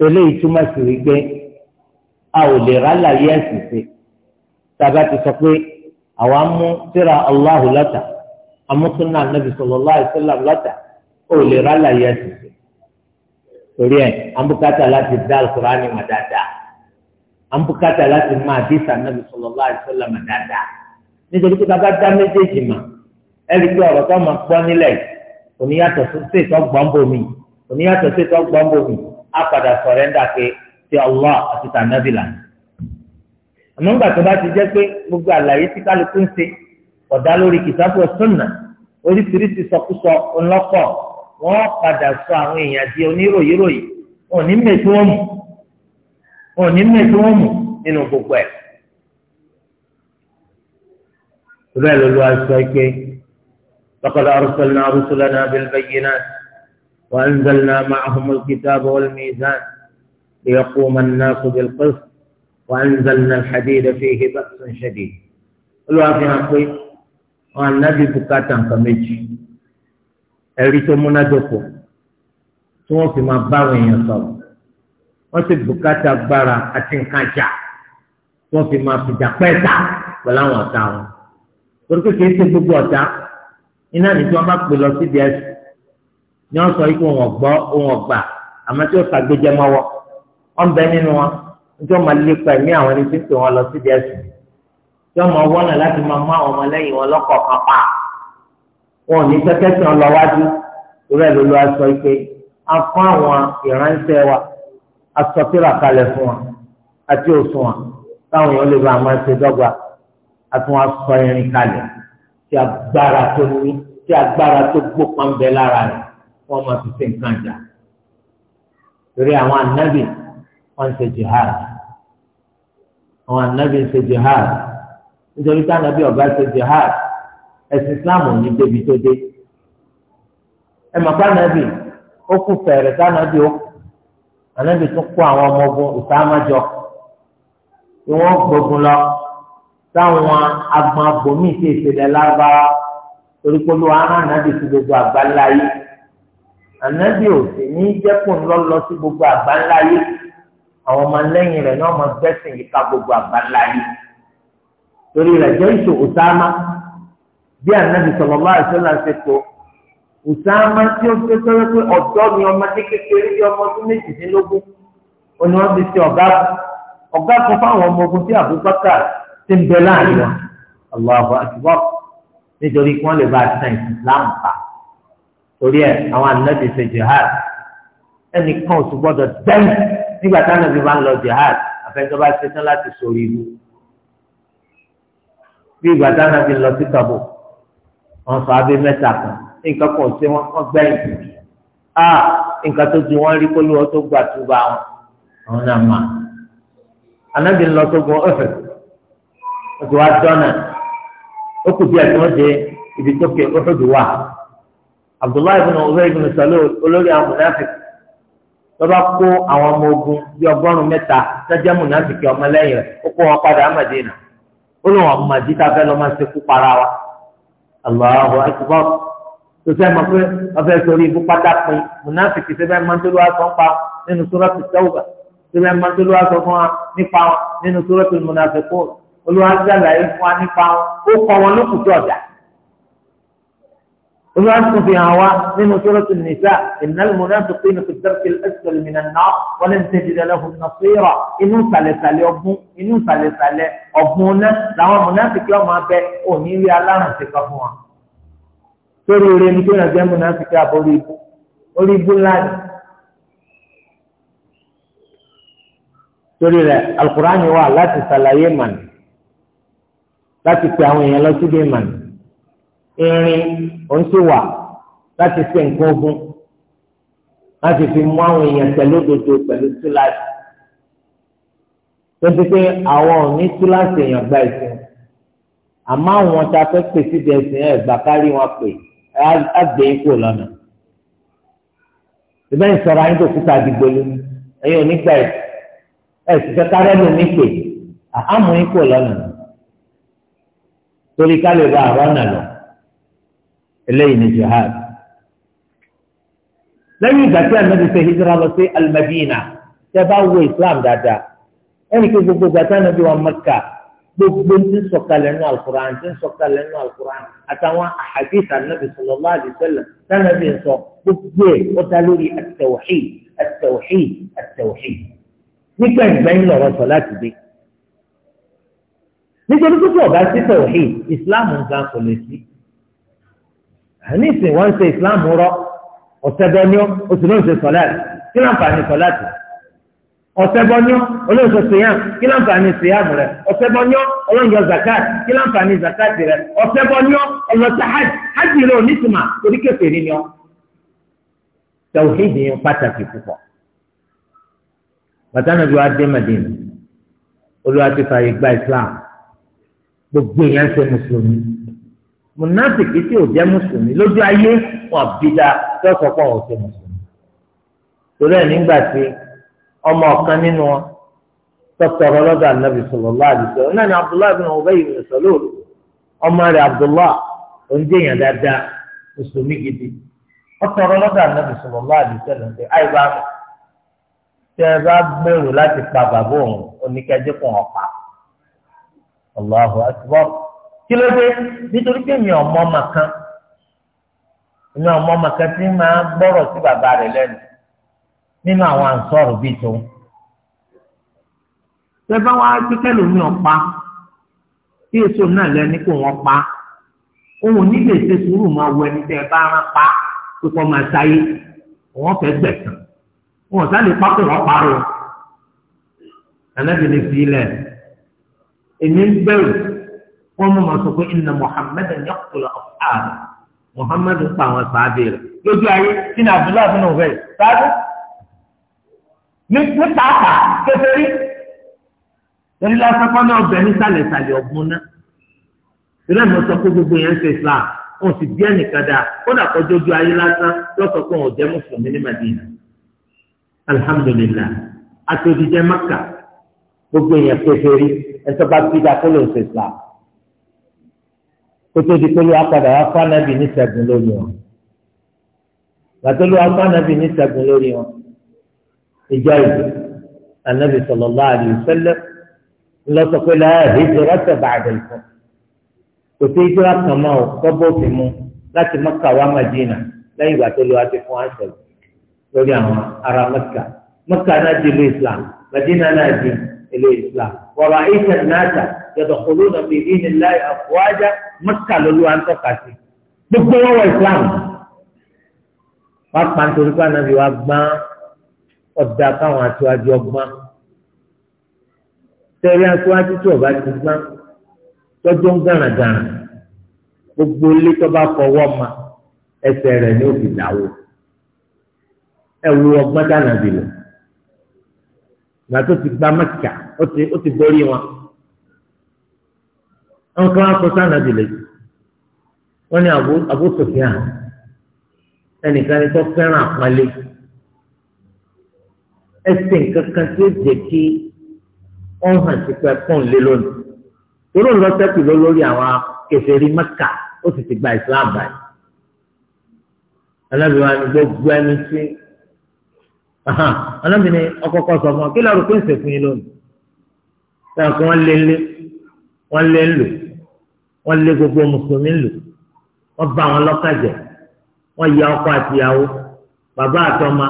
eléyìí túmọ̀ sí wípé a ò lè rálá yé ẹ̀sìn sí tàbá ti sọ pé àwa mú síra Allahu lọ́tà amúsùnà nàbì sallallahu alaihi wasallam lọ́tà ó lè rálá yé ẹ̀sìn sí torí ẹ̀ àǹbùkátà láti dá alukurani mà dáadáa àǹbùkátà láti má àdìsá nàbì sallallahu alaihi wasallam mà dáadáa nítorí pé bàbá dá méjèèjì mà ẹ̀rí pé ọ̀rọ̀ tó máa gbọ́ nílẹ̀ yìí oníyàtọ̀ sí ìtọ́ gbọ́nbòmí oníyàtọ̀ sí ìtọ́ gbọ́nbòmí á padà sọ̀rẹ́ńdà pé ti Allah àti tànàbìlà. àmọ́ ńgbà tó bá ti jẹ́ pé gbogbo àlàyé tí kálukú ń ṣe ọ̀dá lórí kìtàbù sunna oríṣiríṣi sọkúsọ ńlọ́pọ̀ wọ́n padà sọ àwọn èèyàn di oníròyìnròyìn wọn ò ní mẹ́tí wọ́n mú wọn ò ní mẹ́tí wọ́n mú nínú gbogbo ẹ̀. ìrẹ́lẹ̀ ló wá لقد أرسلنا رسلنا بالبينات وأنزلنا معهم الكتاب والميزان ليقوم الناس بالقسط وأنزلنا الحديد فيه بأس شديد olúwa fi hàn pé wọn ànábì bùkátà nǹkan méjì ẹ̀rí tó múnádóko tí wọ́n fi máa bá àwọn èèyàn sọ̀rọ̀ wọ́n sì bùkátà gbára àti nǹkan jà tí wọ́n fi máa fìjà pẹ́ẹ́ta pẹ̀lú àwọn ọ̀tá wọn torí pé kìí ṣe gbogbo ọ̀tá iná ní tí wọ́n bá pè lọ sí di ẹ̀sìn ni wọ́n sọ ikú wọn gbọ́ wọn gbà àmọ́ tí ó sàgbéjẹ mọ́wọ́ wọ́n bẹ nínú wọn níjọ́ máa lépa ẹ̀mí àwọn ẹni tí ń pè wọn lọ sí di ẹ̀sìn tí wọ́n máa wọ́nà láti máa mú àwọn ọmọlẹ́yìn wọn lọ́kọ̀ọ̀kan pa wọn ò ní kẹ́kẹ́ tí wọ́n lọ wájú torí ló lọ́ aṣọ ike a fún àwọn ìránṣẹ́ wa aṣọ tíra kalẹ̀ fún wa àti òṣùwọ̀n táwọn èèyàn lè bá a máa ṣe dọ́gba àtúnwá sọ irin kalẹ̀ tí agbára tó ní tí agbára tó gbópa ń bẹ lára rẹ̀ wọ́n máa fi ṣe nǹkan jà torí àwọn anábì wọ́n ń ṣe jihad àwọn anábì ń ṣe jihad nítorí tí anábì ọba ṣe jihad ẹ̀sìn islam ò ní débi tó dé ẹ mọ̀ pé anábì ó kú fẹ̀rẹ̀ tí anábì ó anábì tún kó àwọn ọmọ ogun ìsámájọ tí wọ́n lọ táwọn agbọn abomi ti ìṣẹ̀lẹ̀ lába torí pé olúwa hàn náà ti gbogbo àgbáńlá yìí ànábì ò sì ní jẹ́kùn lọ́lọ́ sí gbogbo àgbáńlá yìí àwọn ọmọ lẹ́yìn rẹ̀ náà mọ gbẹ́sìn yìí ká gbogbo àgbáńlá torí rẹ̀ jẹ́ ìṣò Usama bí ànábì sallallahu alaihi wasallam ṣe tó Usama tí ó ṣe sọ́wọ́ pé ọ̀dọ́ ni ọmọdé kékeré bí ọmọ ọdún méjìdínlógún ó ní wọ́n ti ṣe ọ̀gá ọ̀gá ti ń bẹ láàrin wọn Allahu Akbar nítorí kí wọ́n lè bá a sàn Islam pa torí ẹ̀ àwọn ànábì ṣe jihad ẹnìkan ò sì gbọ́dọ̀ dẹ́nu nígbà táwọn ẹbí bá ń lọ jihad àfẹ́jọ́ bá ṣe tán láti sòrí ìlú bí ìgbà táwọn ẹbí lọ sí tọ̀bù wọn sọ abẹ́ mẹ́ta kan nǹkan kan ṣe wọn wọn gbẹ̀yìn a nǹkan tó ju wọn rí kó lóò tó gbà tó wọn náà mà ànábì lọ sógun ọ̀fẹ́ ó ti wá dọ́nà ó kù díẹ̀ tí wọ́n ṣe ibi tó ké ọ̀ṣọ́dù wà abdullahi ibn Ubay ibn Salul olórí àwọn mùnáfíkì lọ́ba kó àwọn ọmọ ogun bíi ọgọ́rùn-ún mẹ́ta sẹ́jẹ́ mùnáfíkì ọmọlẹ́yìn rẹ̀ ó kó wọn padà Mádínà ó lọ wọn màdíta fẹ́ lọ́ máa ṣekú para wa Allahu akbar tòṣẹ́ mọ̀ pé ọbẹ̀ sọ̀rọ̀ ibú pátákì mùnáfíkì sẹ́fẹ́ máa ń tó pa nínú Suratul Tawbah sẹ́fẹ́ máa ń tó fún wa nípa wọn nínú Suratul Munafiqun olùwàsàlàyé fún wa nípa wọn ó kọ wọn ló kù tó ọjà olùwàsàlàyé hàn wa nínú sọ́rọ́tù nìṣà innal munafiqina fi darkil asfali minan nar wa lan tajida lahum nasira inú sàlẹ̀sàlẹ̀ ọ̀gbun inú sàlẹ̀sàlẹ̀ ọ̀gbun náà làwọn mùnàfíkì ọmọ abẹ òní rí alárùn ti kọ fún wa torí orí ẹni tó yàn jẹ́ mùnàfíkì àbórí ibú ni torí láti sàlàyé màní láti pe àwọn èèyàn lọ sí dèmàn irin oníṣèwà láti ṣe nǹkan ogun láti fi mú àwọn èèyàn tẹ̀lé òdodo pẹ̀lú túláàsì tonti pé àwọn òní túláàsì èèyàn gba ìsìn àmọ́ àwọn tá a fẹ́ pè sí ìdẹ̀sìn ẹ̀ gbà kárí wọn pè á gbé e lọ́nà ìbẹ́ ìsọ̀rọ̀ ayé dòkúta àdìgbò lu ẹ̀yin onígbà ẹ̀ ẹ̀ fẹ́ kárẹ́ lómi pè àhámù yín lọ́nà torí ká lè ba àrọ́nà lọ eléyìí ni jihad lẹ́yìn ìgbà tí anabi ṣe hijira lọ sí alimadina tẹ́ bá wo islam dáadáa ẹnì kí gbogbo ìgbà tí anabi wà mẹ́kà gbogbo ti ń sọ̀kalẹ̀ nù alukur'an ti ń sọ̀kalẹ̀ nù alukur'an àtàwọn àhàdìsà nàbì sallallahu alaihi wasallam nàbì sọ gbogbo ẹ̀ ó dá lórí at-tawhid at-tawhid at-tawhid nígbà sọ láti dé nítorí pé ọ̀gá sí tẹ̀wọ̀hì islam nǹkan kò lè sí àní ìsìn wọn ṣe islam rọ ọ̀sẹ̀bọ̀niọ́ oṣù náà ṣe sọ̀láàtì kí láǹfààní sọ̀láàtì ọ̀sẹ̀bọ̀niọ́ olóṣù sèyàn kí láǹfààní sèyàn rẹ ọ̀sẹ̀bọ̀niọ́ olóńjọ zakat kí láǹfààní zakat rẹ ọ̀sẹ̀bọ̀niọ́ ọlọ́sẹ̀ hajj hajj rẹ onítùmá torí kèfèrí ni ọ́ tẹ̀wọ̀hì ni pàtàkì púpọ̀ bàtà nàbí wàá dé Madina gbogbo èèyàn ṣe mùsùlùmí mùnàfìkì tí ò jẹ́ mùsùlùmí lójú ayé wọn bìdá lọ́sọ̀ pọ̀ wọn ṣe mùsùlùmí torí ẹ̀ nígbà tí ọmọ ọ̀kan nínú wọn tọ́tọ̀rọ̀ lọ́dọ̀ ànábì sallallahu alaihi wasallam náà ni abdullahi bin Ubay bin Salul ọmọ rẹ̀ abdullahi oúnjẹ yẹn dáadáa mùsùlùmí gidi ọtọrọ lọ́dọ̀ ànábì sallallahu alaihi wasallam pé àìbá tẹ ẹ bá gbèrò láti Allahu akbar kí nítorí pé mi ò mọ ọmọ kan mi ò mọ ọmọ kan tí ma gbọ́rọ̀ sí bàbá rẹ̀ lẹ́nu nínú àwọn ànsọ́ọ̀rù bíi tòun tẹ́fẹ́ wá lómi èso náà pa òun ṣe sùúrù máa wọ ẹni ẹ bá rán pa kíkọ́ máa ṣayé wọ́n fẹ́ gbẹ̀sán wọn èmi ń bẹ̀rù wọ́n mú ma sọ pé inna muhammadan yaqtulu ashaaba muhammed pa àwọn sàábì rẹ̀ lójú ayé tí ní abdullahi bin ubay sàábì ní pàápàá kékeré torí lásán kọ́ náà bẹ̀ nísàlẹ̀ sàlẹ̀ ọ̀gbun náà ìrẹ́ mi sọ pé gbogbo yẹn ń ṣe islam òun sì bí ẹnìkan dáa ó nà kọjọ́ ju ayé lásán lọ́sọ̀ pé òun jẹ́ mùsùlùmí ní madina alhamdulilah àtòjìjẹ maka gbogbo èèyàn kékeré ẹsọ bá ti dá kóló ṣe sá kótó di kóló apàdà wá fánábì ní sẹgùn lórí wọn gbàtóló wá fánábì ní sẹgùn lórí wọn ìjọ ìlú anabi sallallahu alaihi wasallam lọsọpẹ láàyè ìjọba tẹbà àdàlùfọ kò sí ìjọba kan mọ ọ kọbọ òfin mu láti Mẹ́kà wá Mádínà lẹ́yìn gbàtóló wá ti fún àṣẹ lórí àwọn ará Mẹ́kà Mẹ́kà náà di ìlú Islam Mádínà náà di ìlú ilé islam wàrà ìṣẹ̀ náà yàtọ̀ kòló náà fi ìdí nílá àfọwájà mẹ́kà lólu à ń tọ́ka sí gbogbo wọn wọ islam wàá pa nítorí pé ànábì wa gbọ́n ọ̀dà káwọn aṣáájú ọgbọ́n tẹ̀lé aṣáájú tí ọba ti gbọ́n tọ́jú ń gàràngàrà gbogbo ilé tó bá fọwọ́ ma ẹsẹ̀ rẹ̀ ní òbí dáwọ́ ẹ ọgbọ́n dáná bìlọ̀ gbàtó ti gba mẹ́kà ó ti borí wọn àwọn kan á sọ sáànà jùlẹ wọn ní Abu Sufyan ẹnìkan ní tó fẹ́ràn àpọ́nlé ẹsẹ̀ nǹkan kan tí ó jẹ́ kí wọ́n hàn sí pé pọ́n lé lónìí torí òun lọ sẹ́kù lọ lórí àwọn kèfèrí Mẹ́kà ó sì ti gba Islam báyìí alábìwọ̀n ni gbogbo ẹni tí alábìwọ̀n ni ọkọ̀ọ̀kọ̀ sọ fún ọ kí lóò rò pé ń sèkún yín lónìí táwọn kan wọ́n lé lé wọ́n lé lò wọ́n lé gbogbo mùsùlùmí lò wọ́n bá wọn lọ́kàjẹ́ wọ́n ya ọkọ àtìyàwó bàbá àtọmọ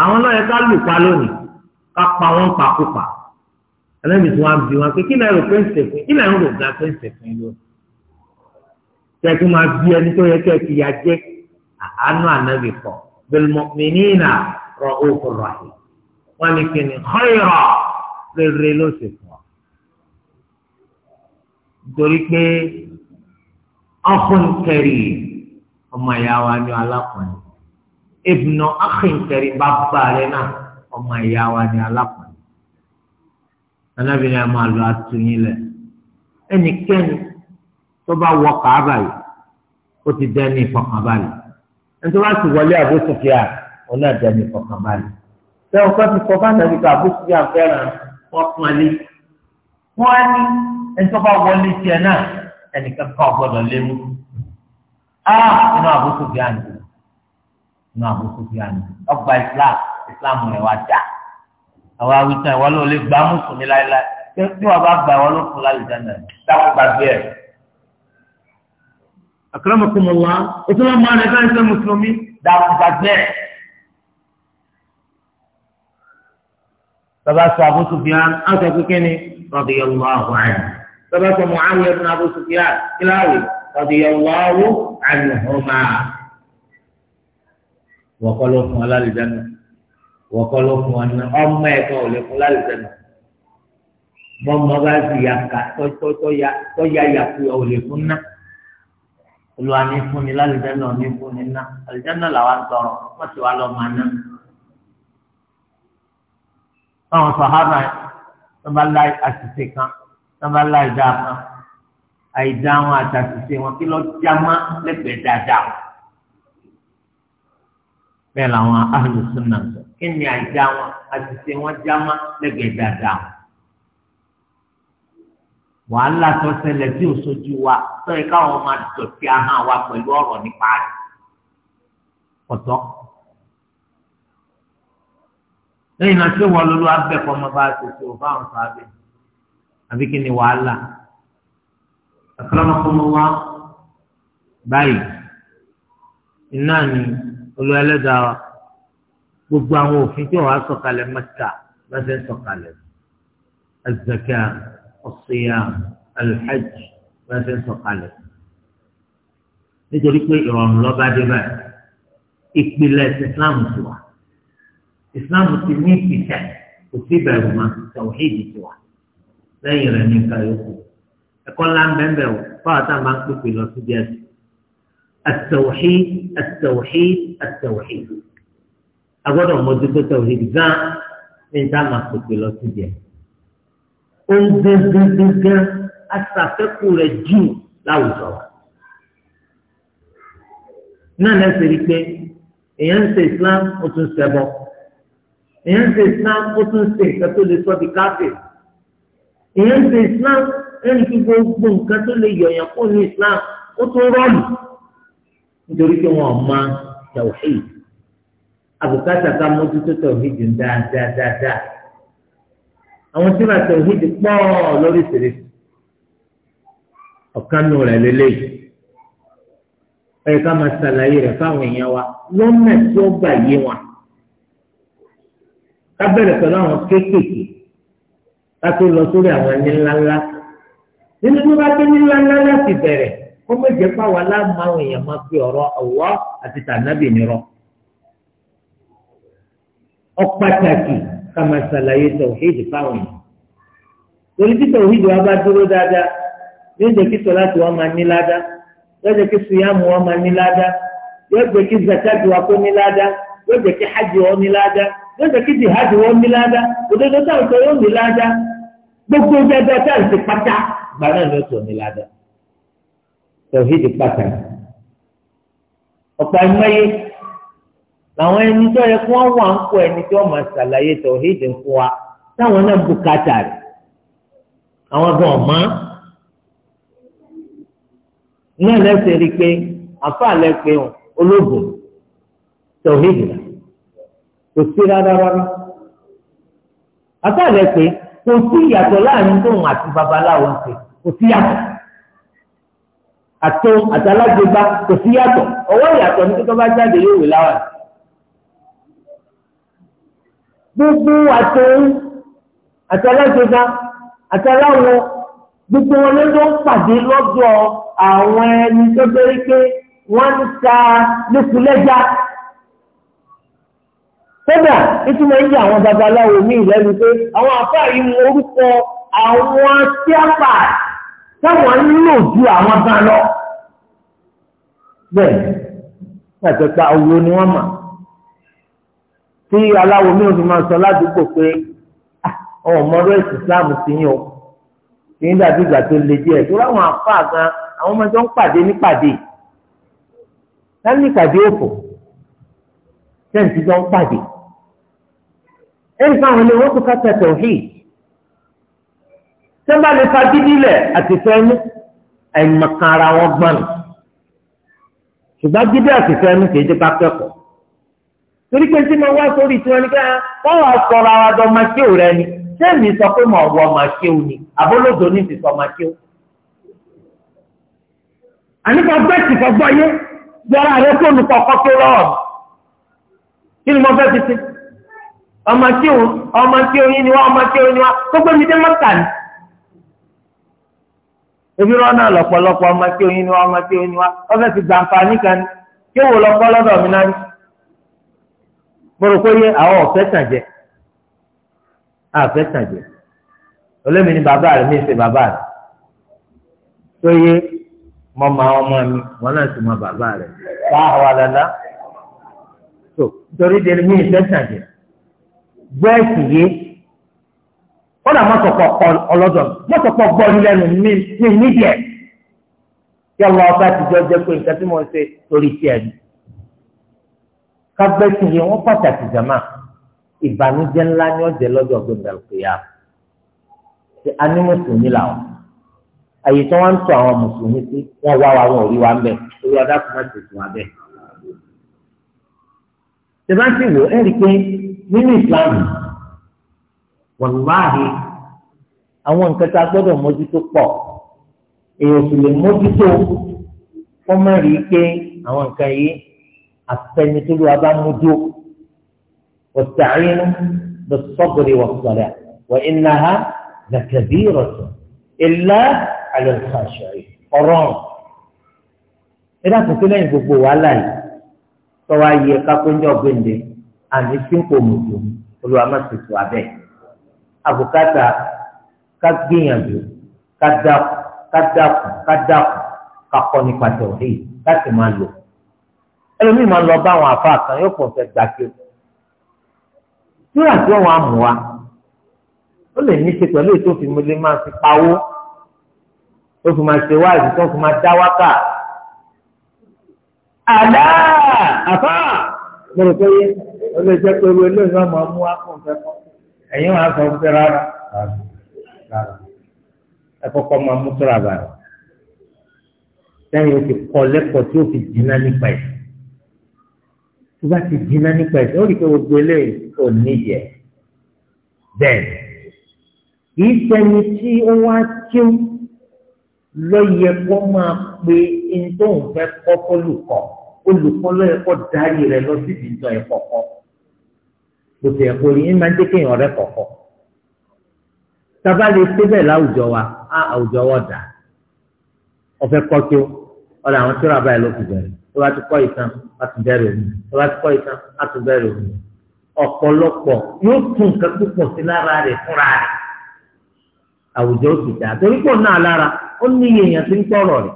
àwọn náà yẹ ká lù pa lónìí ká pa wọn pàkópa ẹlẹ́mìí tí wọ́n á bí wọn pé kí lẹ́yìn rò pé ń sèpín kí lẹ́yìn rò ga pé ń sèpín lónìí kẹ́kí máa bí ẹni tó yẹ kẹ́kí ya jẹ́ àánú ànábì kọ́ bil mu'minina ra'ufur rahim wọ́n ní kíni khayra rere ló sì fún ọ nítorí pé ọkùnrin kẹrì ọmọ ìyá wa ni alákùnrin ìbùnà ọkùnrin kẹrì bàbá rẹ náà ọmọ ìyá wa ni alákùnrin anábìrin ẹ máa lọ atúnyìn lẹ ẹnikẹ́ni tó bá wọ kàába yìí ó ti dẹni ìfọkànbalẹ̀ ẹni tó bá sì wọlé àbóṣùfìà ọ náà dẹni ìfọkànbalẹ̀ tẹ ọkọ ti kọ bá nàbí ká àbóṣùfìà fẹ́ràn wọ́n pọ́n lé wọ́n á ní ẹjọ́ bá wọlé tiẹ̀ náà ẹnìkan kan gbọ́dọ̀ léwu á ah, inú àbúkù bí àná inú àbúkù bí àná ọgbà islam islam rẹ̀ wá dà àwọn awitan ìwọ ló lè gbà mùsùlùmí láéláé tí wọn bá gbà ìwọ ló fún láyé dáná dákú gbàgbé ẹ. àkàrà mọ̀kùnmọ̀ wá o tún lọ́ mọ àná mùsùlùmí dákú gbàgbé ẹ̀. bàbá sọ Abu Sufyan àwọn sọ kékeré ni radiyallahu anhu bàbá sọ Muawiya ibn Abu Sufyan kíláàwì radiyallahu anhuma. wọ́n kọ́ ló fún alálìjánu wọ́n fún ọ̀nà ọmọ ẹ̀kọ́ ò lè fún alálìjánu bọ́mọ bá sì yà ká tọ́jà yàkú ò lè fún náà olùwà ní fúnni lálìjánu ò ní fúnni náà alìjánu làwọn tọrọ wọ́n ti wá lọ́ọ́ máa náà táwọn sàhábà tó bá la àṣìṣe kan tó bá la ìdá kan àìdá wọn àtàṣìṣe wọn kí lọ já má lẹ́gbẹ̀ẹ́ dáadáa wọn. bẹ́ẹ̀ làwọn ahlu sunna sọ kí ni àìdá wọn àṣìṣe wọn já má dáadáa wọn. wàhálà tó ṣẹlẹ̀ tí ò wa tó yẹ káwọn máa dọ̀tí ahọ́n wa pẹ̀lú ọ̀rọ̀ nípa rẹ̀. ọ̀tọ̀ lẹ́yìn náà ṣé wọ́n lọ́lọ́ abẹ́kọ̀ ọmọ bá ṣe ṣe òfà àwọn sábẹ́ àbí kí ni wàhálà àkàràmọ́kọ́mọ́ wá báyìí iná ni olúwa ẹlẹ́dàá wa gbogbo àwọn òfin tí wọ́n á sọ̀kalẹ̀ mẹ́ta lọ́sẹ̀ sọ̀kalẹ̀ azaka as-siyam lọ́sẹ̀ sọ̀kalẹ̀ nítorí pé ìrọ̀rùn lọ́ba dé báyìí ìpìlẹ̀ Islam ti islam ti ní ìpìtẹ kò sí bẹ̀rù ma tàwíìdì ti wà lẹ́yìn rẹ̀ ní nǹkan yòókù ẹ̀kọ́ ńlá ń bẹ́ẹ̀ o fáwọn tá a máa ń pèpè lọ sí díẹ̀ sí at-tawhid at-tawhid at-tawhid agbọ́dọ̀ mọ́tòtò tawhid gan ní tá máa pèpè lọ sí díẹ̀ ó ń gángangangan aṣàfẹ́kù rẹ̀ jù láwùjọ wa náà lẹ́sẹ̀ rí pé èèyàn ń ṣe islam ó tún ṣẹbọ èèyàn ń ṣe islam ó tún ṣe nǹkan tó lè sọ di káfíìn èèyàn ń ṣe islam ẹni tí gbogbo nǹkan tó lè yọ̀yàn kó ní islam ó tún rọ́ọ̀lù nítorí pé wọn ò mọ tawhid àbùkátà ká mójútó tawhid dáadáa dáadáa àwọn tí wọ́n tawhid pọ̀ lórí ìṣeré ọ̀kan nù rẹ̀ lélẹ́yìí ẹ̀ka máa ṣàlàyé rẹ̀ fáwọn èèyàn wa lọ́nà tí ó gbà yé wọn. kábẹ̀rẹ̀ pẹ̀lú àwọn kéékèèké kátó lọ sórí àwọn ẹni ńláńlá nínú tó bá dé ní ńláńlá láti bẹ̀rẹ̀ kó méje fáwọn aláàmáwọn èèyàn máa fi ọ̀rọ̀ ọ̀wọ́ àti tànàbì nírọ̀ ọ̀pàtàkì kàmá ṣàlàyé tọ̀hídì fáwọn èèyàn torí tí tọ̀hídì wa bá dúró dáadáa yóò jẹ́ kí wa máa ní ládàá yóò jẹ́ kí wa máa ní ládàá yóò jẹ́ kí zakati yóò jẹ́ kí hajj wọn ní láàdá yóò jẹ́ kí jihad wọn ní láàdá òdodo táwọn sọ yóò ní láàdá gbogbo dáadáa táwọn ti pátá gbà náà ló sọ ní láàdá tọ̀hídì pàtàkì ọ̀pọ̀ ẹ̀mọ́yé làwọn ẹni tó yẹ kí wọ́n wà ń kó ẹni tí wọ́n máa ṣàlàyé tọ̀hídì fún wa táwọn náà bùkátà rẹ̀ àwọn gan ọ̀mọ́ náà lẹ́sẹ̀ rí i pé àfa lẹ́ pé ológun tẹ̀wéèdì náà kò sí rárá rárá. àtàlẹ́ pé kò sí ìyàtọ̀ láàrin tóun àti babaláwo ṣe kò sí yàtọ̀ àtò àtàlágbèbá kò sí yàtọ̀ ọwọ́ ìyàtọ̀ ní kíkọ́ bá jáde yóò wé láwàá. gbogbo àtò àtàlágbèbá àtàláwo gbogbo wọn ló ń pàdé lọ́dọ̀ àwọn ẹni tó bẹ́rẹ̀ pé wọ́n ń ta lẹ́kùlẹ́já kódà nítorí ìyá àwọn babaláwo míì lẹ́nu pé àwọn àfáà yìí mú orúkọ àwọn tíápà táwọn ń lò ju àwọn gan lọ. bẹ́ẹ̀ pàṣẹ pa owó ni wọ́n mọ̀ tí aláwo míì fi máa sọ ládùúgbò pé ọmọ ọmọdé ìsìláàmù ti yàn ó kì í dàbí ìgbà tó le díẹ̀ tó láwọn àfáà gan àwọn ọmọ tó ń pàdé nípàdé lẹ́nu ìpàdé òfò tẹ́ǹtì tó ń pàdé ẹni fáwọn ilé wọn kò ká tẹ̀tẹ̀ òhì sẹ́ńbà lè fa dídílẹ̀ àti fẹ́ẹ́mú àìmọ̀kan ara wọn gbọ́n ṣùgbọ́n dídí àti fẹ́ẹ́mú kì í jẹ́ ká kẹ́kọ̀ọ́ torí pé tí mo wá sórí tí wọ́n ní ká ah, wọ́n wá sọ̀rọ̀ ara dọ́ máa ṣé òrẹ́ ni sẹ́ẹ̀mì sọ pé mo wọ máa ṣé òní àbólódò ní ti máa ṣé òní àníkà bẹ́ẹ̀tì fọgbọ́ yé yọra rẹ fóònù kọ̀ọ̀kan tó rọrùn kí ni mo fẹ́ ti ti ọmọ tí òun ọmọ tí oyin ni wá ọmọ tí oyin ni wá tó gbé mi dé mọ́tà ni. ebi rọ́nà lọ́pọ̀lọpọ̀ ọmọ tí oyin ni wá ọmọ tí oyin ni wá ọfẹ́ ti gbàǹfààní kan ni kí wò lọ́pọ̀ lọ́dọ̀ mi náà ni. mo rò pé yé àwọn ọ̀fẹ́ tàn jẹ àfẹ́ tàn jẹ olómi ni bàbá rẹ mi ń ṣe bàbá rẹ tó yé mo ma ọmọ mi wọn náà sì mọ bàbá rẹ báwa lọ́la tó nítorí délé mi ìfẹ́ tàn jẹ gbẹ́ẹ̀sì yé kódà mọ́tòkọ̀ ọlọ́dọ̀ mọ́tòkọ̀ gbọ́ ní lẹ́nu ní níbi ẹ̀ kí ọlọ́ ọba ti jọ jẹ́ pé nǹkan tí mo ń ṣe torí tiẹ̀ ni ká gbẹ́ẹ̀sì yé wọ́n pàtàkì jàmá ìbànújẹ́ ńlá ní ọ̀jẹ̀ lọ́jọ́ gbẹ̀ndàlùkìyà ṣe ani mùsùlùmí làwọn àyè tí wọ́n ń tọ́ àwọn mùsùlùmí sí wọ́n wá wa wọn ò rí wa ń bẹ̀ orí ọ̀dà kò má tètè wá bẹ́ẹ̀. tẹ̀bá sì wò ẹ́ rí i pé nínú ìsìláàmù wàlúwàhí àwọn nǹkan tá a gbọ́dọ̀ mójútó pọ̀ èèyàn sì lè mójútó wọ́n má rí i pé àwọn nǹkan yìí àfẹnitólu abámúdó wọ́tàrínú lọ́sọ́gbọ̀rì wọ́sọ̀rẹ́ wọ́n iná ha làkàbí ìrọ̀tọ̀ ilá àlọ́sàṣọ̀rì ọ̀rọ̀ ẹ̀dá kò lẹ́yìn gbogbo wàhálà yìí tọ́wọ́ ayé kápẹ́ńjọ́ gbẹ̀ǹdẹ̀ àní sínkò mùsùlùmí olúwa má ṣètò abẹ àbùkátà ká gbìyànjú ká dákun ká dákun ká dákun ká kọ́ nípa tẹ̀wé láti máa lò ẹlòmíì máa ń lọ bá àwọn àfa kan yóò pọ̀ fẹ́ gbà kí o tíra tí wọn á mú wa ó lè ní ṣe pẹ̀lú ètò òfin mọ́lẹ́ máa fi pawó tó fi máa ṣe wáàzì tó fi máa dá wákà àdá àfa mo rò pé ó lè jẹ́ pé ewé lóyún ọmọ mú akùn fẹ́ kọ́ ẹ̀yin wàá sọ fún rárá ẹ kọ́kọ́ máa mú tóra bàrà lẹ́yìn o ti kọ́ lẹ́kọ̀ọ́ tí o fi jìnnà nípa ẹ̀ tó bá ti jìnnà nípa ẹ̀ ó rí pé gbogbo eléyìí kò níyẹ bẹ́ẹ̀ kìí sẹ́ni tí ó wá tíó lọ́yẹ kó máa pe ẹni tó ń fẹ́ kọ́ fólùkọ́ olùkọ́ ló yẹ kó darí rẹ lọ sí ìdìjọ ẹ̀ kọ̀kọ́ kò sì ẹ̀kọ́ yìí máa ń jẹ́ kéèyàn rẹ kọ̀kọ́ tábà lè ṣe bẹ́ẹ̀ láwùjọ wa á àwùjọ wa dà ọ̀fẹ́ kọ́ tó ọ̀dà àwọn tíra báyìí ló fi bẹ̀rẹ̀ tó bá ti kọ́ ìtàn á tún bẹ̀rẹ̀ òun tó bá ti kọ́ ìtàn á tún bẹ̀rẹ̀ òun ọ̀pọ̀lọpọ̀ yóò tún nǹkan púpọ̀ sí lára rẹ̀ fúnra rẹ̀ àwùjọ òkìtà torí pọ̀ náà lára ó ní èèyàn tí ń tọ̀rọ̀ rẹ̀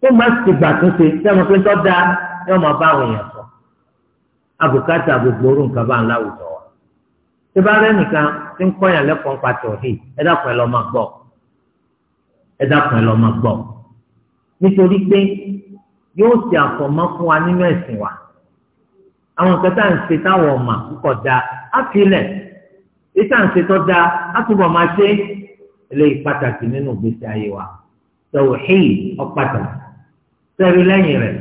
kó má ti gbà tún ṣe sẹ́wọ̀n pé tó dáa ẹ máa bá àwọn èèyàn sọ abùkátà gbogbo orú nǹkan bá ń láwùjọ wa tí bá rẹ nìkan tí ń kọ́yàn lẹ́kọ̀ọ́ pàtó hì ẹ dákun ẹ lọ máa gbọ́ ẹ dákun ẹ lọ máa gbọ́ nítorí pé yóò ṣe àfọ̀mọ́ fún wa nínú ẹ̀sìn wa àwọn nǹkan tá à ń ṣe táwọn ọmọ àkókò da á filẹ̀ ètò à ń ṣe tó da á túbọ̀ máa ṣe eléyìí pàtàkì nínú ìgbésí ayé wa tọ̀wọ̀ hì ọ sẹ́rí lẹ́yìn rẹ̀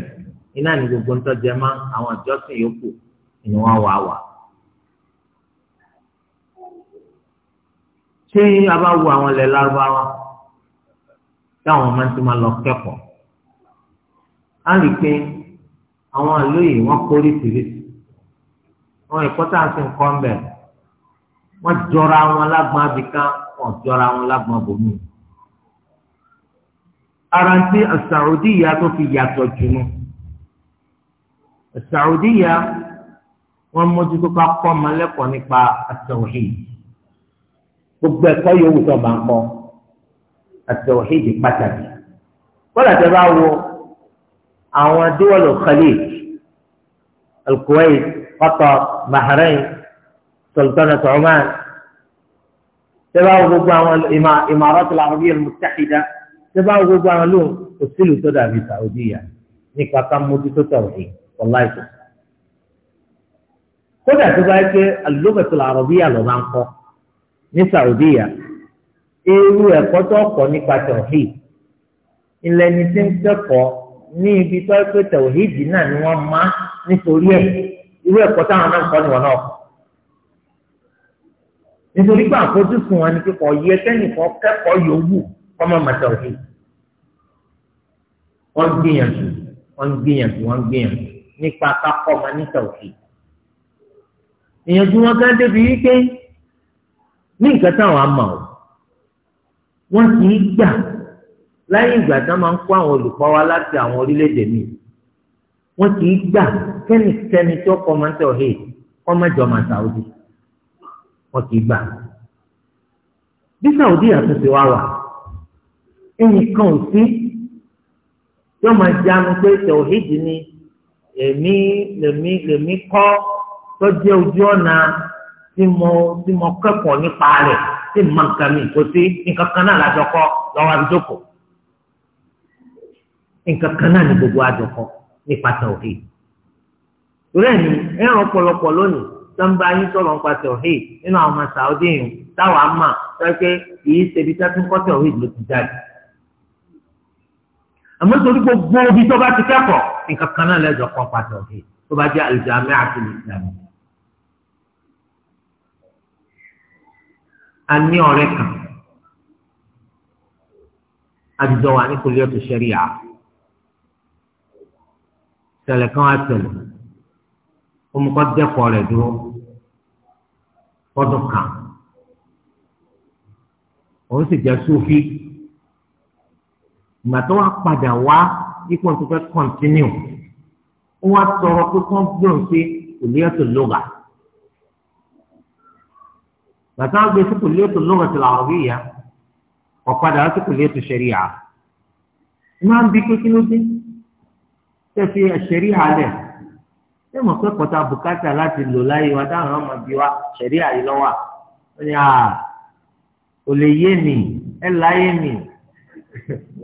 iná ní gbogbo ń tọ́jẹ́ mọ́ àwọn ìjọsìn yòókù ni wọ́n wà wà. ṣé a bá wo àwọn ilẹ̀ lárúbáwá táwọn máa ń ti máa lọ kẹ́kọ̀ọ́ á rí i pé àwọn àlóyè wọn kórè tìrìsì wọn ẹ̀kọ́ tá a ti ń kọ́ ń bẹ̀ wọ́n jọra wọn lágbọ́n abìkan wọ́n jọra wọn lágbọ́n bòmíì. ara ń tí Saudiya tó fi yàtọ̀ jùlọ asaudiya wọn mójútó ká kọ́ ọmọ lẹ́kọ̀ọ́ nípa at-tauhid gbogbo ẹ̀kọ́ yòówù tó bá ń kọ́ at-tauhid pàtàkì kọ́lá tẹ bá wo àwọn adéwọ̀lù Khalid al-Kuwait Qatar Bahrain Sultanate Oman tẹ bá wo gbogbo àwọn Imaratul Arabiyyah al-Muttahida. ṣé bá gbogbo àwọn lóhùn kò sílù tó dàbí sàwùdí yà nípa ká mójútó tàwùdí ọ̀la ìtò. kódà tó bá yẹ pé alùlóbẹ̀tò àrọ̀bíyà ló máa ń kọ́ ní sàwùdí yà irú ẹ̀kọ́ tó kọ́ nípa tàwùdí ilẹ̀ ní ti ń kẹ́kọ̀ọ́ ní ibi tó pé tàwùdí náà ni wọ́n má nítorí ẹ̀ irú ẹ̀kọ́ táwọn náà ń kọ́ níwọ̀n náà kọ́ nítorí pé àfojúsùn wọn ni pé yẹ kẹ́nìkan kẹ́kọ̀ọ́ yòówù kọ́mọ màtàwùdí wọ́n gbìyànjú wọ́n gbìyànjú wọ́n gbìyànjú nípa kakọ́ ọmọ níta òfin. ìyànjú wọn kan débi wípé ní nǹkan táwọn á mọ̀ ọ́ wọ́n ti ń gbà láyé ìgbà tí wọ́n máa ń kó àwọn olùkọ́ wa láti àwọn orílẹ̀-èdè mi wọ́n ti ń gbà kẹ́nikẹ́ni tó kọ́ ọmọ níta òfin kọ́ mẹ́jọ máa sàwọ́dì wọ́n ti gbà. bí sàwọ́dì àtúnṣe wa wà ẹnìkan ò sí yóò máa jánu pé tẹ̀wọ̀hídì ni èmi lèmi lèmi kọ́ tọ́jú ojú ọ̀nà tí mo tí mo kẹ́kọ̀ọ́ nípa rẹ̀ tí mo máa ń kàmí kò sí nǹkan kan náà lájọ kọ́ lọ́wọ́ àdókò nǹkan kan náà ni gbogbo àjọkọ nípa tẹ̀wọ̀hídì. ìrẹ́ ni ẹ̀rọ ọ̀pọ̀lọpọ̀ lónìí sọ́nba yín sọ̀rọ̀ nípa tẹ̀wọ̀hídì nínú àwọn ọmọ sàódì yìí táwa mà sọ àmọ́ nítorí gbogbo ibi tó bá ti kẹ́kọ̀ọ́ nǹkan kan náà lẹ́jọ́ kan pàtàkì tó bá jẹ́ al-Jami'ah al-Islamiyah. a ní ọ̀rẹ́ kan àdìjọ wà ní kulliyatu sharia tẹ̀lẹ̀ kan á tẹ̀lẹ̀ omukọ́ dẹ́kọ̀ rẹ̀ dúró fọ́dún kan òun sì jẹ́ Sufi ìgbà tó wá padà wá ipò tó fẹ́ kọ́ntínú ó wá tọrọ pé kán gbọ́n pé kò lè tó lóga bàtà gbé sí kò lè tó lóga tó làwọn bí yá ọ̀padà sí kò lè tó ṣẹ̀ríà máa ń bi pé kí ló dé tẹ̀sí ṣẹ̀ríà lẹ̀ ṣé mo fẹ́ pọ̀tà bùkátà láti lò láyé wa dáhùn ọmọ bí wa ṣẹ̀ríà yìí lọ́wọ́ ó ní à ò lè yé mi ẹ̀ láyé mi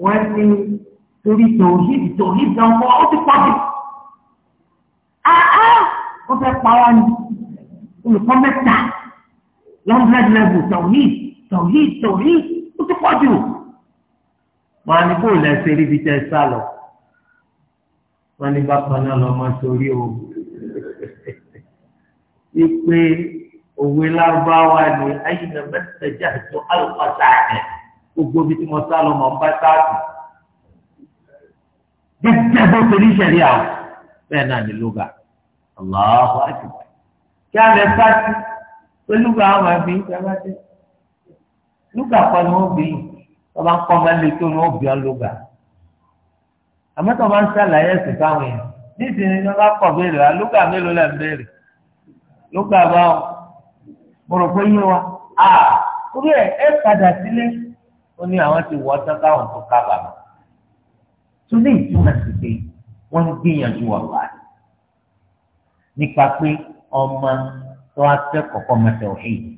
wọ́n ní torí tòhídì tòhídì ọmọ ó ti pọ̀ jù. Àá wọ́n fẹ́ pa wá ní olùkọ́ mẹ́ta lọ́ndrẹ́d lẹ́bù tòhídì tòhídì tòhídì ó ti pọ̀ jù. Wọ́n á ní kó lẹ́ ṣe rí ibi tẹ́ sá lọ. Wọ́n ní bákan náà lọ máa sórí o. Ipe òwe lárúbáwá ni ayé na mẹ́tẹ̀ẹ̀jà alùpàtà rẹ̀ gbogbo bí tí mo sá lọ mọ̀ ń bá sáàtì. Gẹ́gẹ́ bó ṣe rí ìṣẹ̀rí àwọn bẹ́ẹ̀ náà ní lóga. Allahu akbar. Kí a lè sáàtì pé lúgà àwọn àbí ìjọba dé. Lúgà kan ni wọ́n bí wọ́n bá ń kọ́ máa ń le tó ni wọ́n bí ọ́ lúgà. Àmọ́ máa ń ṣàlàyé ẹ̀sìn fáwọn èèyàn. Nísìnyí ni wọ́n bá kọ̀ béèrè wa lúgà mélòó lẹ́ ń béèrè. Lúgà báwọn mo rò pé yín wa. Àà orí ẹ̀ ẹ̀ padà sílé ó ní àwọn ti wọ tán káwọn tó kábàámọ̀ tó lè túmọ̀ sí pé wọ́n ń gbìyànjú ọ̀la nípa pé ọmọ tó wá kẹ́kọ̀ọ́ kọ́ ọmọ tẹ̀wéèdì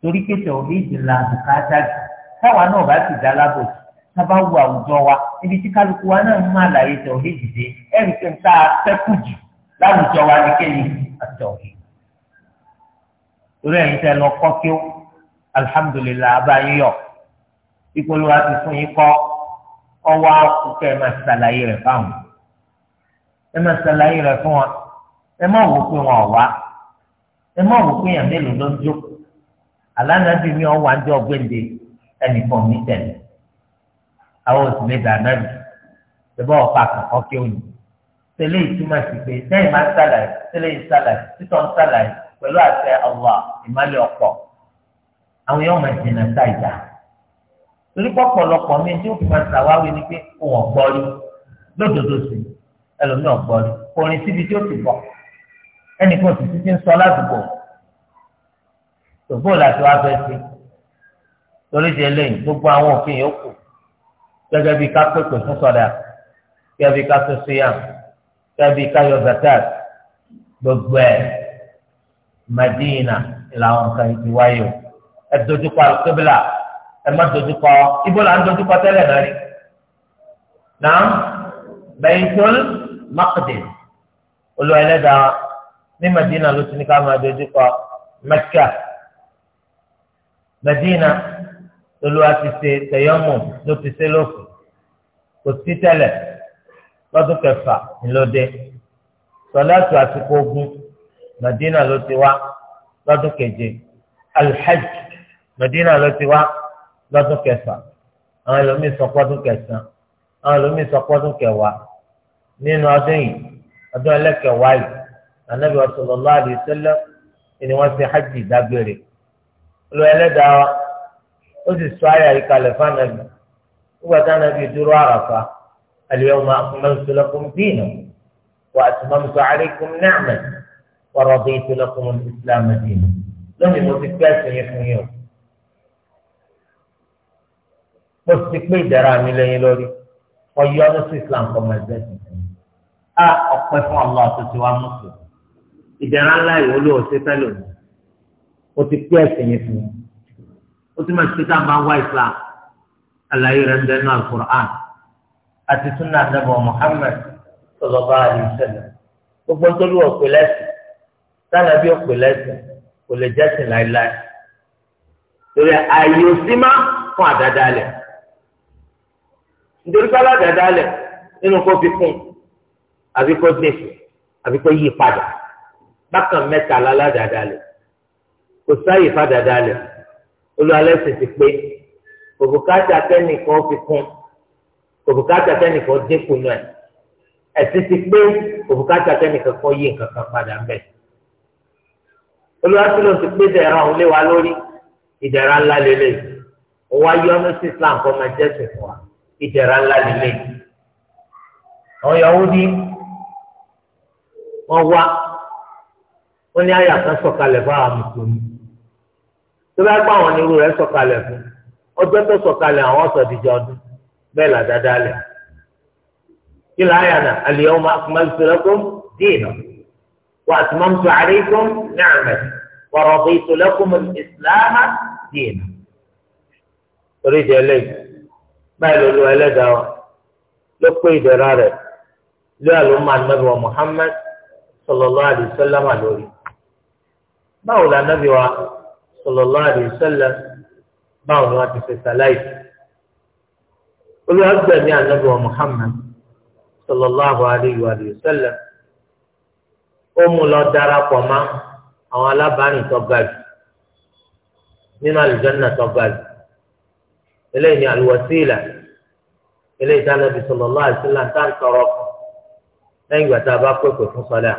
torí pé tẹ̀wéèdì la bùkátà jù táwọn náà bá sì dá lábòsí tábà wo àwùjọ wa ibi tí kálukú wa náà ń mú àlàyé tẹ̀wéèdì dé ẹ̀rí pé tá a fẹ́kù jù láwùjọ wa ní kéyìn àtẹ̀wéèdì torí ẹ̀yin tẹ lọ kọ́ kí ó alihamudulilayi abáyé yọ̀ ìpolówó àti fún yín kọ́ ọwọ́ akókò ẹ̀ máa ṣàlàyé rẹ̀ fáwọn ẹ̀ máa ṣàlàyé rẹ̀ fún wọn ẹ̀ má wò pé wọn ò wá ẹ̀ má wò pé èèyàn mélòó ló ń jókòó alánàbí mi ọ̀wá ń jọ gbẹ̀ǹde ẹnìkan mi tẹ̀lé àwọn oṣù mi dàná mi ṣùgbọ́n ọ̀pá àkàkọ́ kí ó yìí tẹ̀lé ìtumọ̀ sí pé sẹ́yìn máa ń sàlàyé tẹ̀lé ìsàlàyé títọ́ ń sàlàyé pẹ̀lú àṣẹ ọ̀wà ìmọ̀lẹ̀ ọ̀pọ̀ àwọn yóò torí pọ̀pọ̀lọpọ̀ mi tí ó fi máa ṣàwáwí ni pé òun ọ̀gbọ́rí lódodo sí ẹlòmíì ọ̀gbọ́rí orin síbi tí ó ti bọ̀ ẹnìkan sì ti ti ń sọ ládùúgbò tòbó làti wá fẹ́ sí torí di eléyìí gbogbo àwọn òfin yòókù gẹ́gẹ́ bí ká pèpè fún sọ̀dà gẹ́gẹ́ bí ká tó síyàm gẹ́gẹ́ bí ká yọ zakat gbogbo ẹ̀ Madina ìlànà kan ìdíwáyò ẹ̀ dojú pa kébìlà ẹ má dojúkọ ibo là ń dojúkọ tẹ́lẹ̀ náà rí náà Baitul Maqdis olúwa ẹlẹ́dàá ní Madina ló ti ní ká máa dojúkọ Mẹ́kà Madina olúwa ti ṣe tẹ̀yọ́mù ló ti ṣe lóko kò sí tẹ́lẹ̀ lọ́dún kẹfà ńlọdẹ sọláàtù àsìkò ogun Madina ló ti wá lọ́dún keje alhaj Madina ló ti wá lọ́dún kẹfà àwọn ẹlòmíì sọ pọ́dún kẹsàn àwọn ẹlòmíì sọ pọ́dún kẹwàá nínú ọdún yìí ọdún ẹlẹ́kẹwàá yìí ànábì sallallahu alaihi wasallam ni wọ́n ti hajj dágbére olú ẹlẹ́dàá wa ó sì sọ ayé àyíkalẹ̀ fánàbì nígbà tánàbì dúró àràfà al-yawma akmaltu lakum dinakum wa atmamtu alaykum ni'mati wa raditu lakum al-islama dinan lónìí mo ti pẹ́ sẹ́yìn fún bó ti pé ìdára mi lẹ́yìn lórí ọyọ ọdún sí islam kọ́ máa bẹ́ẹ̀ sí i. a ọpẹ́ fún Allah tó ti wá mùsùlùmí ìdára ńlá yìí olóò ṣe fẹ́lẹ̀ mi o ti pé ẹ̀sìn yìí fún mi o ti máa ṣe ká máa wá islam àlàyé rẹ̀ ń bẹ nínú alukur'an àti sunna anabu muhammed sallallahu alaihi wasallam gbogbo nítorí ọ̀pẹ lẹ́sìn sálàbí ọ̀pẹ lẹ́sìn kò lè jẹ́sìn láéláé torí ààyè ò fún àdáda lẹ̀ nítorí pé aládàáda lẹ̀ nínú kó fi kún àbí kó dẹ̀sù àbí kó yí padà bákan mẹ́ta láládàáda lẹ̀ kò sáyè fàdàáda lẹ̀ olùwàlẹ̀ sì ti pé kòbùkátà kẹ́nìkan fi kún kòbùkátà kẹ́nìkan dínkù náà ẹ̀sìn ti pé kòbùkátà kẹ́nìkan kan yí nǹkan kan padà mbẹ́ olùwàsílò ti pé dẹ̀ra òun wa lórí ìdẹ̀ra ńlá lélẹ̀ òun wá yọ sí Islam kọ́ máa jẹ́sìn fún wa ìdẹ̀ra ńlá líle àwọn Yahudi wọ́n wá wọ́n ní àyà kan sọ̀kalẹ̀ fún àwọn mùsùlùmí tó bá gbọ́ àwọn onírú rẹ̀ sọ̀kalẹ̀ fún ọjọ́ tó sọ̀kalẹ̀ àwọn ọ̀sọ̀dìjọ ọdún bẹ́ẹ̀ là dáadáa lẹ̀ kí láyà náà al-yawma akmaltu lakum dinakum wa atmamtu alaykum ni'mati wa raditu lakum al-islama dinan. torí ìdí ẹlẹ́yìn báyìí ló lu ẹlẹ́dàá wa ló pé ìdẹ̀ra rẹ̀ lé àlùmọ́ ànábì wa Muhammad sallallahu alaihi wasallam lórí. báwo la ànábì wa sallallahu alaihi wasallam báwo ni wọ́n ti fi sàlàyé. olùwàgbẹ̀mí ànábì wa Muhammad sallallahu alaihi wasallam ó mú lọ darapọ̀ mọ́ àwọn alábàárìn tó ga jù nínú àlùjánnà tó ga jù eléyìí ni àlùwọ̀síìlà ilé ìdánábi sọlọ lọ àti lantà ń tọrọ fún lẹ́yìn ìgbà tá a bá pèpè fún sọlá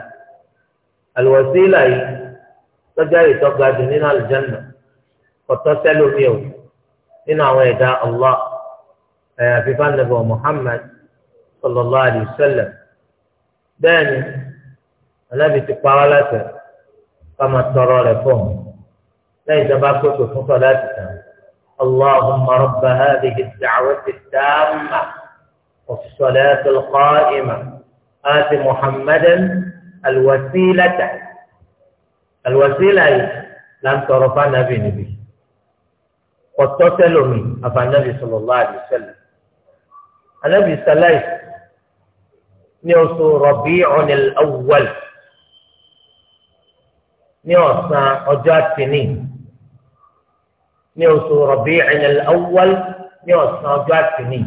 àlùwọsílà yìí lọjọ ìtọgba jù nínú àlùjánnà kọtọ sẹlómi o nínú àwọn ẹ̀dá Allah àyàfi fanabọ Muhammad sọlọ lọ àti sẹlẹ bẹ́ẹ̀ni anábì ti pa wá láti ká tọrọ rẹ̀ fún un lẹ́yìn tó bá pèpè fún sọlá ti tàn Allahumma rabba hadhihi ad التامة والصلاة القائمة آت محمدا الوسيلة الوسيلة لم ترفع نبي نبي واتصلوا من أفا النبي صلى الله عليه وسلم النبي صلى الله عليه وسلم نيوسو ربيع الأول نيوس أجاتني نيوس ربيع الأول ní ọ̀sán ọjọ́ àtìní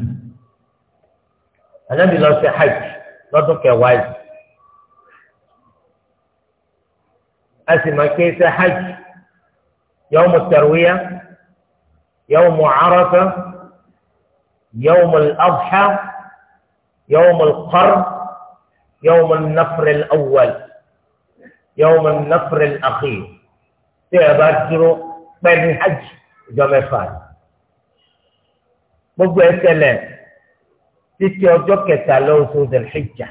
ànábì lọ sí hajj lọ́dún kẹwàá yìí a sì máa ké sí hajj yawmu tarwiya yawmu arafa mu al-adha yawmu al-qarr yawmu an-nafr al-awwal yawmu an mu al-akhir Ṣé ẹ bá dúró pẹ̀lú hajj ìjọba ẹ̀fà yìí. gbogbo ẹsẹlẹ títí ọjọ́ kẹtàlá oṣù zelhijja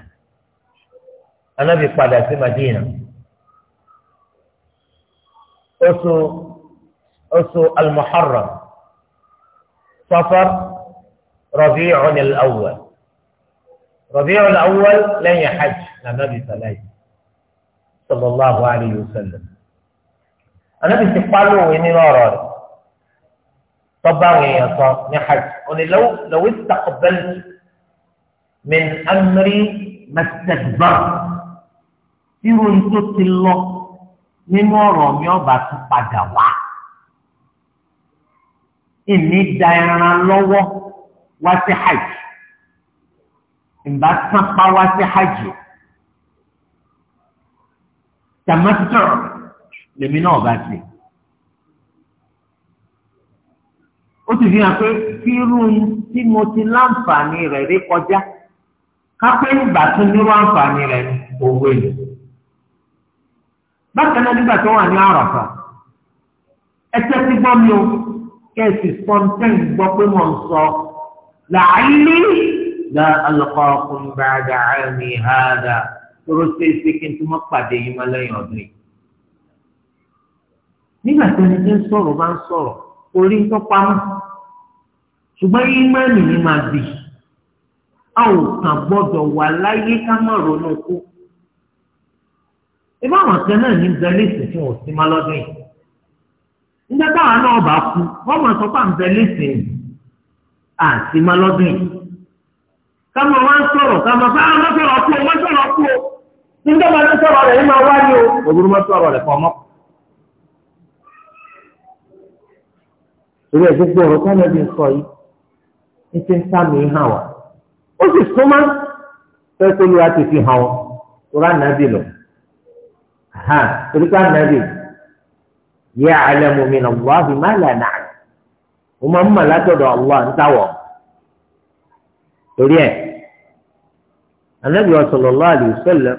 anabi padà sí madina oṣù oṣù almuharram safar rabi'un al awọ rabi'un al awọ lẹ́yìn hajj anabi sàlàyé sallallahu alayhi wa sallam anabi ti pálọ̀ òwe nínú ọ̀rọ̀ rẹ̀. tọ́ba àwọn èèyàn sọ ní hajj òní lọ́wọ́ ìtàkọ̀bẹ́lì min amri mẹsẹ̀gbọ́n irú tó ti lọ nínú ọ̀rọ̀ mi ọba tún padà wá ìní da ẹran lọ́wọ́ wá sí hajj ìbá sápá wá sí hajj tàmátọ̀ lèmi náà bá ti. ó ti fi hàn pé kí irú tí mo ti láǹfààní rẹ̀ rí kọjá kápẹ́ ìgbà tó nírú àǹfààní rẹ̀ òwe ni. bákan náà nígbà tó wà ní àràfà ẹ tẹ́tí gbọ́ mi o kẹ́sì pọ́ńtẹ́ǹ gbọ́ pé mo ń sọ làálí la alqaakum ba'da 'ami hada tóró ṣeéṣe kí n tún mọ́ pàdé yín mọ́ lẹ́yìn ọdún yìí. nígbà tí ẹni tí ń sọ̀rọ̀ bá ń sọ̀rọ̀ orí ń tọ́pamọ́ ṣùgbọ́n ìmánì ni máa bì a ò kàn gbọ́dọ̀ wà láyé ká má ronú kú ìbá àwọn kan náà ní bẹ́lẹ́sì tí wọ́n ti má lọ́dún yìí nígbà táwọn náà bá kú wọ́n mọ̀ sọ́pà ń bẹ́lẹ́sì àti má lọ́dún yìí ká máa wá ń sọ̀rọ̀ ká máa bá àwọn ọmọ sọ̀rọ̀ kú o wọ́n sọ̀rọ̀ kú o nígbà máa ń sọ̀rọ̀ rẹ̀ yìí máa wá ní o òwúrọ̀ máa sọ̀rọ̀ rẹ̀ fọmọ́. ìrẹsì gbọ́ ọ̀rọ̀ ní ti ń sàmì hàn wá ó sì ti fi hàn ọ́ tóra nàbì lọ torí ká nàbì ma la na'lam mo máa ń Allah ń táwọ̀ torí ẹ̀ anabi sallallahu alayhi wa sallam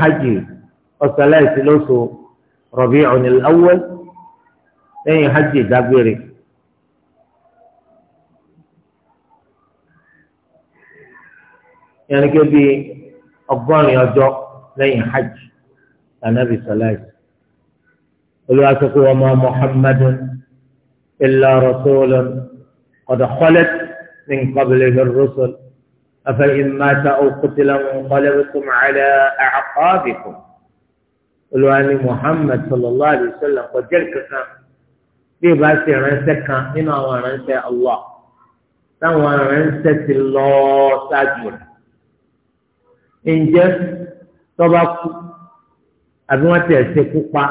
hajj ọ̀sán láìsí lóṣù Rabi'un awwal hajj dágbére. yẹnni ké bíi ọgọ́rin ọjọ́ lẹ́yìn hajj anabi sallallahu olùwàsókè wa ma muhammadun illa rasulun qad khalat min qablihi ar-rusul afa in mata aw qutila munqalabtum ala a'qabikum olùwàní muhammad sallallahu alayhi wa sallam kò jẹ́ kankan bí ìbá ṣe ránṣẹ́ kan nínú àwọn ránṣẹ́ allah táwọn ránṣẹ́ ti lọ ṣáájú rẹ̀ ǹjẹ́ tọ́ba kú àbí wọ́n ti ẹ̀sìn kú pa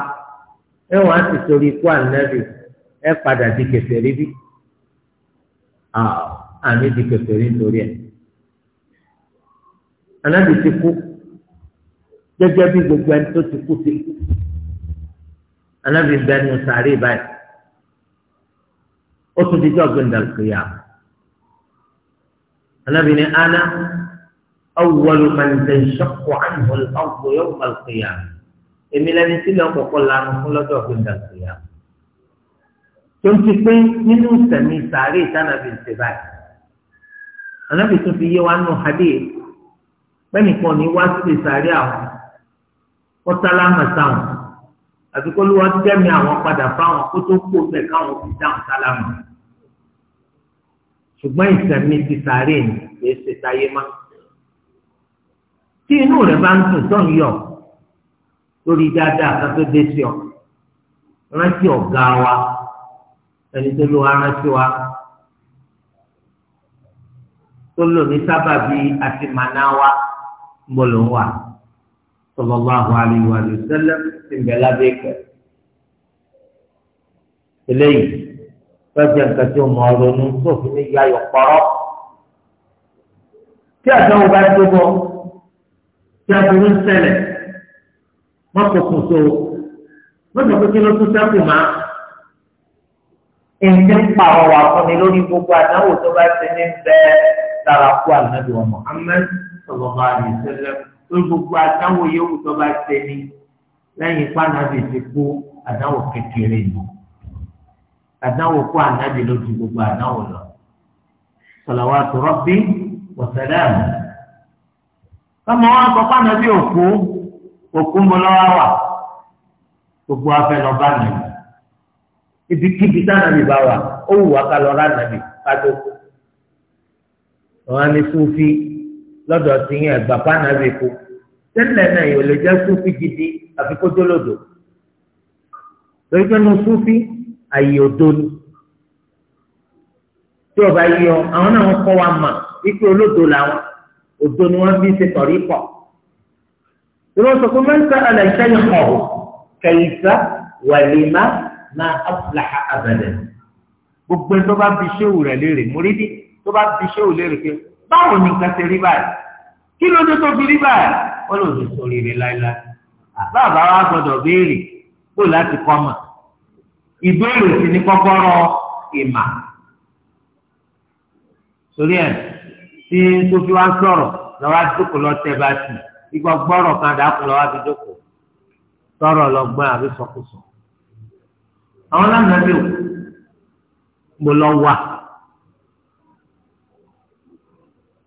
ẹ wọ́n á sì torí ikú ànábì ẹ padà di kèfèrí bí àmì di kèfèrí nítorí ẹ̀ ànábì ti kú gẹ́gẹ́ bí gbogbo ẹni tó ti kú ti kú ànábì bẹnu sàárè báyìí ó tún di jọ́gbìn dàlùkìyà ànábì ní áná awwalu man tanshaqqu anhu al-ardu yawm al-qiyamah èmi lẹni sílẹ̀ ọ̀pọ̀pọ̀ lanu fún lọ́jọ́ gbẹ̀ngà qiyam tó ń ti pé nínú sẹ̀mí sàárè ìtànàbì ń ṣe báyìí ànábì tún fi yé wa nù hadé pẹ́nìkan ní wá sí sàárè àwọn kọ́sálámà sáwọn àti kó ló wá tẹ́mi àwọn padà fáwọn kó tó kó bẹ́ẹ̀ káwọn fi dáhùn sálámà ṣùgbọ́n ìsẹ̀mí ti sàárè ní kì í ṣe táyé máa tí inú rẹ̀ bá ń dùn tó ń yọ̀ lórí dáadáa kan tó dé sí ọ rántí ọ̀gá wa ẹni tó ló wá rántí wa tó lò ní sábàbí àti màná wa ń bọ̀ ló ń wà sallallahu alaihi wa sallam ti ń bẹ lábẹ́ ìkẹ́ eléyìí lọ́sẹ̀ nǹkan tí ó mọ ronú tó fi ní yá yọ̀ pọ̀rọ́ tí àtàwọn bá dé bọ́ tí aburú ń ṣẹlẹ̀ wọ́n kọkùn so wọ́n sọ pé kí ló tún sẹ́kù máa ẹ̀ǹdí ń pa àwọn wà fún mi lórí gbogbo àdáwò tó bá ti ní bẹ́ẹ̀ dára kú ànábì wọn mọ̀ amẹ́ sọ̀rọ̀ àyè sẹ́lẹ̀ lórí gbogbo àdáwò yòówù tó bá ti ní lẹ́yìn ipá ti kú àdáwò kékeré ni àdáwò kú ànábì lójú gbogbo àdáwò lọ. sọ̀làwà tó rọ́bí wọ̀sẹ̀lẹ̀ àmì tọmọ wa sọ fún anabi òkú òkú ń bọ lọ́wọ́ wà gbogbo afẹ́ lọ bá nàbì ibikíbi tá nàbì bá wà ó wù wá ká lọ rà nàbì kátó kú wọn ní sufi lọ́dọ̀ tí yẹn ẹgbà fún anabi kú tẹ́lẹ̀ náà yóò lè jẹ́ sufi gidi àfi kó jólódò lórí pé nu sufi àyè òdo ni tí o bá yí ọ àwọn náà ń kọ́ wa mà wípé olódo làwọn òdo ni wọ́n fi ṣe tọ̀rí pọ̀ ìwọ́n sọ pé mẹ́ta àlàyé yẹn kọ̀ ọ́ kẹ̀yìntà wàlímà náà afúláhà abẹ́lẹ̀ gbogbo ẹni tó bá fi ṣéwù rẹ̀ léèrè múrídìí tó bá fi ṣéwù léèrè pé báwo ni nǹkan ṣe rí báyìí kí ló dé tó fi rí báyìí wọ́n lò ní sórí rẹ̀ láéláé àbáàbá wa gbọ́dọ̀ béèrè kó láti kọ́ mà ìbéèrè sì ni kọ́kọ́rọ́ ìmà torí ẹ̀ tí sofi wa ń sọ̀rọ̀ lọ́wọ́ àdúgbò lọ tẹ bá ti ìgbà gbọ́rọ̀ kan dàkún lọ́wọ́ àdúgbò sọ̀rọ̀ lọ́gbọ́n àbí sọkúsọ. àwọn lánàá mi ò mo lọ wà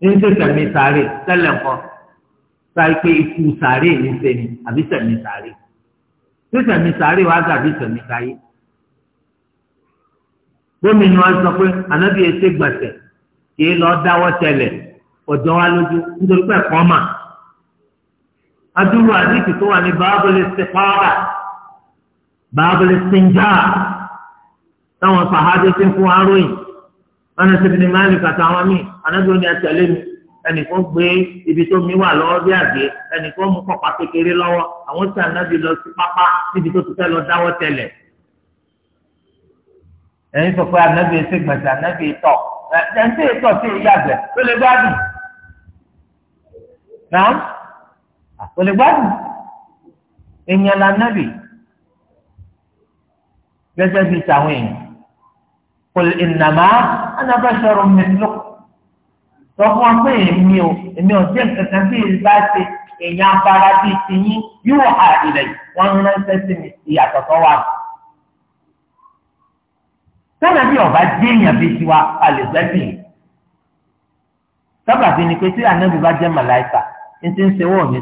ń tẹ̀sẹ̀ mi sáré tẹ́lẹ̀ nǹkan sáyé pé ikú sáré mi ṣe ni àbí sẹ̀mi sáré tẹ̀sẹ̀ mi sáré wàá dàbí sẹ̀mi sáyé. gómìnà wa sọ pé ànábìyẹ ṣe kìí lọ dáwọ́ tẹlẹ̀ ọ̀dọ́ wa lójú nítorí pé ẹ̀kọ́ mà. adúlù àdìsí tó wà ní báábọ̀lì sèpáàbà báábọ̀lì sèǹjà táwọn sàhájú ti ń fún wa ròyìn wọn ti ní máàlì kàtà wọn mí anájọ ni àtẹlẹ mi ẹnìkan gbé ibi tó mi wà lọ́wọ́ bí àgbẹ̀ ẹnìkan mú kọ́pá kékeré lọ́wọ́ àwọn sànábì lọ sí pápá níbi tó ti fẹ́ lọ dáwọ́ tẹlẹ̀ ẹ̀yin sọ pé anabi ẹsẹ̀ gbọ̀nsẹ̀ anabi ẹ̀tọ̀ ẹ̀ǹtẹ̀ ẹ̀tọ̀ sí ìyàgbẹ́ ó lè gbádùn náà ó lè gbádùn èèyàn la anabi gẹ́gẹ́ bíi tàwọn èèyàn kò lè nàmá anabẹ́sọ̀rọ̀ mẹ́tìlọ́ sọ fún wa pé èmi ò èmi ò jẹ́ nǹkan kan bí ìgbà ṣe èèyàn abara bíi tiyín yóò hà ilẹ̀ wọn ránṣẹ́ sí mi ìyàtọ̀ tó wà tẹ́lẹ̀ bí ọba jẹ́ èèyàn bíi tiwa àlẹ́sẹ̀sìn sábàbí ni pé tí ànábì bá jẹ́ màláìkà ní ti ń ṣe wọ́ọ̀ ní